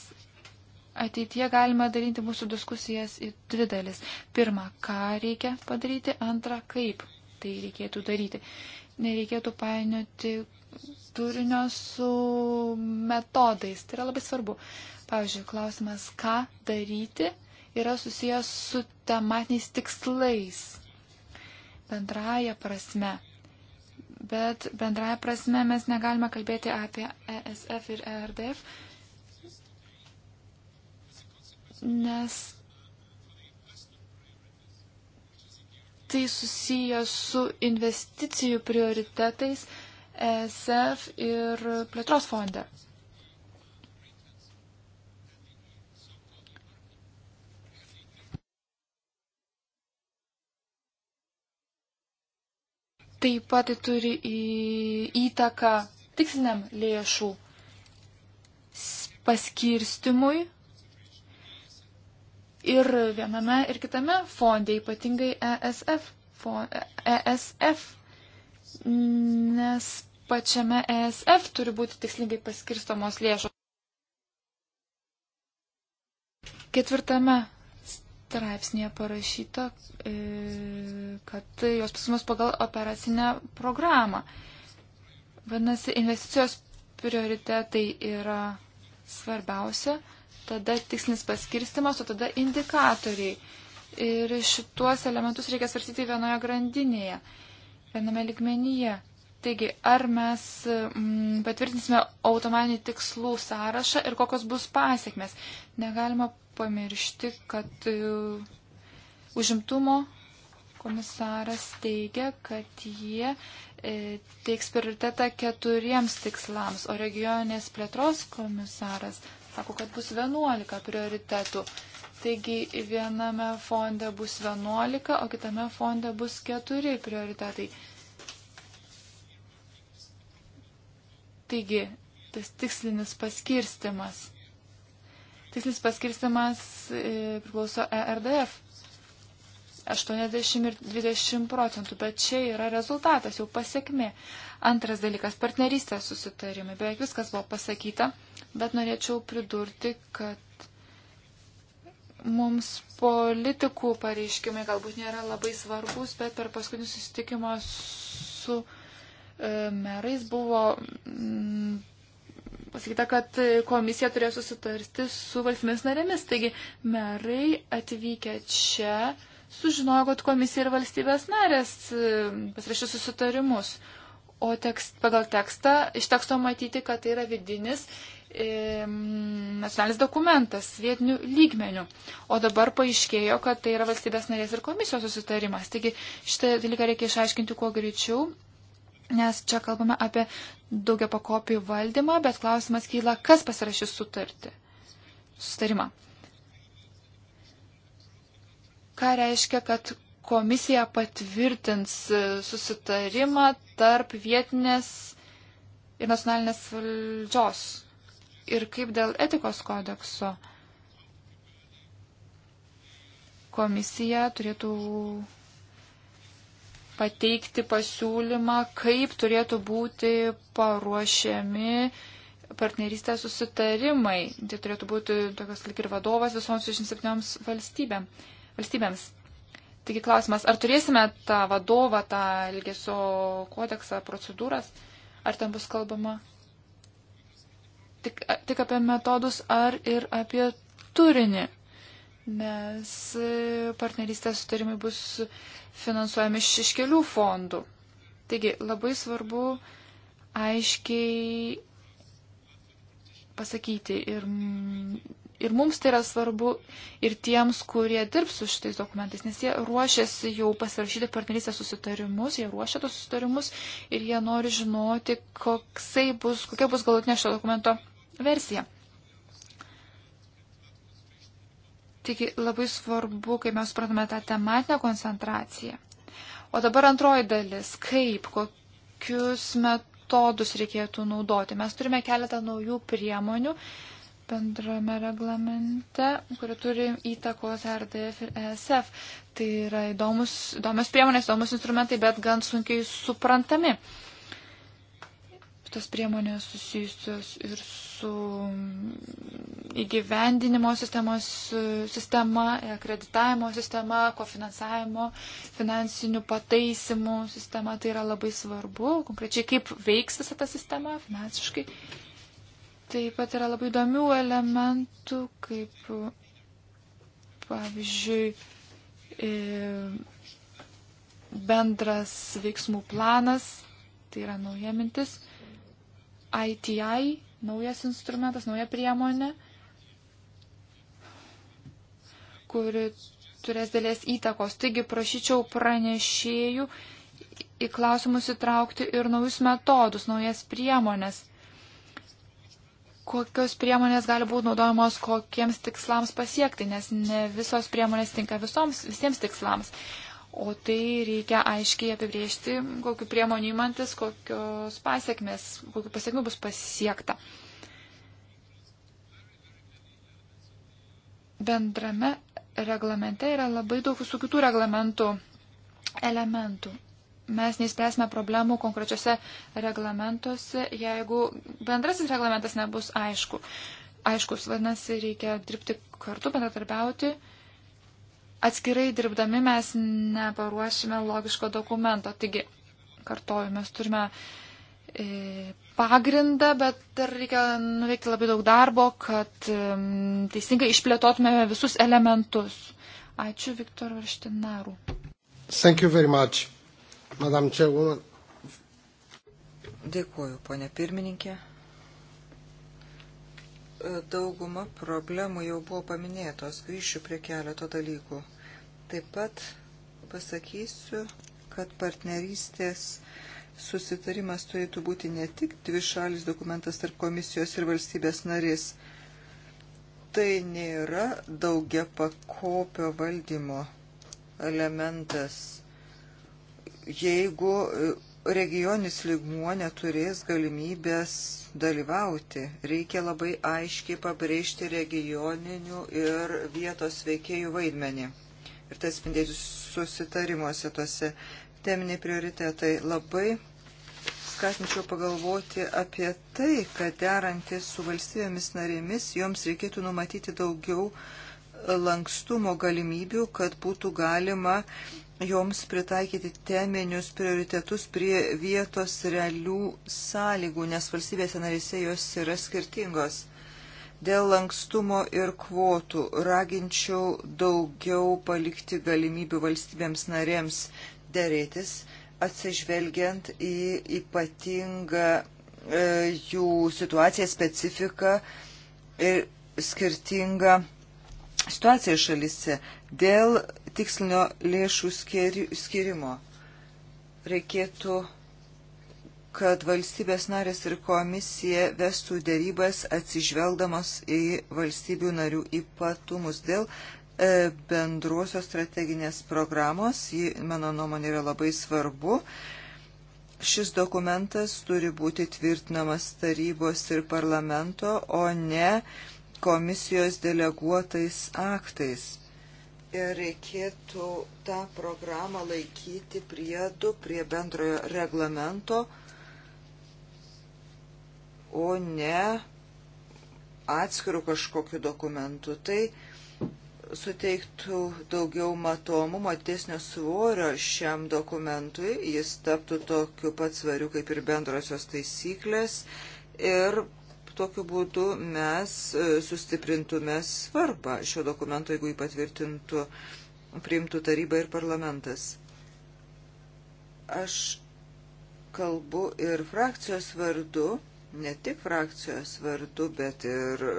Ateityje galime daryti mūsų diskusijas į dvi dalis. Pirma, ką reikia padaryti, antra, kaip tai reikėtų daryti. Nereikėtų painioti turinio su metodais. Tai yra labai svarbu. Pavyzdžiui, klausimas, ką daryti, yra susijęs su tematiniais tikslais bendraja prasme. Bet bendraja prasme mes negalime kalbėti apie ESF ir ERDF, nes tai susiję su investicijų prioritetais ESF ir plėtros fonde. Taip pat tai turi įtaką tiksliniam lėšų paskirstimui. Ir viename ir kitame fonde, ypatingai ESF, ESF, nes pačiame ESF turi būti tikslingai paskirstomos lėšos. Ketvirtame straipsnėje parašyta, e, kad tai jos pasiūlymas pagal operacinę programą. Vadinasi, investicijos prioritetai yra svarbiausia, tada tikslinis paskirstimas, o tada indikatoriai. Ir šituos elementus reikia svarstyti vienoje grandinėje, viename ligmenyje. Taigi, ar mes mm, patvirtinsime automatinį tikslų sąrašą ir kokios bus pasiekmes? Negalima pamiršti, kad e, užimtumo komisaras teigia, kad jie e, teiks prioritetą keturiems tikslams, o regioninės plėtros komisaras sako, kad bus 11 prioritetų. Taigi viename fonde bus 11, o kitame fonde bus 4 prioritetai. Taigi, tas tikslinis paskirstimas tikslis paskirstimas e, priklauso ERDF. 80 ir 20 procentų, bet čia yra rezultatas, jau pasiekmi. Antras dalykas - partnerystės susitarimai. Beveik viskas buvo pasakyta, bet norėčiau pridurti, kad mums politikų pareiškimai galbūt nėra labai svarbus, bet per paskutinį susitikimą su e, merais buvo pasakyta, kad komisija turėjo susitarti su valstybės narėmis. Taigi merai atvykę čia sužinojo, kad komisija ir valstybės narės e, pasirašė susitarimus. O tekst, pagal tekstą, iš teksto matyti, kad tai yra vidinis e, nacionalinis dokumentas vietinių lygmenių. O dabar paaiškėjo, kad tai yra valstybės narės ir komisijos susitarimas. Taigi šitą dalyką reikia išaiškinti kuo greičiau nes čia kalbame apie daugia pakopį valdymą, bet klausimas kyla, kas pasirašys sutartį. Sustarimą. Ką reiškia, kad komisija patvirtins e, susitarimą tarp vietinės ir nacionalinės valdžios? Ir kaip dėl etikos kodekso? Komisija turėtų pateikti pasiūlymą, kaip turėtų būti paruošiami partnerystės susitarimai. Tai turėtų būti tokios lik ir vadovas visoms 27 valstybėm, valstybėms. Taigi klausimas, ar turėsime tą vadovą, tą ilgesio kodeksą, procedūras, ar ten bus kalbama tik, tik apie metodus, ar ir apie turinį nes e, partnerystės sutarimai bus finansuojami iš, iš kelių fondų. Taigi labai svarbu aiškiai pasakyti ir, ir mums tai yra svarbu ir tiems, kurie dirbs su šitais dokumentais, nes jie ruošiasi jau pasirašyti partnerystės susitarimus, jie ruošia tos susitarimus ir jie nori žinoti, bus, kokia bus galutinė šio dokumento versija. Taigi labai svarbu, kai mes suprantame tą tematinę koncentraciją. O dabar antroji dalis. Kaip, kokius metodus reikėtų naudoti? Mes turime keletą naujų priemonių bendrame reglamente, kurie turi įtakos RDF ir ESF. Tai yra įdomus, įdomios priemonės, įdomus instrumentai, bet gan sunkiai suprantami. Uh, tos priemonės susijusios ir su įgyvendinimo sistemos, sistema, akreditavimo sistema, kofinansavimo, finansinių pataisimų sistema. Tai yra labai svarbu, konkrečiai kaip veiks visą tą sistemą finansiškai. Taip pat yra labai įdomių elementų, kaip pavyzdžiui. E, bendras veiksmų planas, tai yra nauja mintis. ITI, naujas instrumentas, nauja priemonė, kuri turės dėlės įtakos. Taigi prašyčiau pranešėjų į klausimus įtraukti ir naujus metodus, naujas priemonės. Kokios priemonės gali būti naudojamos kokiems tikslams pasiekti, nes ne visos priemonės tinka visoms, visiems tikslams. O tai reikia aiškiai apibriežti, kokiu priemonių įmantis, kokios pasiekmes, kokiu pasiekmiu bus pasiekta. Bendrame reglamente yra labai daug visų kitų reglamentų elementų. Mes neįspręsime problemų konkrečiose reglamentuose, jeigu bendrasis reglamentas nebus aišku. aiškus. Vadinasi, reikia dirbti kartu, bendratarbiauti atskirai dirbdami mes neparuošime logiško dokumento. Taigi, kartoju, mes turime e, pagrindą, bet dar reikia nuveikti labai daug darbo, kad e, teisingai išplėtotume visus elementus. Ačiū Viktor Varštinaru. Thank you very much, Madam Chairwoman. Dėkuoju, ponė pirmininkė. E, dauguma problemų jau buvo paminėtos, grįšiu prie keleto dalykų. Taip pat pasakysiu, kad partnerystės susitarimas turėtų būti ne tik dvi šalis dokumentas tarp komisijos ir valstybės narės. Tai nėra daugia pakopio valdymo elementas. Jeigu e, regioninis lygmuo neturės galimybės dalyvauti. Reikia labai aiškiai pabrėžti regioninių ir vietos veikėjų vaidmenį. Ir tai spindėti susitarimuose tose teminiai prioritetai. Labai skatinčiau pagalvoti apie tai, kad derantis su valstybėmis narėmis, joms reikėtų numatyti daugiau lankstumo galimybių, kad būtų galima uh, joms pritaikyti teminius prioritetus prie vietos realių sąlygų, nes valstybėse narėse jos yra skirtingos. Dėl lankstumo ir kvotų raginčiau daugiau palikti galimybių valstybėms narėms dėrėtis, atsižvelgiant į ypatingą e, jų situaciją, specifiką ir skirtingą situaciją šalyse dėl tikslinio lėšų skirimo. Reikėtų, kad valstybės narės ir komisija vestų dėrybas atsižvelgdamos į valstybių narių ypatumus dėl e, bendruosios strateginės programos. Ji, mano nuomonė, yra labai svarbu. Šis dokumentas turi būti tvirtinamas tarybos ir parlamento, o ne uh, komisijos deleguotais aktais. Ir reikėtų tą programą laikyti priedu prie bendrojo reglamento, o ne atskirų kažkokiu dokumentu. Tai suteiktų daugiau matomumo, tiesnio svorio šiam dokumentui, jis taptų tokiu pat svariu kaip ir bendrosios taisyklės ir tokiu būdu mes e, sustiprintume svarbą šio dokumento, jeigu jį patvirtintų, priimtų taryba ir parlamentas. Aš kalbu ir frakcijos vardu, ne tik frakcijos vardu, bet ir e,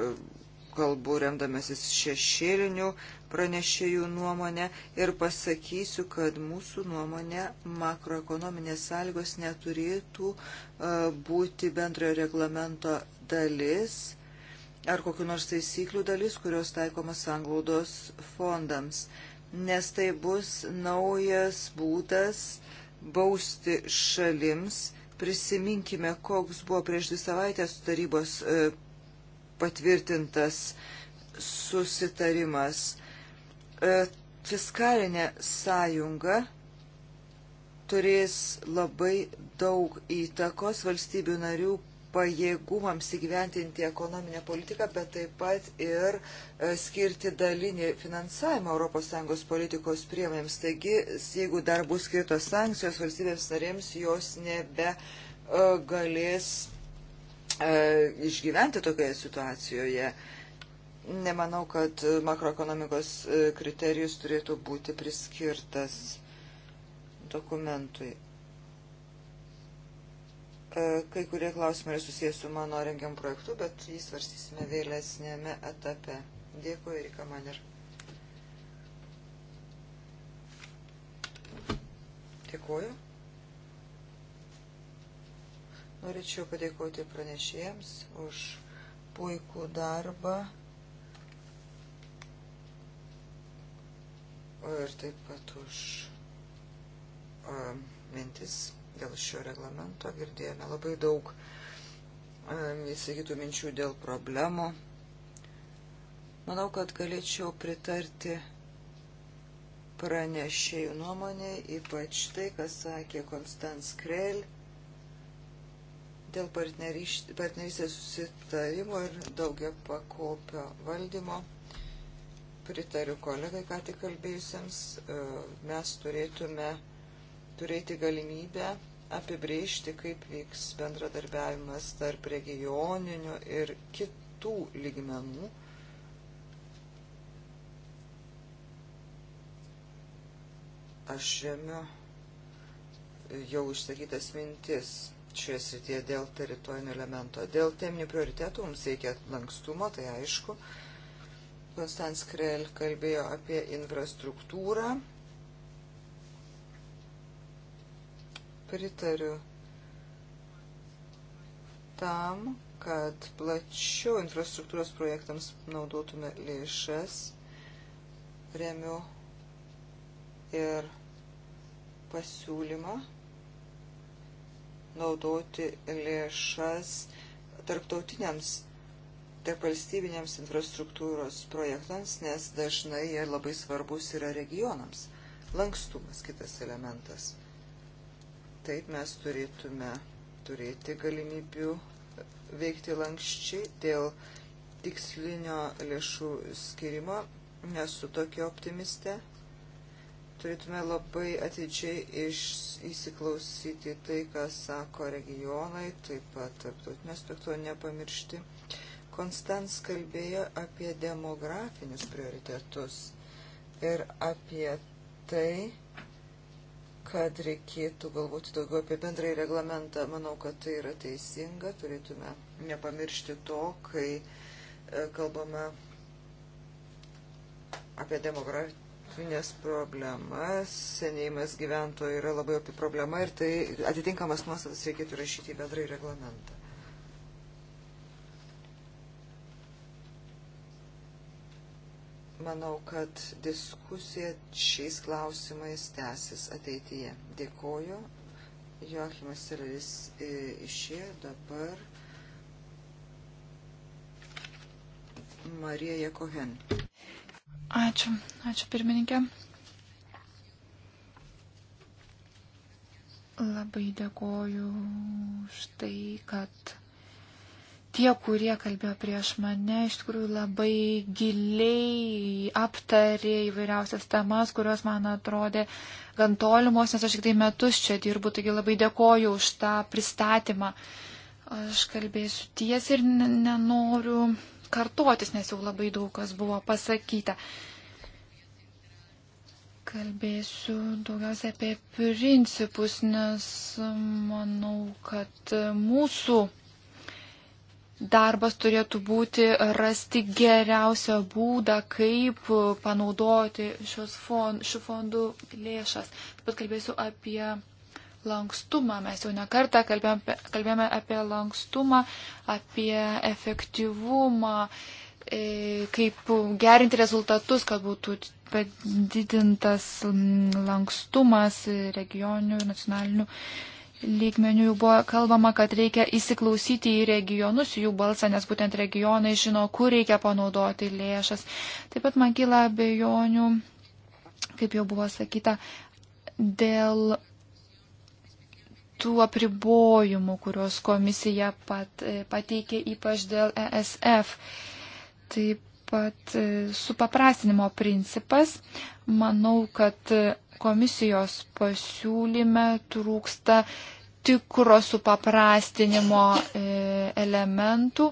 kalbu remdamasis šešėlinių pranešėjų nuomonę ir pasakysiu, kad mūsų nuomonė makroekonominės sąlygos neturėtų e, būti bendrojo reglamento dalis ar kokiu nors taisyklių dalis, kurios taikomas sanglaudos fondams, nes tai bus naujas būdas bausti šalims. Prisiminkime, koks buvo prieš dvi savaitės tarybos e, patvirtintas susitarimas. E, fiskalinė sąjunga turės labai daug įtakos valstybių narių pajėgumams įgyventinti ekonominę politiką, bet taip pat ir e, skirti dalinį finansavimą ES politikos priemonėms. Taigi, jeigu dar bus skirtos sankcijos valstybėms narėms, jos nebe e, galės e, išgyventi tokioje situacijoje. Nemanau, kad makroekonomikos kriterijus turėtų būti priskirtas dokumentui. E, kai kurie klausimai yra susijęs su mano rengiam projektu, bet jį svarstysime vėlesnėme etape. Dėkui, Erika Maner. Dėkuoju. Norėčiau padėkoti pranešėjams už puikų darbą ir taip pat už um, mintis dėl šio reglamento. Girdėjome labai daug e, įsigytų minčių dėl problemų. Manau, kad galėčiau pritarti pranešėjų nuomonė, ypač tai, kas sakė Konstans Krell dėl partnerystės susitarimo ir daugia pakopio valdymo. Pritariu kolegai, ką tik kalbėjusiems, e, mes turėtume turėti galimybę apibrėžti, kaip vyks bendradarbiavimas tarp regioninių ir kitų lygmenų. Aš žemiu jau išsakytas mintis šioje srityje dėl teritorinio elemento. Dėl teminių prioritetų mums reikia lankstumo, tai aišku. Konstans Krell kalbėjo apie infrastruktūrą, pritariu tam, kad plačiau infrastruktūros projektams naudotume lėšas, remiu ir pasiūlymą naudoti lėšas tarptautiniams, tarpvalstybiniams infrastruktūros projektams, nes dažnai jie labai svarbus yra regionams. Lankstumas kitas elementas. Taip mes turėtume turėti galimybių veikti lankščiai dėl tikslinio lėšų skirimo. Nesu tokia optimistė. Turėtume labai atidžiai iš, įsiklausyti tai, ką sako regionai, taip pat tarptautinio aspekto nepamiršti. Konstans kalbėjo apie demografinius prioritetus ir apie tai, kad reikėtų galvoti daugiau apie bendrąjį reglamentą. Manau, kad tai yra teisinga, turėtume nepamiršti to, kai e, kalbame apie demografinės problemas. Senėjimas gyventojų yra labai opi problema ir tai atitinkamas nuostatas reikėtų rašyti į bendrąjį reglamentą. Manau, kad diskusija šiais klausimais tęsis ateityje. Dėkoju. Joachimas Seleris e, išėjo dabar. Marija Jekohen. Ačiū. Ačiū pirmininkė. Labai dėkoju už tai, kad tie, kurie kalbėjo prieš mane, iš tikrųjų labai giliai aptarė įvairiausias temas, kurios man atrodė gan tolimos, nes aš tik tai metus čia dirbu, taigi labai dėkoju už tą pristatymą. Aš kalbėsiu ties ir nenoriu kartotis, nes jau labai daug kas buvo pasakyta. Kalbėsiu daugiausia apie principus, nes manau, kad mūsų darbas turėtų būti rasti geriausią būdą, kaip panaudoti šios fond, šių fondų lėšas. Taip pat kalbėsiu apie lankstumą. Mes jau nekartą kalbėjome, kalbėjome apie lankstumą, apie efektyvumą, e, kaip gerinti rezultatus, kad būtų padidintas lankstumas regioninių ir nacionalinių lygmenių jau buvo kalbama, kad reikia įsiklausyti į regionus, jų balsą, nes būtent regionai žino, kur reikia panaudoti lėšas. Taip pat man kyla abejonių, kaip jau buvo sakyta, dėl tų apribojimų, kuriuos komisija pat, e, pateikė ypač dėl ESF. Taip pat e, supaprastinimo principas. Manau, kad e, Komisijos pasiūlyme trūksta tikro supaprastinimo e, elementų,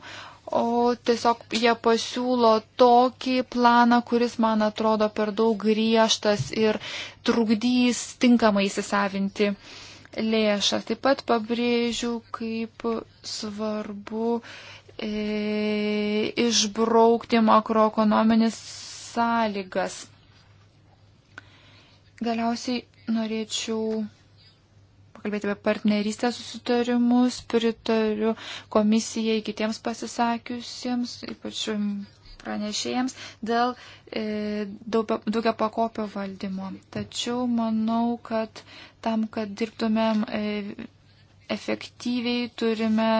o tiesiog jie pasiūlo tokį planą, kuris, man atrodo, per daug griežtas ir trukdys tinkamai įsisavinti lėšas. Taip pat pabrėžiu, kaip svarbu e, išbraukti makroekonominis sąlygas. Galiausiai norėčiau pakalbėti apie partnerystės susitarimus, pritariu komisijai kitiems pasisakiusiems, ypač pranešėjams, dėl e, daugia pakopio valdymo. Tačiau manau, kad tam, kad dirbtumėm e, efektyviai, turime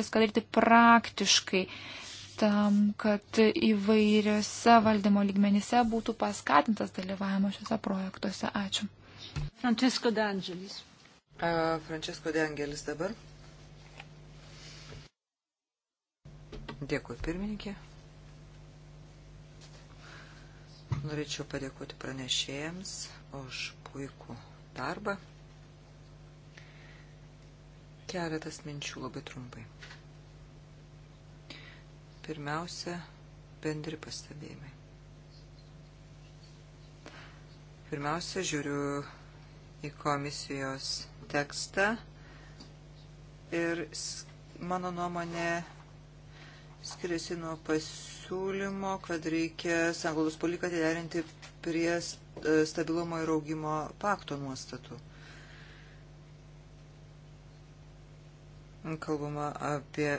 viską daryti praktiškai. E, tam, kad įvairiose valdymo lygmenyse būtų paskatintas dalyvavimas šiuose projektuose. Ačiū. Francesco D'Angelis. Francesco D'Angelis dabar. Dėkui, pirmininkė. Norėčiau padėkoti pranešėjams už puikų darbą. Keletas minčių labai trumpai. Pirmiausia, bendri pastebėjimai. Pirmiausia, žiūriu į komisijos tekstą ir mano nuomonė skiriasi nuo pasiūlymo, kad reikia sanglaudos politiką derinti prie e, stabilumo ir augimo pakto nuostatų. Kalbama apie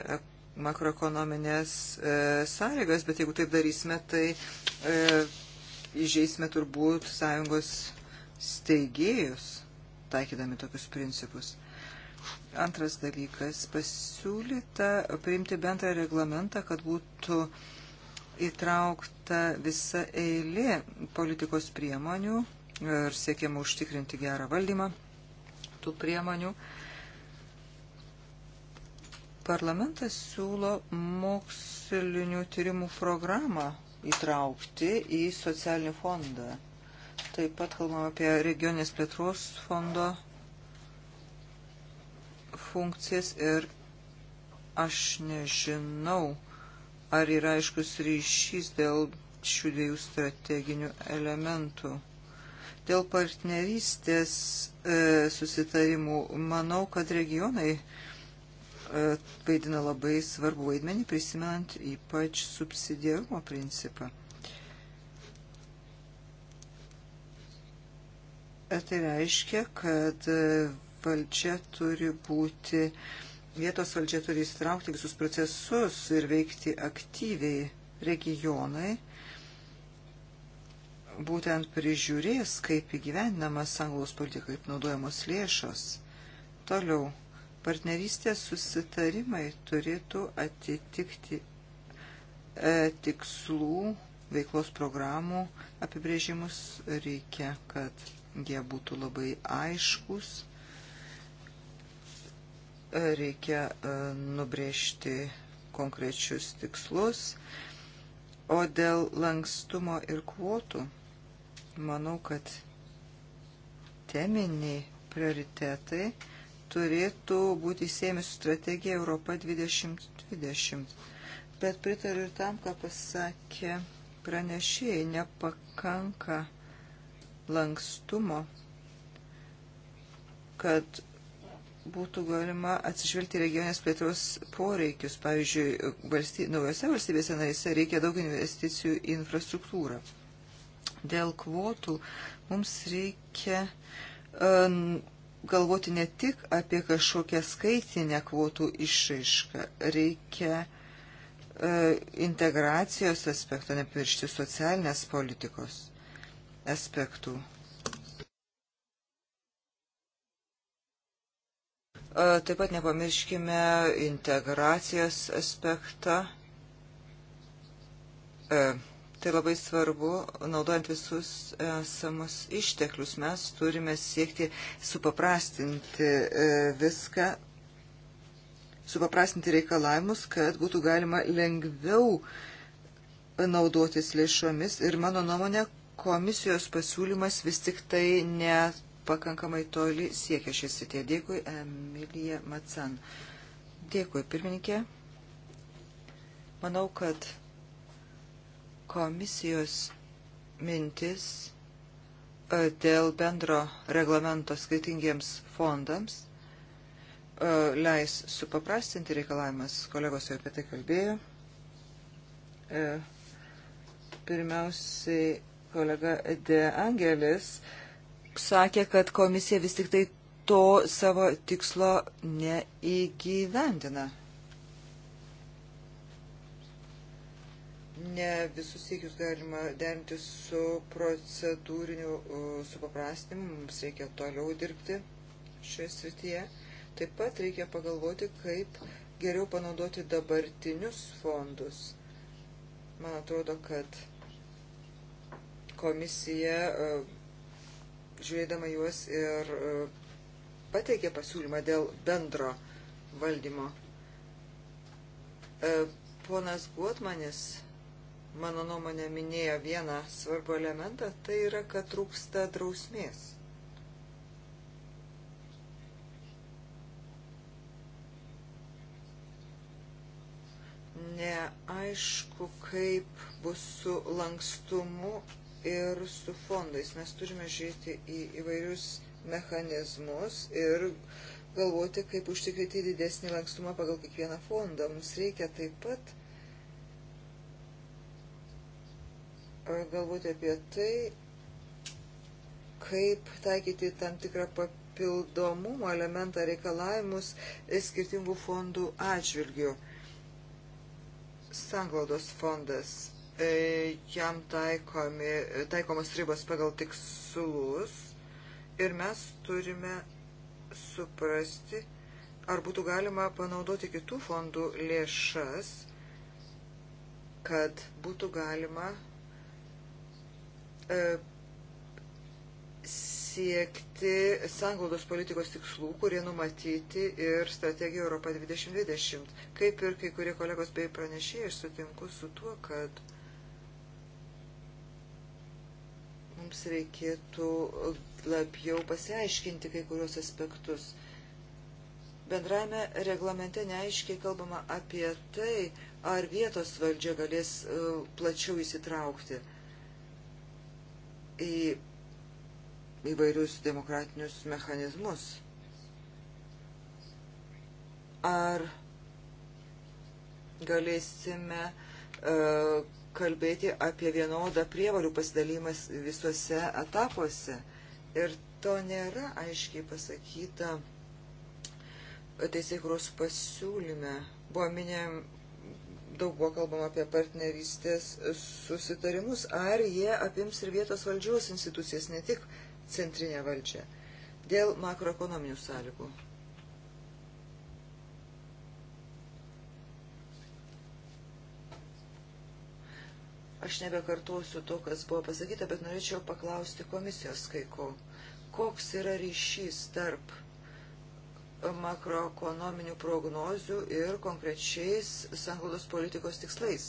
makroekonominės e, sąlygas, bet jeigu taip darysime, tai e, įžeisime turbūt sąjungos steigėjus, taikydami tokius principus. Antras dalykas - pasiūlyta priimti bendrą reglamentą, kad būtų įtraukta visa eilė politikos priemonių ir siekiama užtikrinti gerą valdymą tų priemonių. E, Parlamentas siūlo mokslinių tyrimų programą įtraukti į socialinį fondą. Taip pat kalbam apie regionės plėtros fondo funkcijas ir aš nežinau, ar yra aiškus ryšys dėl šių dviejų strateginių elementų. Dėl partnerystės e, susitarimų manau, kad regionai vaidina labai svarbu vaidmenį, prisimant ypač subsidiarumo principą. E, tai reiškia, kad valdžia turi būti, vietos valdžia turi įstraukti visus procesus ir veikti aktyviai regionai. Būtent prižiūrės, kaip įgyvendinama sanglaus politika, kaip naudojamos lėšos. Toliau Partnerystės susitarimai turėtų atitikti e, tikslų, veiklos programų apibrėžimus. Reikia, kad jie būtų labai aiškus. Reikia e, nubrėžti konkrečius tikslus. O dėl lankstumo ir kvotų, manau, kad teminiai prioritetai turėtų būti įsėmi su strategija Europa 2020. Bet pritariu ir tam, ką pasakė pranešėjai, nepakanka lankstumo, kad būtų galima atsižvelgti regionės plėtros poreikius. Pavyzdžiui, valsty, naujose valstybėse narėse reikia daug investicijų į infrastruktūrą. Dėl kvotų mums reikia um, galvoti ne tik apie kažkokią skaitinę kvotų išraišką, reikia e, integracijos aspekto, nepiršti socialinės politikos aspektų. E, taip pat nepamirškime integracijos aspektą. E, Tai labai svarbu, naudojant visus esamus išteklius, mes turime siekti supaprastinti e, viską, supaprastinti reikalavimus, kad būtų galima lengviau naudotis lėšomis ir mano nuomonė komisijos pasiūlymas vis tik tai nepakankamai toli siekia šis sitie. Dėkui, Emilija Macan. Dėkui, pirmininkė. Manau, kad Komisijos mintis e, dėl bendro reglamento skirtingiems fondams e, leis supaprastinti reikalavimas, kolegos jau apie tai kalbėjo. E, pirmiausiai kolega De Angelis sakė, kad komisija vis tik tai to savo tikslo neįgyvendina. ne visus siekius galima derinti su procedūriniu supaprastinimu, mums reikia toliau dirbti šioje srityje. Taip pat reikia pagalvoti, kaip geriau panaudoti dabartinius fondus. Man atrodo, kad komisija, žiūrėdama juos ir pateikė pasiūlymą dėl bendro valdymo. E, ponas Guotmanis mano nuomonė, minėjo vieną svarbų elementą, tai yra, kad trūksta drausmės. Neaišku, kaip bus su lankstumu ir su fondais. Mes turime žiūrėti į įvairius mechanizmus ir galvoti, kaip užtikrinti didesnį lankstumą pagal kiekvieną fondą. Mums reikia taip pat galvoti apie tai, kaip taikyti tam tikrą papildomumo elementą reikalavimus skirtingų fondų atžvilgių. Sanglaudos fondas, e, jam taikomi, taikomos ribos pagal tikslus ir mes turime suprasti, ar būtų galima panaudoti kitų fondų lėšas, kad būtų galima E, siekti sanglaudos politikos tikslų, kurie numatyti ir strategija Europa 2020. Kaip ir kai kurie kolegos bei pranešėjai, aš sutinku su tuo, kad mums reikėtų labiau pasiaiškinti kai kurios aspektus. Bendrame reglamente neaiškiai kalbama apie tai, ar vietos valdžia galės e, plačiau įsitraukti į įvairius demokratinius mechanizmus. Ar galėsime uh, kalbėti apie vienodą prievalių pasidalymą visuose etapuose. Ir to nėra aiškiai pasakyta teisėkros pasiūlyme. Buvo minėm, daug buvo kalbama apie partnerystės susitarimus, ar jie apims ir vietos valdžios institucijas, ne tik centrinę valdžią, dėl makroekonominių sąlygų. Aš nebekartosiu to, kas buvo pasakyta, bet norėčiau paklausti komisijos kai ko. Koks yra ryšys tarp makroekonominių prognozių ir konkrečiais sanglaudos politikos tikslais.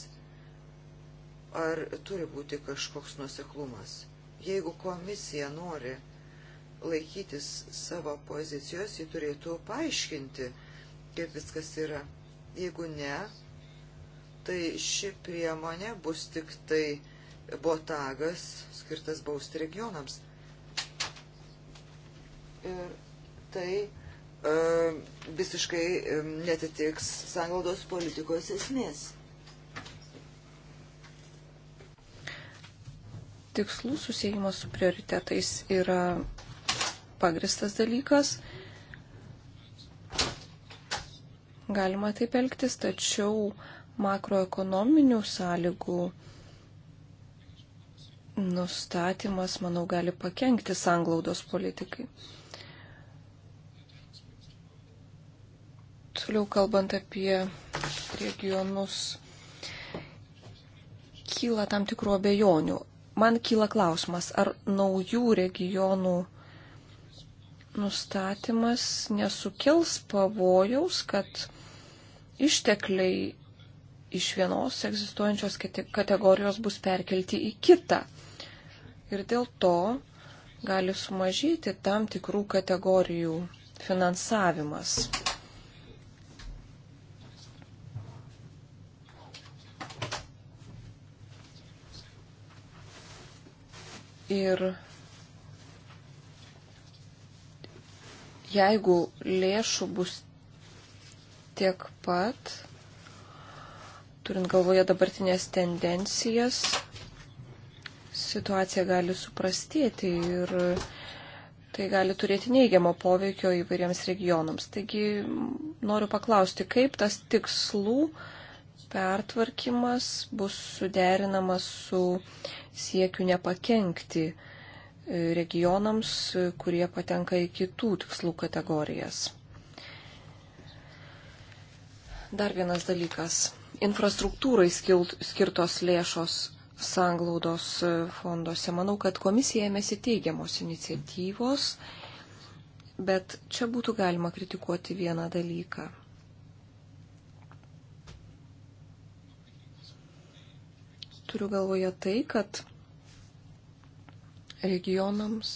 Ar turi būti kažkoks nuseklumas? Jeigu komisija nori laikytis savo pozicijos, ji turėtų paaiškinti, kaip viskas yra. Jeigu ne, tai ši priemonė bus tik tai botagas skirtas bausti regionams. Ir tai E, visiškai e, netitiks sanglaudos politikos esmės. Tikslų susijimas su prioritetais yra pagristas dalykas. Galima taip elgtis, tačiau makroekonominių sąlygų nustatymas, manau, gali pakengti sanglaudos politikai. Toliau kalbant apie regionus, kyla tam tikrų abejonių. Man kyla klausimas, ar naujų regionų nustatymas nesukels pavojaus, kad ištekliai iš vienos egzistuojančios kategorijos bus perkelti į kitą. Ir dėl to gali sumažyti tam tikrų kategorijų finansavimas. Ir jeigu lėšų bus tiek pat, turint galvoje dabartinės tendencijas, situacija gali suprastėti ir tai gali turėti neigiamo poveikio įvairiems regionams. Taigi noriu paklausti, kaip tas tikslų pertvarkymas bus suderinamas su siekiu nepakenkti e, regionams, kurie patenka į kitų tikslų kategorijas. Dar vienas dalykas. Infrastruktūrai skirtos lėšos sanglaudos e, fonduose. Manau, kad komisija ėmėsi teigiamos iniciatyvos, bet čia būtų galima kritikuoti vieną dalyką. Turiu galvoje tai, kad regionams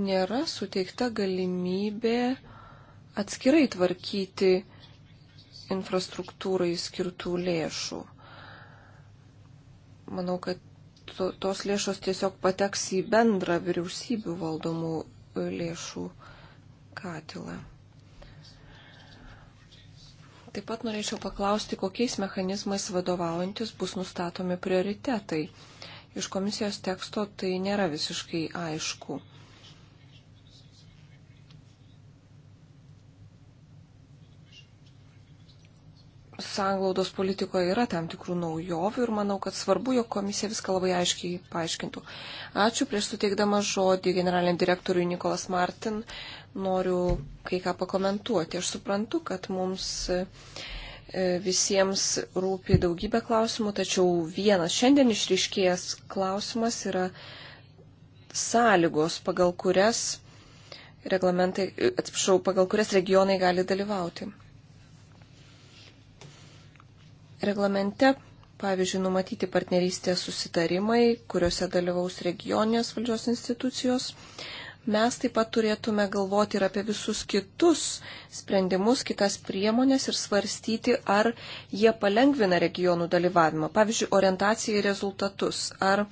nėra suteikta galimybė atskirai tvarkyti infrastruktūrai skirtų lėšų. Manau, kad tos lėšos tiesiog pateks į bendrą vyriausybių valdomų lėšų katilą. Taip pat norėčiau paklausti, kokiais mechanizmais vadovaujantis bus nustatomi prioritetai. Iš komisijos teksto tai nėra visiškai aišku. sanglaudos politikoje yra tam tikrų naujovių ir manau, kad svarbu, jog komisija viską labai aiškiai paaiškintų. Ačiū prieš suteikdama žodį generaliniam direktoriui Nikolas Martin. Noriu kai ką pakomentuoti. Aš suprantu, kad mums e, visiems rūpi daugybė klausimų, tačiau vienas šiandien išryškėjęs klausimas yra sąlygos, pagal kurias reglamentai, e, atsiprašau, pagal kurias regionai gali dalyvauti. Reglamente, pavyzdžiui, numatyti partnerystės susitarimai, kuriuose dalyvaus regioninės valdžios institucijos. Mes taip pat turėtume galvoti ir apie visus kitus sprendimus, kitas priemonės ir svarstyti, ar jie palengvina regionų dalyvavimą. Pavyzdžiui, orientacija į rezultatus. Ar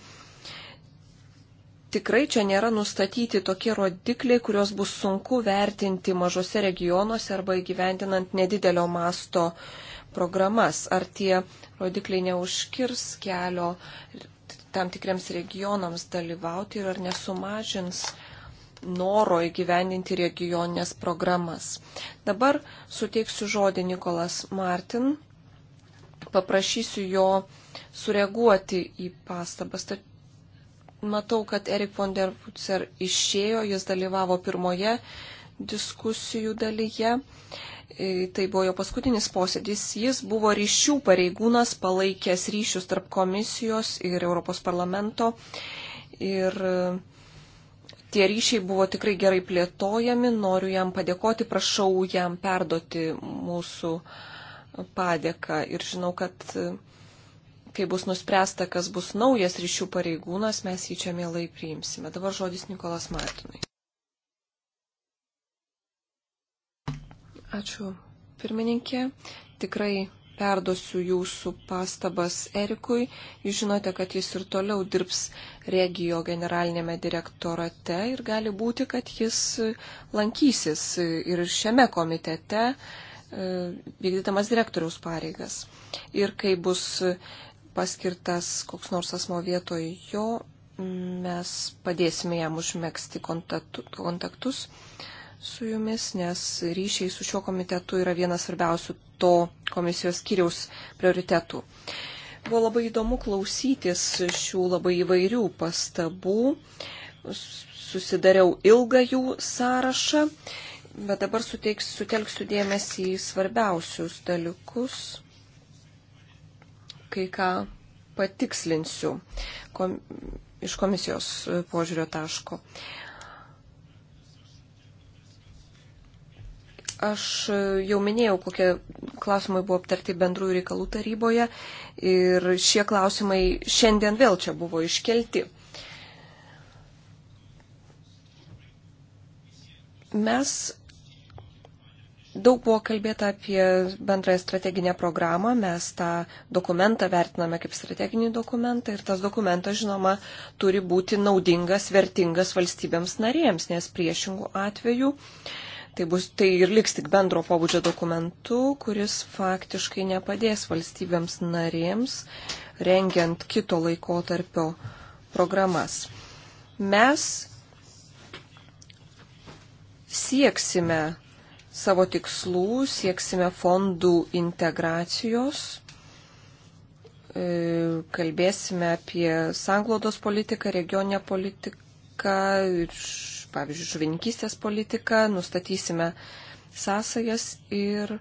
tikrai čia nėra nustatyti tokie rodikliai, kuriuos bus sunku vertinti mažose regionuose arba įgyvendinant nedidelio masto programas. Ar tie rodikliai neužkirs kelio tam tikriams regionams dalyvauti ir ar nesumažins noro įgyvendinti regioninės programas. Dabar suteiksiu žodį Nikolas Martin, paprašysiu jo sureaguoti į pastabas. Tad Matau, kad Erik von der Putzer išėjo, jis dalyvavo pirmoje diskusijų dalyje. E, tai buvo jo paskutinis posėdis. Jis buvo ryšių pareigūnas, palaikęs ryšius tarp komisijos ir Europos parlamento. Ir e, tie ryšiai buvo tikrai gerai plėtojami. Noriu jam padėkoti, prašau jam perduoti mūsų padėką. Ir žinau, kad e, kai bus nuspręsta, kas bus naujas ryšių pareigūnas, mes jį čia mielai priimsime. Dabar žodis Nikolas Martinui. Ačiū, pirmininkė. Tikrai perduosiu jūsų pastabas Erikui. Jūs žinote, kad jis ir toliau dirbs regio generalinėme direktorate ir gali būti, kad jis lankysis ir šiame komitete e, vykdydamas direktoriaus pareigas. Ir kai bus paskirtas koks nors asmo vietoj jo, mes padėsime jam užmėgsti kontaktus su jumis, nes ryšiai su šiuo komitetu yra vienas svarbiausių to komisijos kiriaus prioritetų. Buvo labai įdomu klausytis šių labai įvairių pastabų. Susidariau ilgą jų sąrašą, bet dabar suteiks, sutelksiu dėmesį į svarbiausius dalykus kai ką patikslinsiu kom, iš komisijos požiūrio taško. Aš jau minėjau, kokie klausimai buvo aptarti bendrųjų reikalų taryboje ir šie klausimai šiandien vėl čia buvo iškelti. Mes Daug buvo kalbėta apie bendrąją strateginę programą. Mes tą dokumentą vertiname kaip strateginį dokumentą ir tas dokumentas, žinoma, turi būti naudingas, vertingas valstybėms narėms, nes priešingų atveju tai, bus, tai ir liks tik bendro pobūdžio dokumentu, kuris faktiškai nepadės valstybėms narėms rengiant kito laiko tarpio programas. Mes sieksime savo tikslų, sieksime fondų integracijos, e, kalbėsime apie sanglodos politiką, regioninę politiką, pavyzdžiui, žuvininkystės politiką, nustatysime sąsajas ir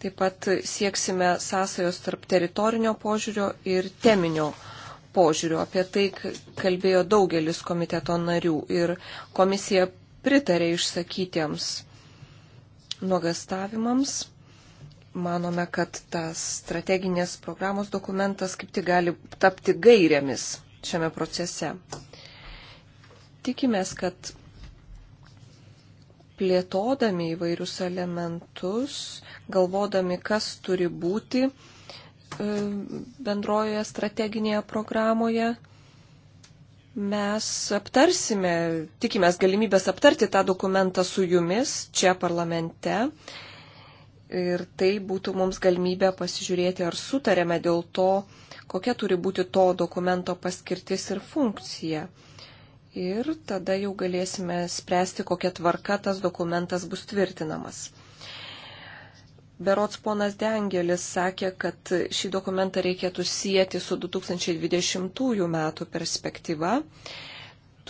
taip pat sieksime sąsajos tarp teritorinio požiūrio ir teminio požiūrio. Apie tai kalbėjo daugelis komiteto narių ir komisija pritarė išsakytiems nuogastavimams. Manome, kad tas strateginės programos dokumentas kaip tik gali tapti gairėmis šiame procese. Tikimės, kad plėtodami įvairius elementus, galvodami, kas turi būti e, bendrojoje strateginėje programoje, Mes aptarsime, tikimės galimybės aptarti tą dokumentą su jumis čia parlamente. Ir tai būtų mums galimybė pasižiūrėti, ar sutarėme dėl to, kokia turi būti to dokumento paskirtis ir funkcija. Ir tada jau galėsime spręsti, kokia tvarka tas dokumentas bus tvirtinamas. Berots ponas Dengelis sakė, kad šį dokumentą reikėtų sieti su 2020 metų perspektyva.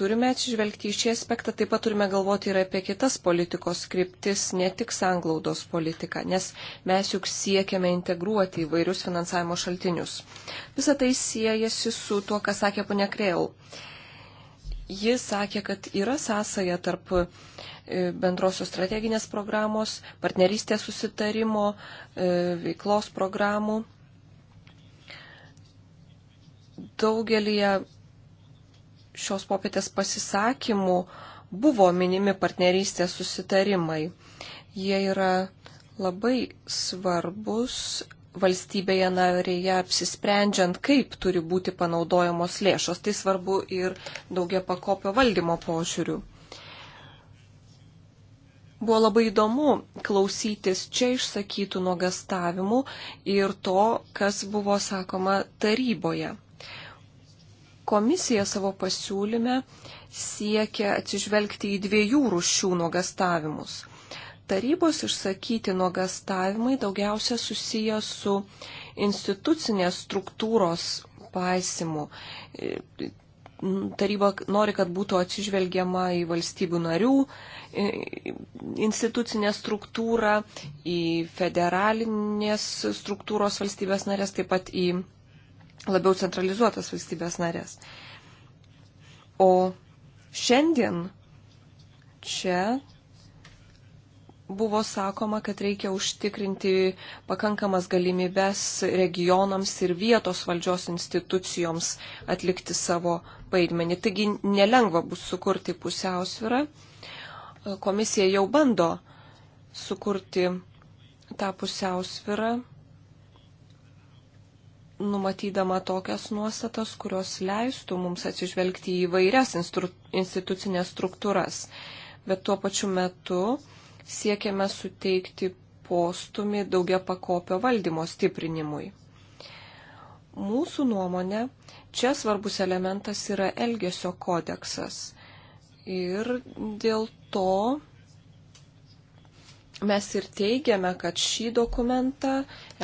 Turime atsižvelgti į šį aspektą, taip pat turime galvoti ir apie kitas politikos skriptis, ne tik sanglaudos politiką, nes mes juk siekiame integruoti įvairius finansavimo šaltinius. Visą tai siejasi su tuo, ką sakė ponia Kreil. Jis sakė, kad yra sąsaja tarp uh, E, bendrosios strateginės programos, partnerystės susitarimo, e, veiklos programų. Daugelį šios popietės pasisakymų buvo minimi partnerystės susitarimai. Jie yra labai svarbus valstybėje narėje apsisprendžiant, kaip turi būti panaudojamos lėšos. Tai svarbu ir daugia pakopio valdymo požiūrių. Buvo labai įdomu klausytis čia išsakytų nuogastavimų ir to, kas buvo sakoma taryboje. Komisija savo pasiūlyme siekia atsižvelgti į dviejų rušių nuogastavimus. Tarybos išsakyti nuogastavimai daugiausia susiję su institucinės struktūros paisimu taryba nori, kad būtų atsižvelgiama į valstybių narių institucinę struktūrą, į federalinės struktūros valstybės narės, taip pat į labiau centralizuotas valstybės narės. O šiandien čia buvo sakoma, kad reikia užtikrinti pakankamas galimybes regionams ir vietos valdžios institucijoms atlikti savo vaidmenį. Taigi nelengva bus sukurti pusiausvyrą. Komisija jau bando sukurti tą pusiausvyrą, numatydama tokias nuostatas, kurios leistų mums atsižvelgti į vairias institucinės struktūras. Bet tuo pačiu metu siekiame suteikti postumį daugia pakopio valdymo stiprinimui. Mūsų nuomonė, čia svarbus elementas yra Elgesio kodeksas. Ir dėl to mes ir teigiame, kad šį dokumentą,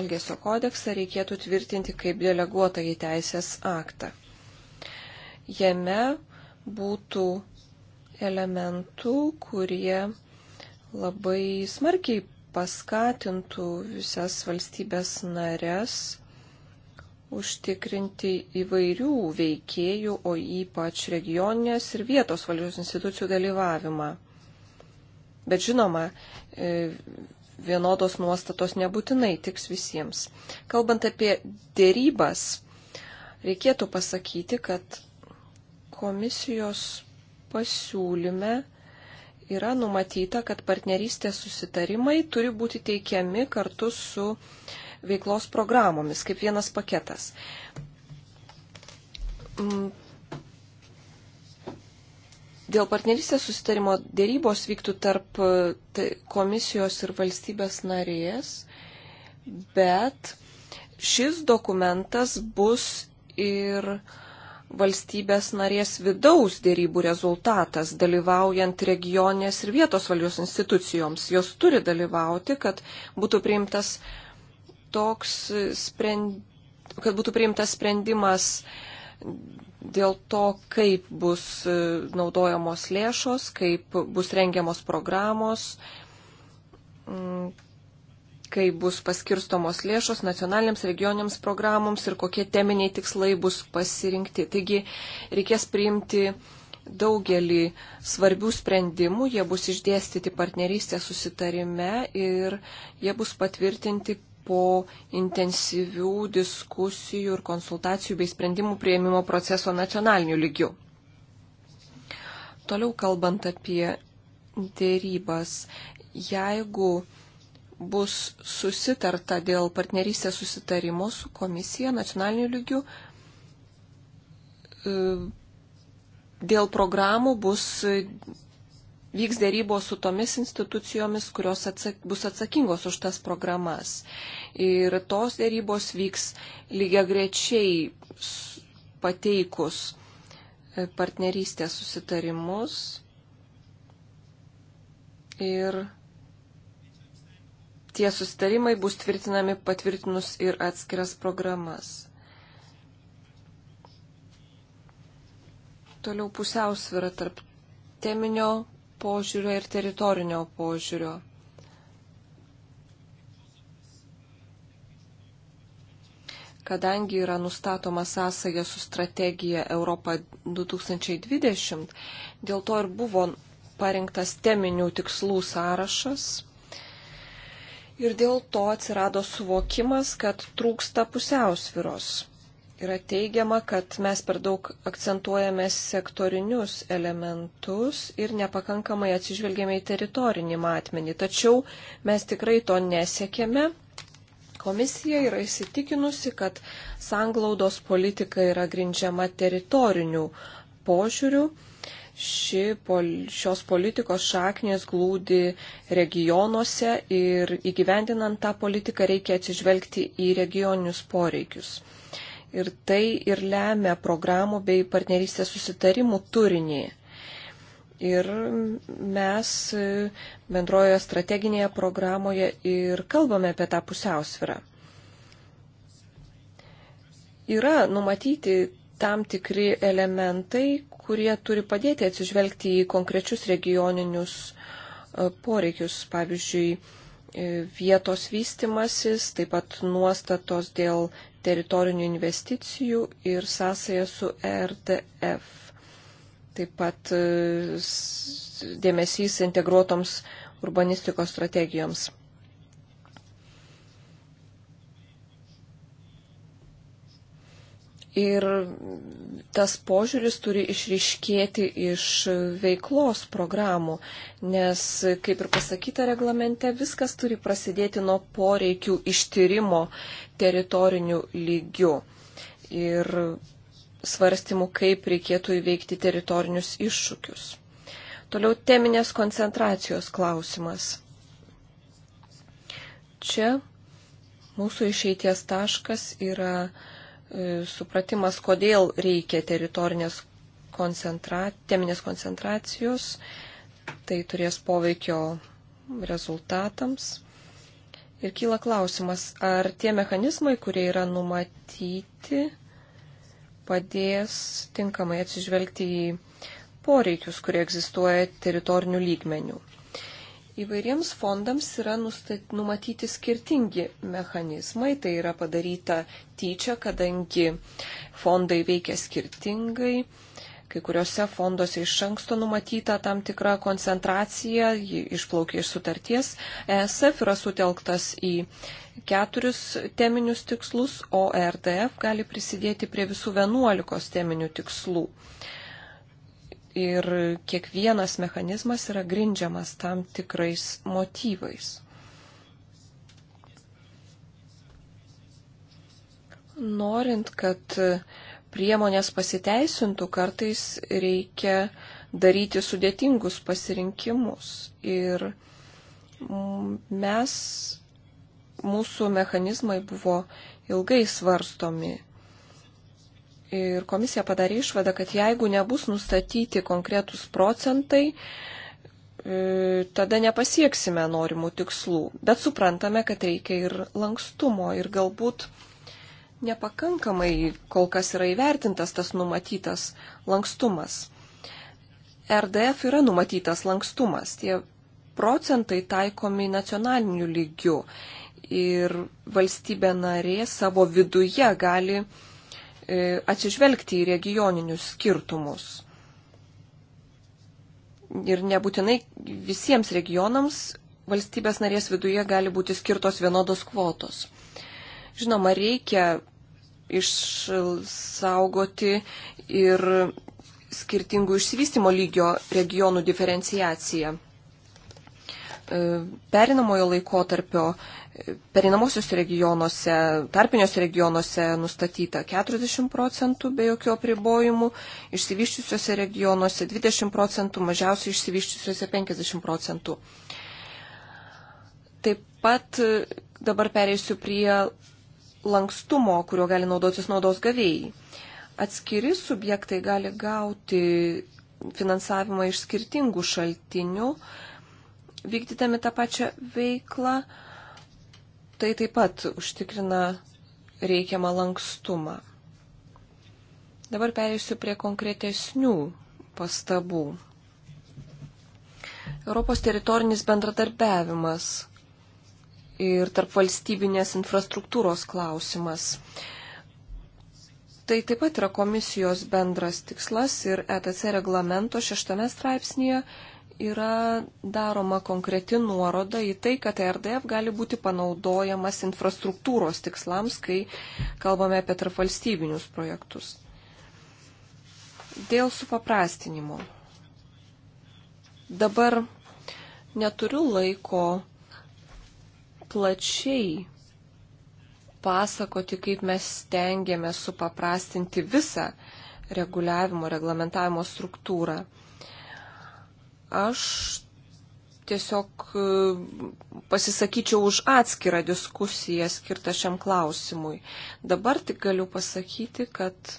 Elgesio kodeksą, reikėtų tvirtinti kaip deleguotą į teisės aktą. Jame būtų elementų, kurie labai smarkiai paskatintų visas valstybės narės užtikrinti įvairių veikėjų, o ypač regioninės ir vietos valdžios institucijų dalyvavimą. Bet žinoma, e, vienodos nuostatos nebūtinai tiks visiems. Kalbant apie dėrybas, reikėtų pasakyti, kad komisijos pasiūlyme yra numatyta, kad partnerystės susitarimai turi būti teikiami kartu su veiklos programomis, kaip vienas paketas. Mm. Dėl partnerystės susitarimo dėrybos vyktų tarp tai, komisijos ir valstybės narės, bet šis dokumentas bus ir uh, valstybės narės vidaus dėrybų rezultatas, dalyvaujant regionės ir vietos valdžios institucijoms. Jos turi dalyvauti, kad būtų priimtas toks sprendimas kad būtų priimtas sprendimas dėl to, kaip bus e, naudojamos lėšos, kaip bus rengiamos programos, mm, kai bus paskirstomos lėšos nacionaliniams regioniams programoms ir kokie teminiai tikslai bus pasirinkti. Taigi reikės priimti daugelį svarbių sprendimų, jie bus išdėstyti partnerystės susitarime ir jie bus patvirtinti po intensyvių diskusijų ir konsultacijų bei sprendimų prieimimo proceso nacionaliniu lygiu. Toliau kalbant apie dėrybas, jeigu bus susitarta dėl partnerystės susitarimo su komisija nacionaliniu lygiu, e, dėl programų bus vyks dėrybos su tomis institucijomis, kurios atsak, bus atsakingos už tas programas. Ir tos dėrybos vyks lygia grečiai pateikus e, partnerystės susitarimus ir tie sustarimai bus tvirtinami patvirtinus ir atskiras programas. Toliau pusiausvyrą tarp teminio požiūrio ir teritorinio požiūrio. Kadangi yra nustatoma sąsaja su strategija Europa 2020, dėl to ir buvo parinktas teminių tikslų sąrašas ir dėl to atsirado suvokimas, kad trūksta pusiausviros. Yra teigiama, kad mes per daug akcentuojame sektorinius elementus ir nepakankamai atsižvelgėme į teritorinį matmenį. Tačiau mes tikrai to nesiekėme. Komisija yra įsitikinusi, kad sanglaudos politika yra grindžiama teritoriniu požiūriu ši, šios politikos šaknės glūdi regionuose ir įgyvendinant tą politiką reikia atsižvelgti į regioninius poreikius. Ir tai ir lemia programų bei partnerystės susitarimų turinį. Ir mes bendrojoje strateginėje programoje ir kalbame apie tą pusiausvirą. Yra numatyti tam tikri elementai, kurie turi padėti atsižvelgti į konkrečius regioninius e, poreikius, pavyzdžiui, e, vietos vystimasis, taip pat nuostatos dėl teritorinių investicijų ir sąsaja su RDF. Taip pat e, dėmesys integruotoms urbanistikos strategijoms. Ir tas požiūris turi išriškėti iš veiklos programų, nes, kaip ir pasakyta reglamente, viskas turi prasidėti nuo poreikių ištyrimo teritorinių lygių ir svarstymų, kaip reikėtų įveikti teritorinius iššūkius. Toliau teminės koncentracijos klausimas. Čia mūsų išeities taškas yra E, supratimas, kodėl reikia teritorinės koncentra, teminės koncentracijos, tai turės poveikio rezultatams. Ir kyla klausimas, ar tie mechanizmai, kurie yra numatyti, padės tinkamai atsižvelgti į poreikius, kurie egzistuoja teritorinių lygmenių. Įvairiems fondams yra nustat, numatyti skirtingi mechanizmai. Tai yra padaryta tyčia, kadangi fondai veikia skirtingai. Kai kuriuose fonduose iš anksto numatyta tam tikra koncentracija, ji išplaukia iš sutarties. ESF yra sutelktas į keturis teminius tikslus, o e RDF gali prisidėti prie visų vienuolikos teminių tikslų. Uh, ir kiekvienas mechanizmas yra grindžiamas tam tikrais motyvais. Norint, kad priemonės pasiteisintų, kartais reikia daryti sudėtingus pasirinkimus. Ir mes, mūsų mechanizmai buvo ilgai svarstomi ir komisija padarė išvadą, kad jeigu nebus nustatyti konkretus procentai, e, tada nepasieksime norimų tikslų. Bet suprantame, kad reikia ir lankstumo ir galbūt nepakankamai kol kas yra įvertintas tas numatytas lankstumas. RDF yra numatytas lankstumas. Tie procentai taikomi nacionaliniu lygiu ir valstybė narė savo viduje gali uh, E, atsižvelgti į regioninius skirtumus. Ir nebūtinai visiems regionams valstybės narės viduje gali būti skirtos vienodos kvotos. Žinoma, reikia išsaugoti ir skirtingų išsivystimo lygio regionų diferenciaciją. E, perinamojo laikotarpio e, perinamosios regionuose, tarpiniuose regionuose nustatyta 40 procentų be jokių apribojimų, išsivyščiusiuose regionuose 20 procentų, mažiausiai išsivyščiusiuose 50 procentų. Taip pat e, dabar pereisiu prie lankstumo, kurio gali naudotis naudos gavėjai. Atskiri subjektai gali gauti finansavimą iš skirtingų šaltinių, uh, vykdydami tą pačią veiklą, tai taip pat užtikrina reikiamą lankstumą. Dabar perėsiu prie konkretesnių pastabų. Europos teritorinis bendradarbiavimas ir tarp valstybinės infrastruktūros klausimas. Tai taip pat yra komisijos bendras tikslas ir ETC reglamento šeštame straipsnėje yra daroma konkreti nuoroda į tai, kad RDF gali būti panaudojamas infrastruktūros tikslams, kai kalbame apie tarpvalstybinius projektus. Dėl supaprastinimo. Dabar neturiu laiko plačiai pasakoti, kaip mes stengiamės supaprastinti visą reguliavimo, reglamentavimo struktūrą. Aš tiesiog e, pasisakyčiau už atskirą diskusiją skirtą šiam klausimui. Dabar tik galiu pasakyti, kad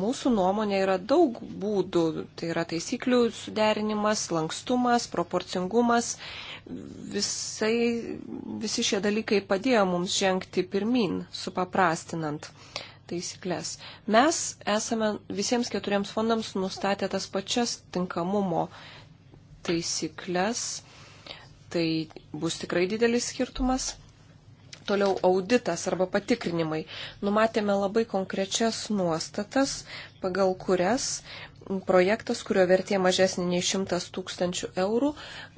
mūsų nuomonė yra daug būdų. Tai yra taisyklių suderinimas, lankstumas, proporcingumas. Visai, visi šie dalykai padėjo mums žengti pirmin, supaprastinant taisyklės. Mes esame visiems keturiems fondams nustatę tas pačias tinkamumo taisyklės. Tai bus tikrai didelis skirtumas. Toliau auditas arba patikrinimai. Numatėme labai konkrečias nuostatas, pagal kurias projektas, kurio vertė mažesnė nei 100 tūkstančių eurų,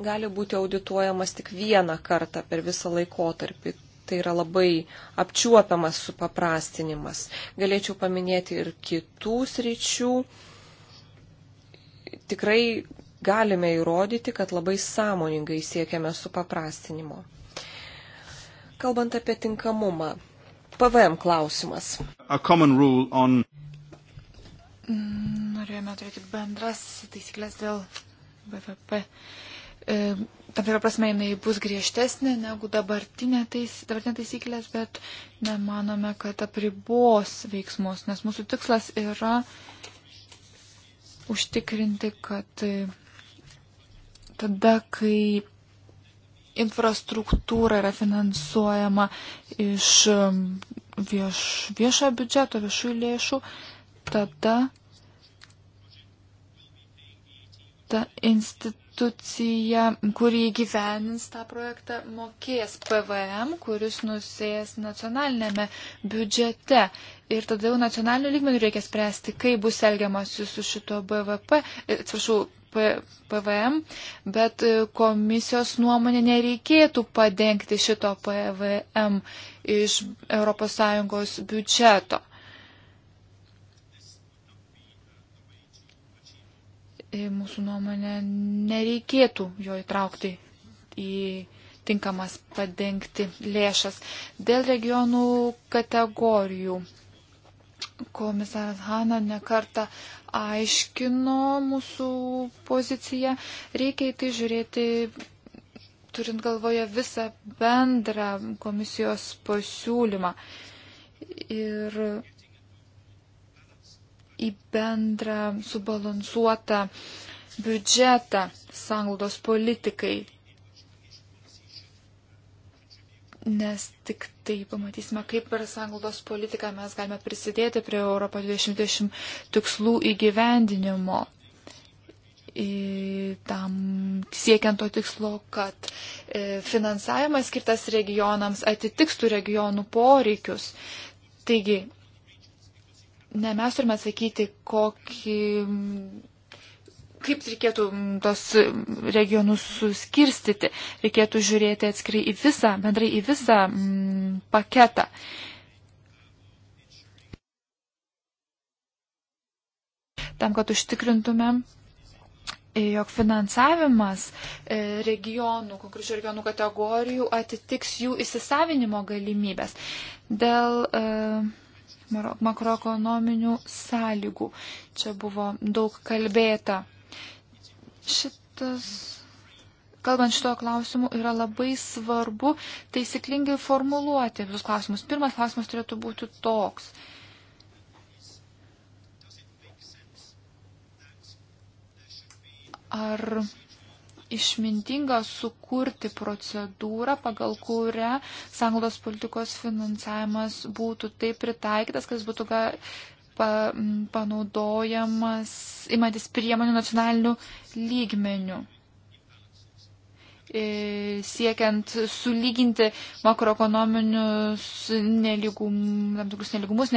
gali būti audituojamas tik vieną kartą per visą laikotarpį. Tai yra labai apčiuopiamas supaprastinimas. Galėčiau paminėti ir kitų sričių. Tikrai galime įrodyti, kad labai sąmoningai siekiame supaprastinimo. Kalbant apie tinkamumą. PVM klausimas. On... Norėjome turėti bendras taisyklės dėl BVP. E tam tikrą prasme jinai bus griežtesnė negu dabartinė, tais, dabartinė taisyklės, bet nemanome, kad apribos veiksmus, nes mūsų tikslas yra užtikrinti, kad tada, kai infrastruktūra yra finansuojama iš um, vieš, viešo biudžeto, viešų lėšų, tada ta institucija institucija, kuri gyvenins tą projektą, mokės PVM, kuris nusės nacionalinėme biudžete. Ir tada jau nacionaliniu lygmeniu reikia spręsti, kaip bus elgiamasi su šito BVP, e, atsiprašau, PVM, bet e, komisijos nuomonė nereikėtų padengti šito PVM iš ES biudžeto. E, mūsų nuomonė nereikėtų jo įtraukti į tinkamas padengti lėšas. Dėl regionų kategorijų komisaras Hanna nekarta aiškino mūsų poziciją. Reikia į tai žiūrėti, turint galvoje visą bendrą komisijos pasiūlymą. Ir į bendrą subalansuotą biudžetą sanglaudos politikai. Nes tik tai pamatysime, kaip per sanglaudos politiką mes galime prisidėti prie Europo 2020 tikslų įgyvendinimo. Į tam siekiant to tikslo, kad e, finansavimas skirtas regionams atitikstų regionų poreikius. Taigi, ne mes turime atsakyti, kokį, kaip reikėtų tos regionus suskirstyti. Reikėtų žiūrėti atskirai į visą, bendrai į visą m, mm, paketą. Tam, kad užtikrintumėm e, jog finansavimas e, regionų, konkrečių regionų kategorijų atitiks jų įsisavinimo galimybės. Dėl uh, makroekonominių sąlygų. Čia buvo daug kalbėta. Šitas, kalbant šito klausimu, yra labai svarbu taisyklingai formuluoti visus klausimus. Pirmas klausimas turėtų būti toks. Ar išmintinga sukurti procedūrą, pagal kurią sanglos politikos finansavimas būtų taip pritaikytas, kad jis būtų ga, pa, panaudojamas, imantis priemonių nacionalinių lygmenių. E, siekiant sulyginti makroekonominius neligum, neligumus,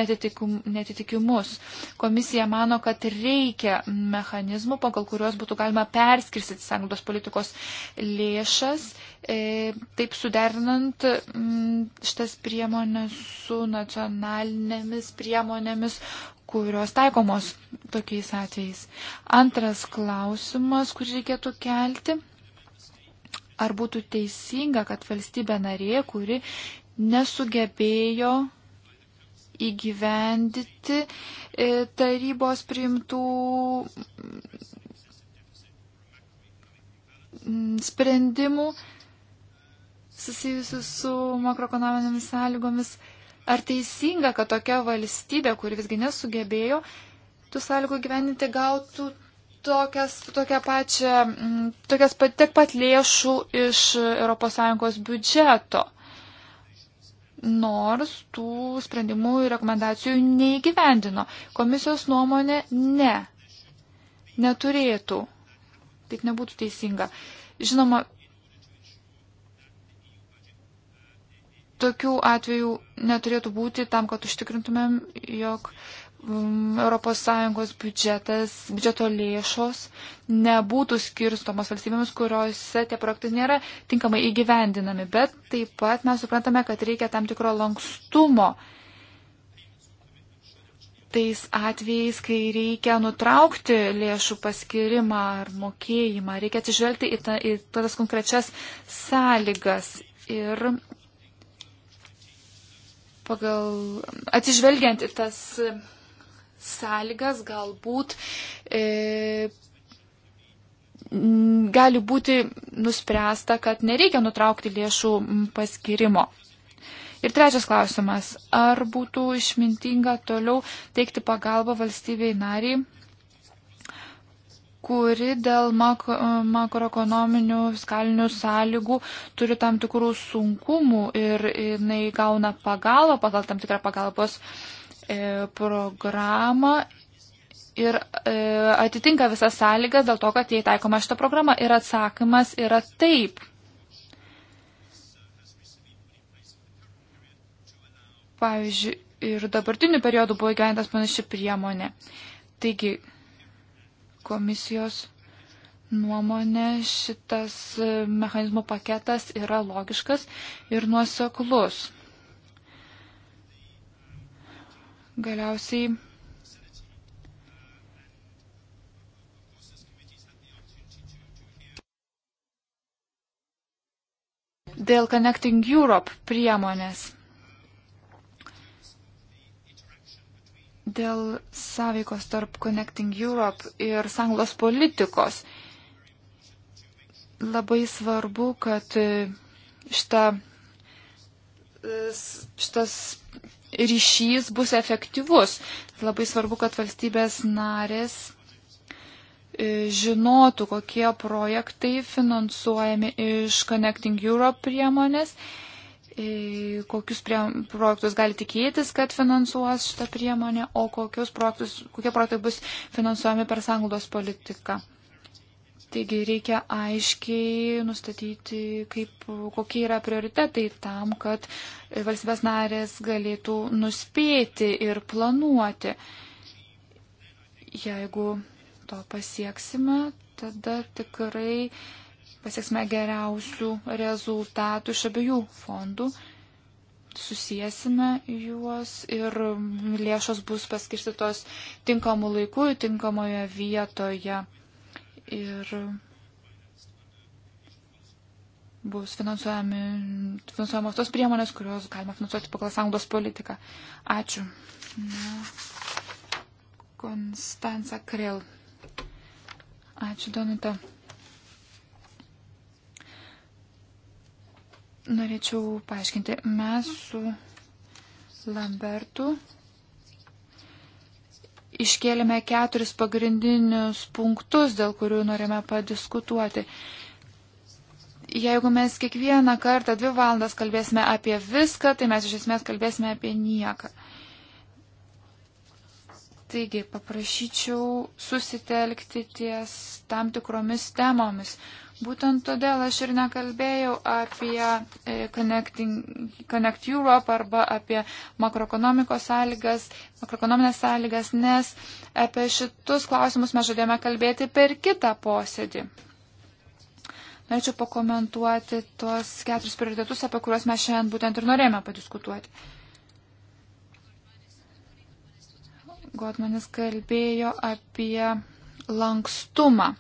netitikimus. Komisija mano, kad reikia mechanizmų, pagal kuriuos būtų galima perskirstyti sąnaudos politikos lėšas, e, taip suderinant mm, šitas priemonės su nacionalinėmis priemonėmis, kurios taikomos tokiais atvejais. Antras klausimas, kurį reikėtų kelti ar būtų teisinga, kad valstybė narė, kuri nesugebėjo įgyvendyti e, tarybos priimtų mm, sprendimų susijusių su makroekonominėmis sąlygomis. Ar teisinga, kad tokia valstybė, kuri visgi nesugebėjo tų sąlygų gyveninti, gautų tokias, tokią pačią, mm, tokias pat, tiek pat lėšų iš ES biudžeto. Nors tų sprendimų ir rekomendacijų neįgyvendino. Komisijos nuomonė ne. Neturėtų. Taip nebūtų teisinga. Žinoma, tokių atvejų neturėtų būti tam, kad užtikrintumėm, jog Mm, ES biudžetas, biudžeto lėšos nebūtų skirstomos valstybėms, kuriuose tie projektai nėra tinkamai įgyvendinami. Bet taip pat mes suprantame, kad reikia tam tikro lankstumo tais atvejais, kai reikia nutraukti lėšų paskirimą ar mokėjimą. Reikia atsižvelgti į, ta, į tas konkrečias sąlygas. Ir pagal atsižvelgiant į tas sąlygas galbūt e, gali būti nuspręsta, kad nereikia nutraukti lėšų paskirimo. Ir trečias klausimas. Ar būtų išmintinga toliau teikti pagalbą valstybei nariai, kuri dėl makro, makroekonominių skalinių sąlygų turi tam tikrų sunkumų ir jinai gauna pagalbą pagal tam tikrą pagalbos uh, E, programą ir e, atitinka visas sąlygas dėl to, kad jai taikoma šitą programą. Ir atsakymas yra taip. Pavyzdžiui, ir dabartiniu periodu buvo įgyventas panaši priemonė. Taigi, komisijos nuomonė šitas e, mechanizmų paketas yra logiškas ir nuoseklus. Galiausiai dėl Connecting Europe priemonės, dėl sąveikos tarp Connecting Europe ir sanglos politikos. Labai svarbu, kad šita, šitas ryšys bus efektyvus. Labai svarbu, kad valstybės narės e, žinotų, kokie projektai finansuojami iš Connecting Europe priemonės, e, kokius prie, projektus gali tikėtis, kad finansuos šitą priemonę, o kokius projektus, kokie projektai bus finansuojami per sanglaudos politiką. Taigi reikia aiškiai nustatyti, kaip, kokie yra prioritetai tam, kad valstybės narės galėtų nuspėti ir planuoti. Jeigu to pasieksime, tada tikrai pasieksime geriausių rezultatų iš abiejų fondų susijęsime juos ir lėšos bus paskirstytos tinkamu laiku, tinkamoje vietoje ir bus finansuojamos tos priemonės, kurios galima finansuoti pagal sąnaudos politiką. Ačiū. Na, Konstanca Krell. Ačiū, Donita. Norėčiau paaiškinti, mes su Lambertu iškėlėme keturis pagrindinius punktus, dėl kurių norime padiskutuoti. Jeigu mes kiekvieną kartą dvi valandas kalbėsime apie viską, tai mes iš esmės kalbėsime apie nieką. Taigi, paprašyčiau susitelkti ties tam tikromis temomis, Būtent todėl aš ir nekalbėjau apie e, Connect Europe arba apie makroekonomikos sąlygas, makroekonominės sąlygas, nes apie šitus klausimus mes žadėjome kalbėti per kitą posėdį. Norėčiau pakomentuoti tuos keturis prioritetus, apie kuriuos mes šiandien būtent ir norėjome padiskutuoti. Godmanis kalbėjo apie lankstumą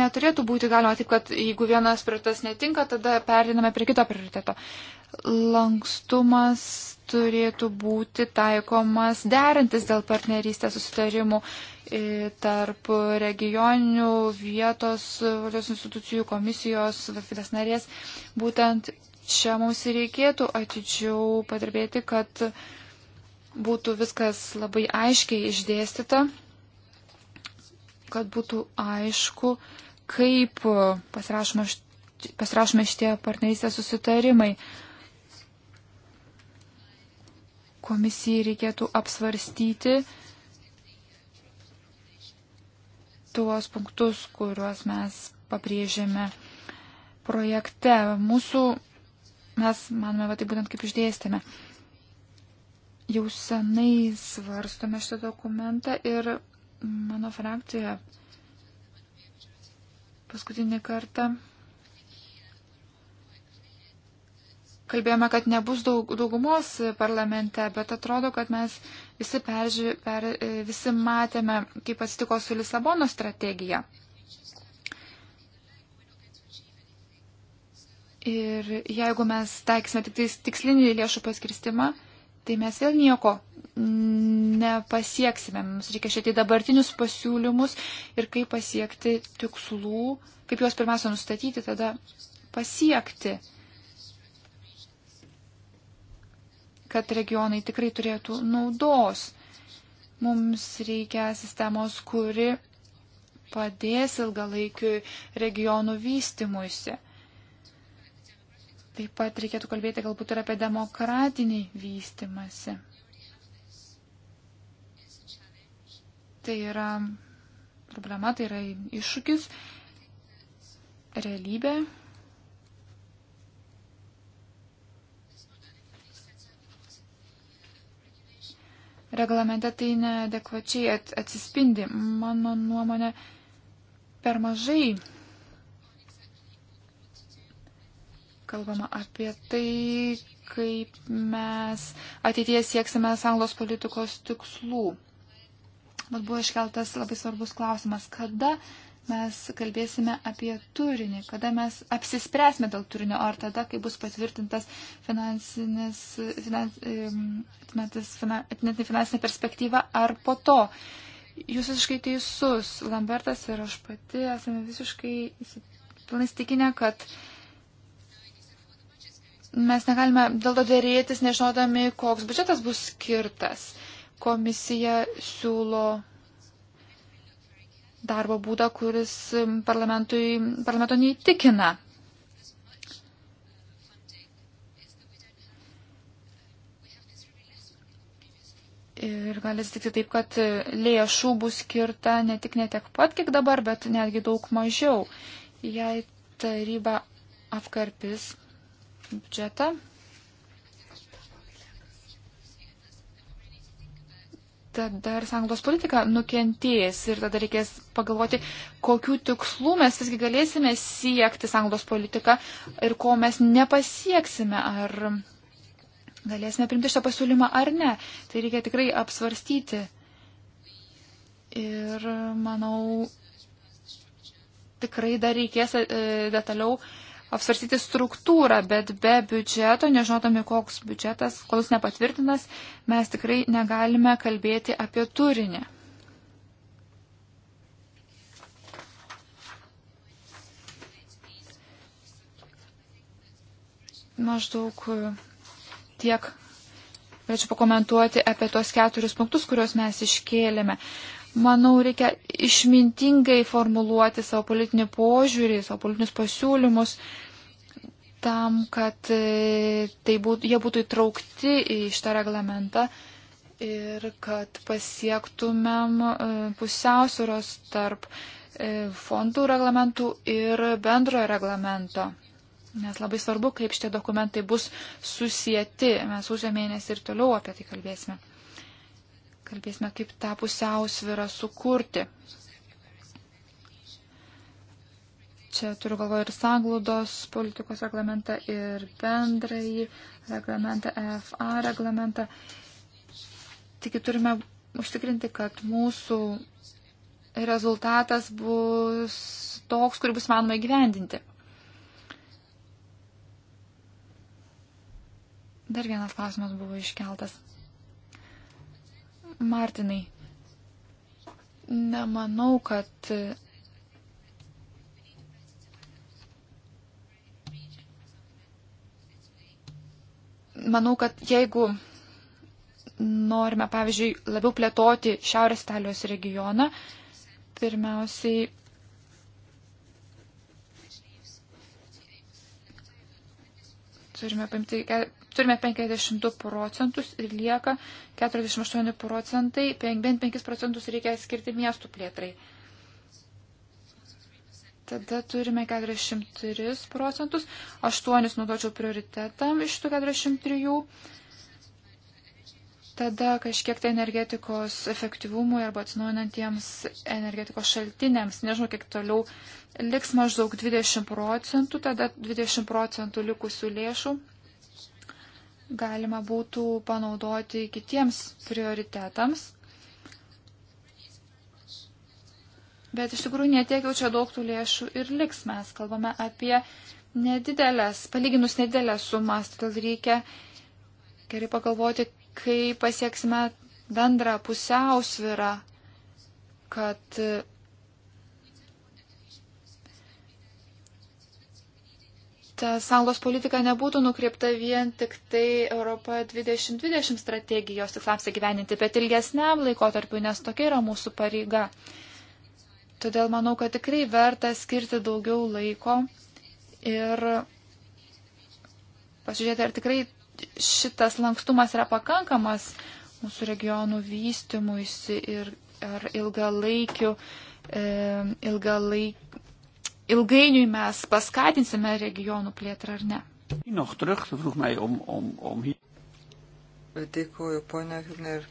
neturėtų būti galima taip, kad jeigu vienas prioritetas netinka, tada periname prie kito prioriteto. Lankstumas turėtų būti taikomas derintis dėl partnerystės susitarimų e, tarp regioninių vietos valios institucijų komisijos, valstybės narės. Būtent čia mums reikėtų atidžiau padirbėti, kad būtų viskas labai aiškiai išdėstyta kad būtų aišku, kaip pasirašoma, pasirašoma šitie partnerystės susitarimai. Komisijai reikėtų apsvarstyti tuos punktus, kuriuos mes pabrėžėme projekte. Mūsų, mes manome, va, tai būtent kaip išdėstėme. Jau senai svarstome šitą dokumentą ir Mano frakcija paskutinį kartą kalbėjome, kad nebus daug, daugumos parlamente, bet atrodo, kad mes visi, perži, per, visi matėme, kaip atsitiko su Lisabono strategija. Ir jeigu mes taiksime tik tikslinį lėšų paskirstimą, tai mes vėl nieko nepasieksime. Mums reikia šitai dabartinius pasiūlymus ir kaip pasiekti tikslų, kaip juos pirmiausia nustatyti, tada pasiekti, kad regionai tikrai turėtų naudos. Mums reikia sistemos, kuri padės ilgalaikiui regionų vystimuisi. Taip pat reikėtų kalbėti galbūt ir apie demokratinį vystimąsi. Tai yra problema, tai yra iššūkis, realybė. Reglamente tai neadekvačiai atsispindi. Mano nuomonė, per mažai kalbama apie tai, kaip mes ateities sieksime sąjungos politikos tikslų bet buvo iškeltas labai svarbus klausimas, kada mes kalbėsime apie turinį, kada mes apsispręsime dėl turinio, ar tada, kai bus patvirtintas finansinis, finans, atmetis, atmetis finansinė perspektyva, ar po to. Jūs visiškai teisus, Lambertas ir aš pati esame visiškai pilnai stikinę, kad mes negalime dėl to dėrėtis, nežinodami, koks biudžetas bus skirtas komisija siūlo darbo būdą, kuris parlamento neįtikina. Ir gali atsitikti taip, kad lėšų bus skirta ne tik ne tiek pat, kiek dabar, bet netgi daug mažiau. Jei taryba apkarpis biudžetą, tada ir sąnaudos politika nukentės ir tada reikės pagalvoti, kokiu tikslu mes visgi galėsime siekti sąnaudos politiką ir ko mes nepasieksime, ar galėsime primti šitą pasiūlymą ar ne. Tai reikia tikrai apsvarstyti. Ir manau, tikrai dar reikės e, detaliau apsvarstyti struktūrą, bet be biudžeto, nežinodami, koks biudžetas, kol jis nepatvirtinas, mes tikrai negalime kalbėti apie turinį. Maždaug tiek galėčiau pakomentuoti apie tos keturis punktus, kuriuos mes iškėlėme manau, reikia išmintingai formuluoti savo politinį požiūrį, savo politinius pasiūlymus, tam, kad e, tai būt, jie būtų įtraukti į šitą reglamentą ir kad pasiektumėm e, pusiausvėros tarp e, fondų reglamentų ir bendrojo reglamento. Nes labai svarbu, kaip šitie dokumentai bus susijęti. Mes užėmėnės ir toliau apie tai kalbėsime kalbėsime, kaip tą pusiausvyrą sukurti. Čia turiu galvoje ir sanglaudos politikos reglamentą, ir bendrąjį reglamentą, EFA reglamentą. Tik turime užtikrinti, kad mūsų rezultatas bus toks, kurį bus manoma įgyvendinti. Dar vienas klausimas buvo iškeltas. Martinai, nemanau, kad manau, kad jeigu norime, pavyzdžiui, labiau plėtoti Šiaurės Italijos regioną, pirmiausiai turime paimti turime 52 procentus ir lieka 48 procentai, bent 5 procentus reikia skirti miestų plėtrai. Tada turime 43 procentus, 8 naudočiau prioritetam iš tų 43. Tada kažkiek tai energetikos efektyvumui arba atsinaujinantiems energetikos šaltiniams, nežinau, kiek toliau liks maždaug 20 procentų, tada 20 procentų likusių lėšų galima būtų panaudoti kitiems prioritetams. Bet iš tikrųjų netiek jau čia daug tų lėšų ir liks. Mes kalbame apie nedidelės, palyginus nedidelės sumas, todėl reikia gerai pagalvoti, kai pasieksime bendrą pusiausvyrą, kad ta sąjungos politika nebūtų nukreipta vien tik tai Europa 2020 strategijos tikslams įgyveninti, bet ilgesniam laikotarpiu, nes tokia yra mūsų pareiga. Todėl manau, kad tikrai verta skirti daugiau laiko ir pasižiūrėti, ar tikrai šitas lankstumas yra pakankamas mūsų regionų vystimuisi ir ar ilgalaikiu, e, ilgalaikiu ilgainiui mes paskatinsime regionų plėtrą ar ne. Dėkuoju, ponia Hübner,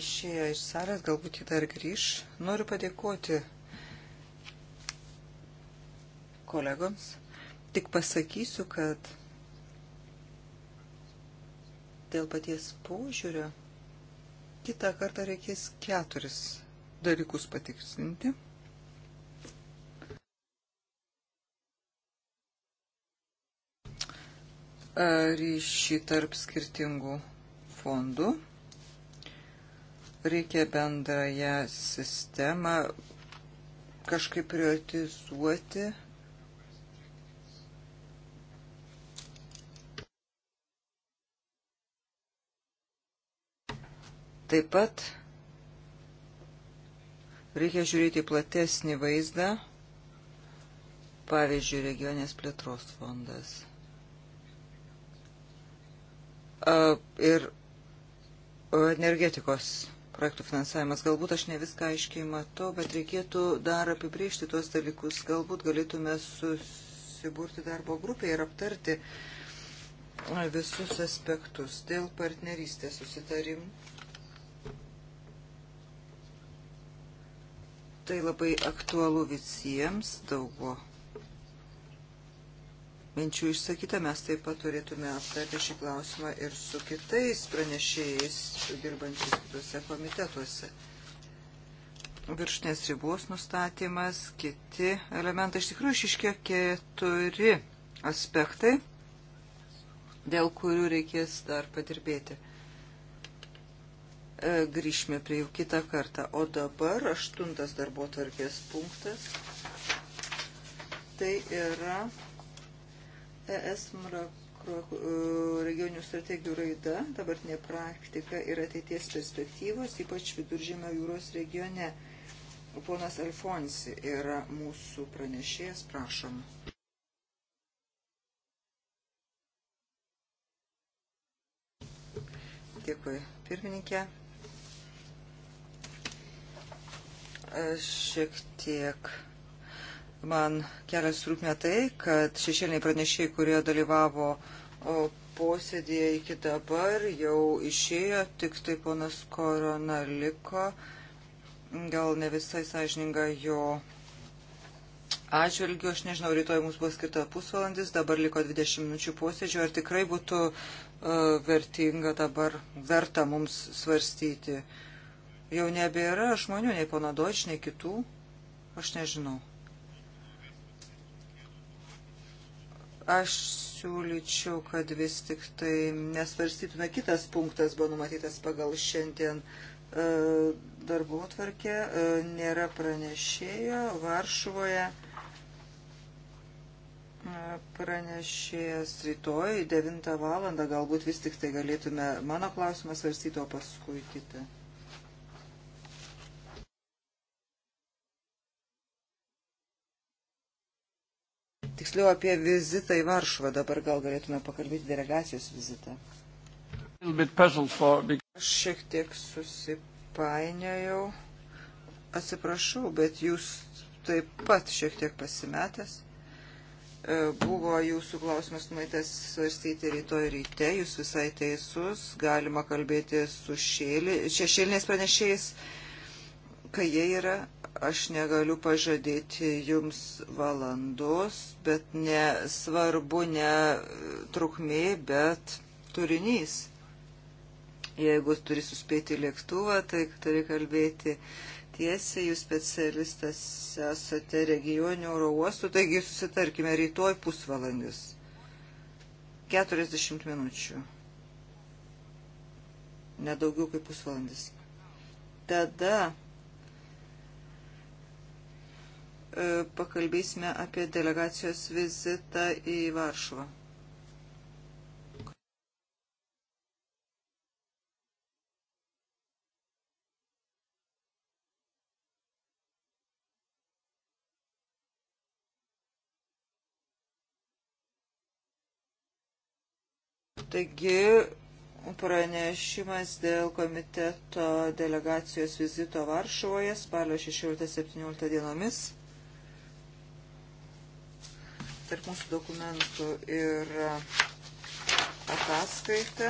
išėjo iš salės, galbūt jį dar grįž. Noriu padėkoti kolegoms. Tik pasakysiu, kad dėl paties požiūrio kitą kartą reikės keturis dalykus patikslinti. ryšį tarp skirtingų fondų. Reikia bendrąją sistemą kažkaip prioritizuoti. Taip pat reikia žiūrėti platesnį vaizdą, pavyzdžiui, regionės plėtros fondas ir energetikos projektų finansavimas. Galbūt aš ne viską aiškiai matau, bet reikėtų dar apibriežti tuos dalykus. Galbūt galėtume susiburti darbo grupėje ir aptarti visus aspektus dėl partnerystės susitarimų. Tai labai aktualu visiems, daug buvo minčių išsakyta. Mes taip pat turėtume aptarti šį klausimą ir su kitais pranešėjais, dirbančiais kitose komitetuose. Viršnės ribos nustatymas, kiti elementai. Iš tikrųjų, išiškė keturi aspektai, dėl kurių reikės dar padirbėti e, grįžime prie jų kitą kartą. O dabar aštuntas darbo tvarkės punktas. Tai yra ES e, regioninių strategijų raida, dabartinė praktika ir ateities perspektyvos, ypač viduržėmio jūros regione. Ponas Alfonsi yra mūsų pranešėjas, prašom. Dėkui, pirmininkė. Šiek tiek Man kelias rūpmė tai, kad šešėliniai pranešiai, kurie dalyvavo posėdėje iki dabar, jau išėjo, tik tai ponas Korona liko. Gal ne visai sąžininga jo atžvilgiu, aš nežinau, rytoj mums buvo skirta pusvalandis, dabar liko 20 minučių posėdžio, ar tikrai būtų e, vertinga dabar, verta mums svarstyti. Jau nebėra žmonių, nei pono Doč, nei kitų, aš nežinau. Aš siūlyčiau, kad vis tik tai nesvarstytume kitas punktas buvo numatytas pagal šiandien e, darbo tvarkė, e, nėra pranešėjo Varšuvoje. E, pranešėjas rytoj 9 valandą, galbūt vis tik tai galėtume mano klausimą svarstyti, o paskui kitą. Tiksliau apie vizitą į Varšuvą dabar gal galėtume pakalbėti delegacijos vizitą. Aš šiek tiek susipainiojau. Atsiprašau, bet jūs taip pat šiek tiek pasimetęs e, buvo jūsų klausimas numatytas svarstyti rytoj ryte, jūs visai teisus, galima kalbėti su šešėliniais pranešėjais, kai jie yra Aš negaliu pažadėti jums valandos, bet nesvarbu ne trukmė, bet turinys. Jeigu turi suspėti lėktuvą, tai turi kalbėti tiesiai, jūs specialistas esate regioninio oro uostų, taigi susitarkime rytoj pusvalandis. 40 minučių. Nedaugiau kaip pusvalandis. Tada E, pakalbėsime apie delegacijos vizitą į Varšuvą. Taigi, pranešimas dėl komiteto delegacijos vizito Varšuvoje spalio 16-17 dienomis tarp mūsų dokumentų ir e, ataskaita.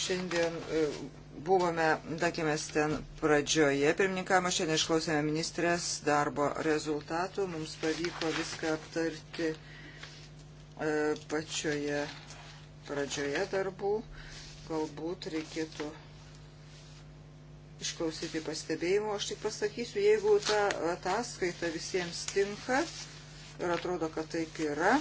Šiandien e, buvome, dakėmės ten pradžioje pirmininkavimo, šiandien išklausėme ministrės darbo rezultatų, mums pavyko viską aptarti e, pačioje pradžioje darbų, galbūt reikėtų išklausyti pastebėjimų. Aš tik pasakysiu, jeigu ta ataskaita visiems tinka ir atrodo, kad taip yra.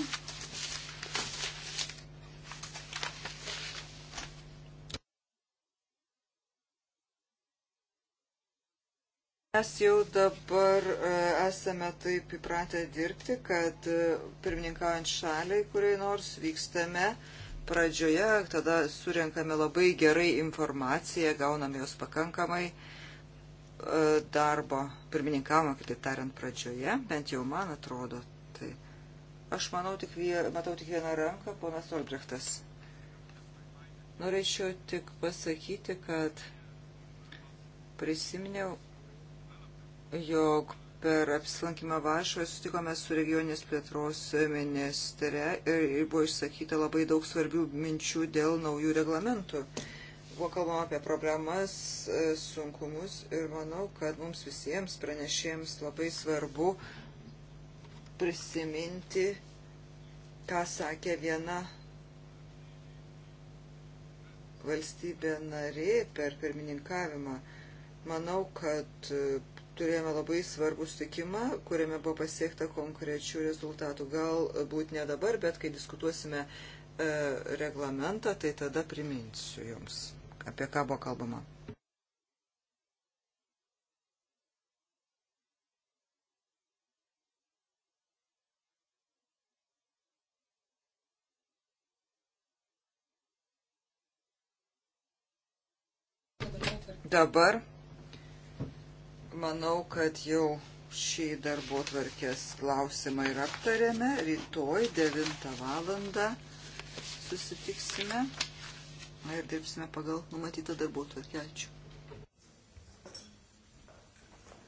Mes jau dabar e, esame taip įpratę dirbti, kad e, pirmininkaujant šaliai, kuriai nors vykstame, uh, pradžioje, tada surenkame labai gerai informaciją, gauname jos pakankamai e, darbo pirmininkavimo, kitaip tariant, pradžioje, bent jau man atrodo. Tai aš manau, tik vien, matau tik vieną ranką, ponas Olbrechtas. Norėčiau tik pasakyti, kad prisiminiau, jog Per apsilankymą Varšuvoje sutikome su regioninės plėtros ministre ir buvo išsakyta labai daug svarbių minčių dėl naujų reglamentų. Buvo kalbama apie problemas, e, sunkumus ir manau, kad mums visiems pranešėjams labai svarbu prisiminti, ką sakė viena valstybė narė per pirmininkavimą. Manau, kad turėjome labai svarbų sutikimą, kuriame buvo pasiekta konkrečių rezultatų. Galbūt ne dabar, bet kai diskutuosime e, reglamentą, tai tada priminsiu jums, apie ką buvo kalbama. Dabar Manau, kad jau šį darbo tvarkės klausimą ir aptarėme. Rytoj 9 valandą susitiksime ir dirbsime pagal numatytą darbo tvarkę. Ačiū.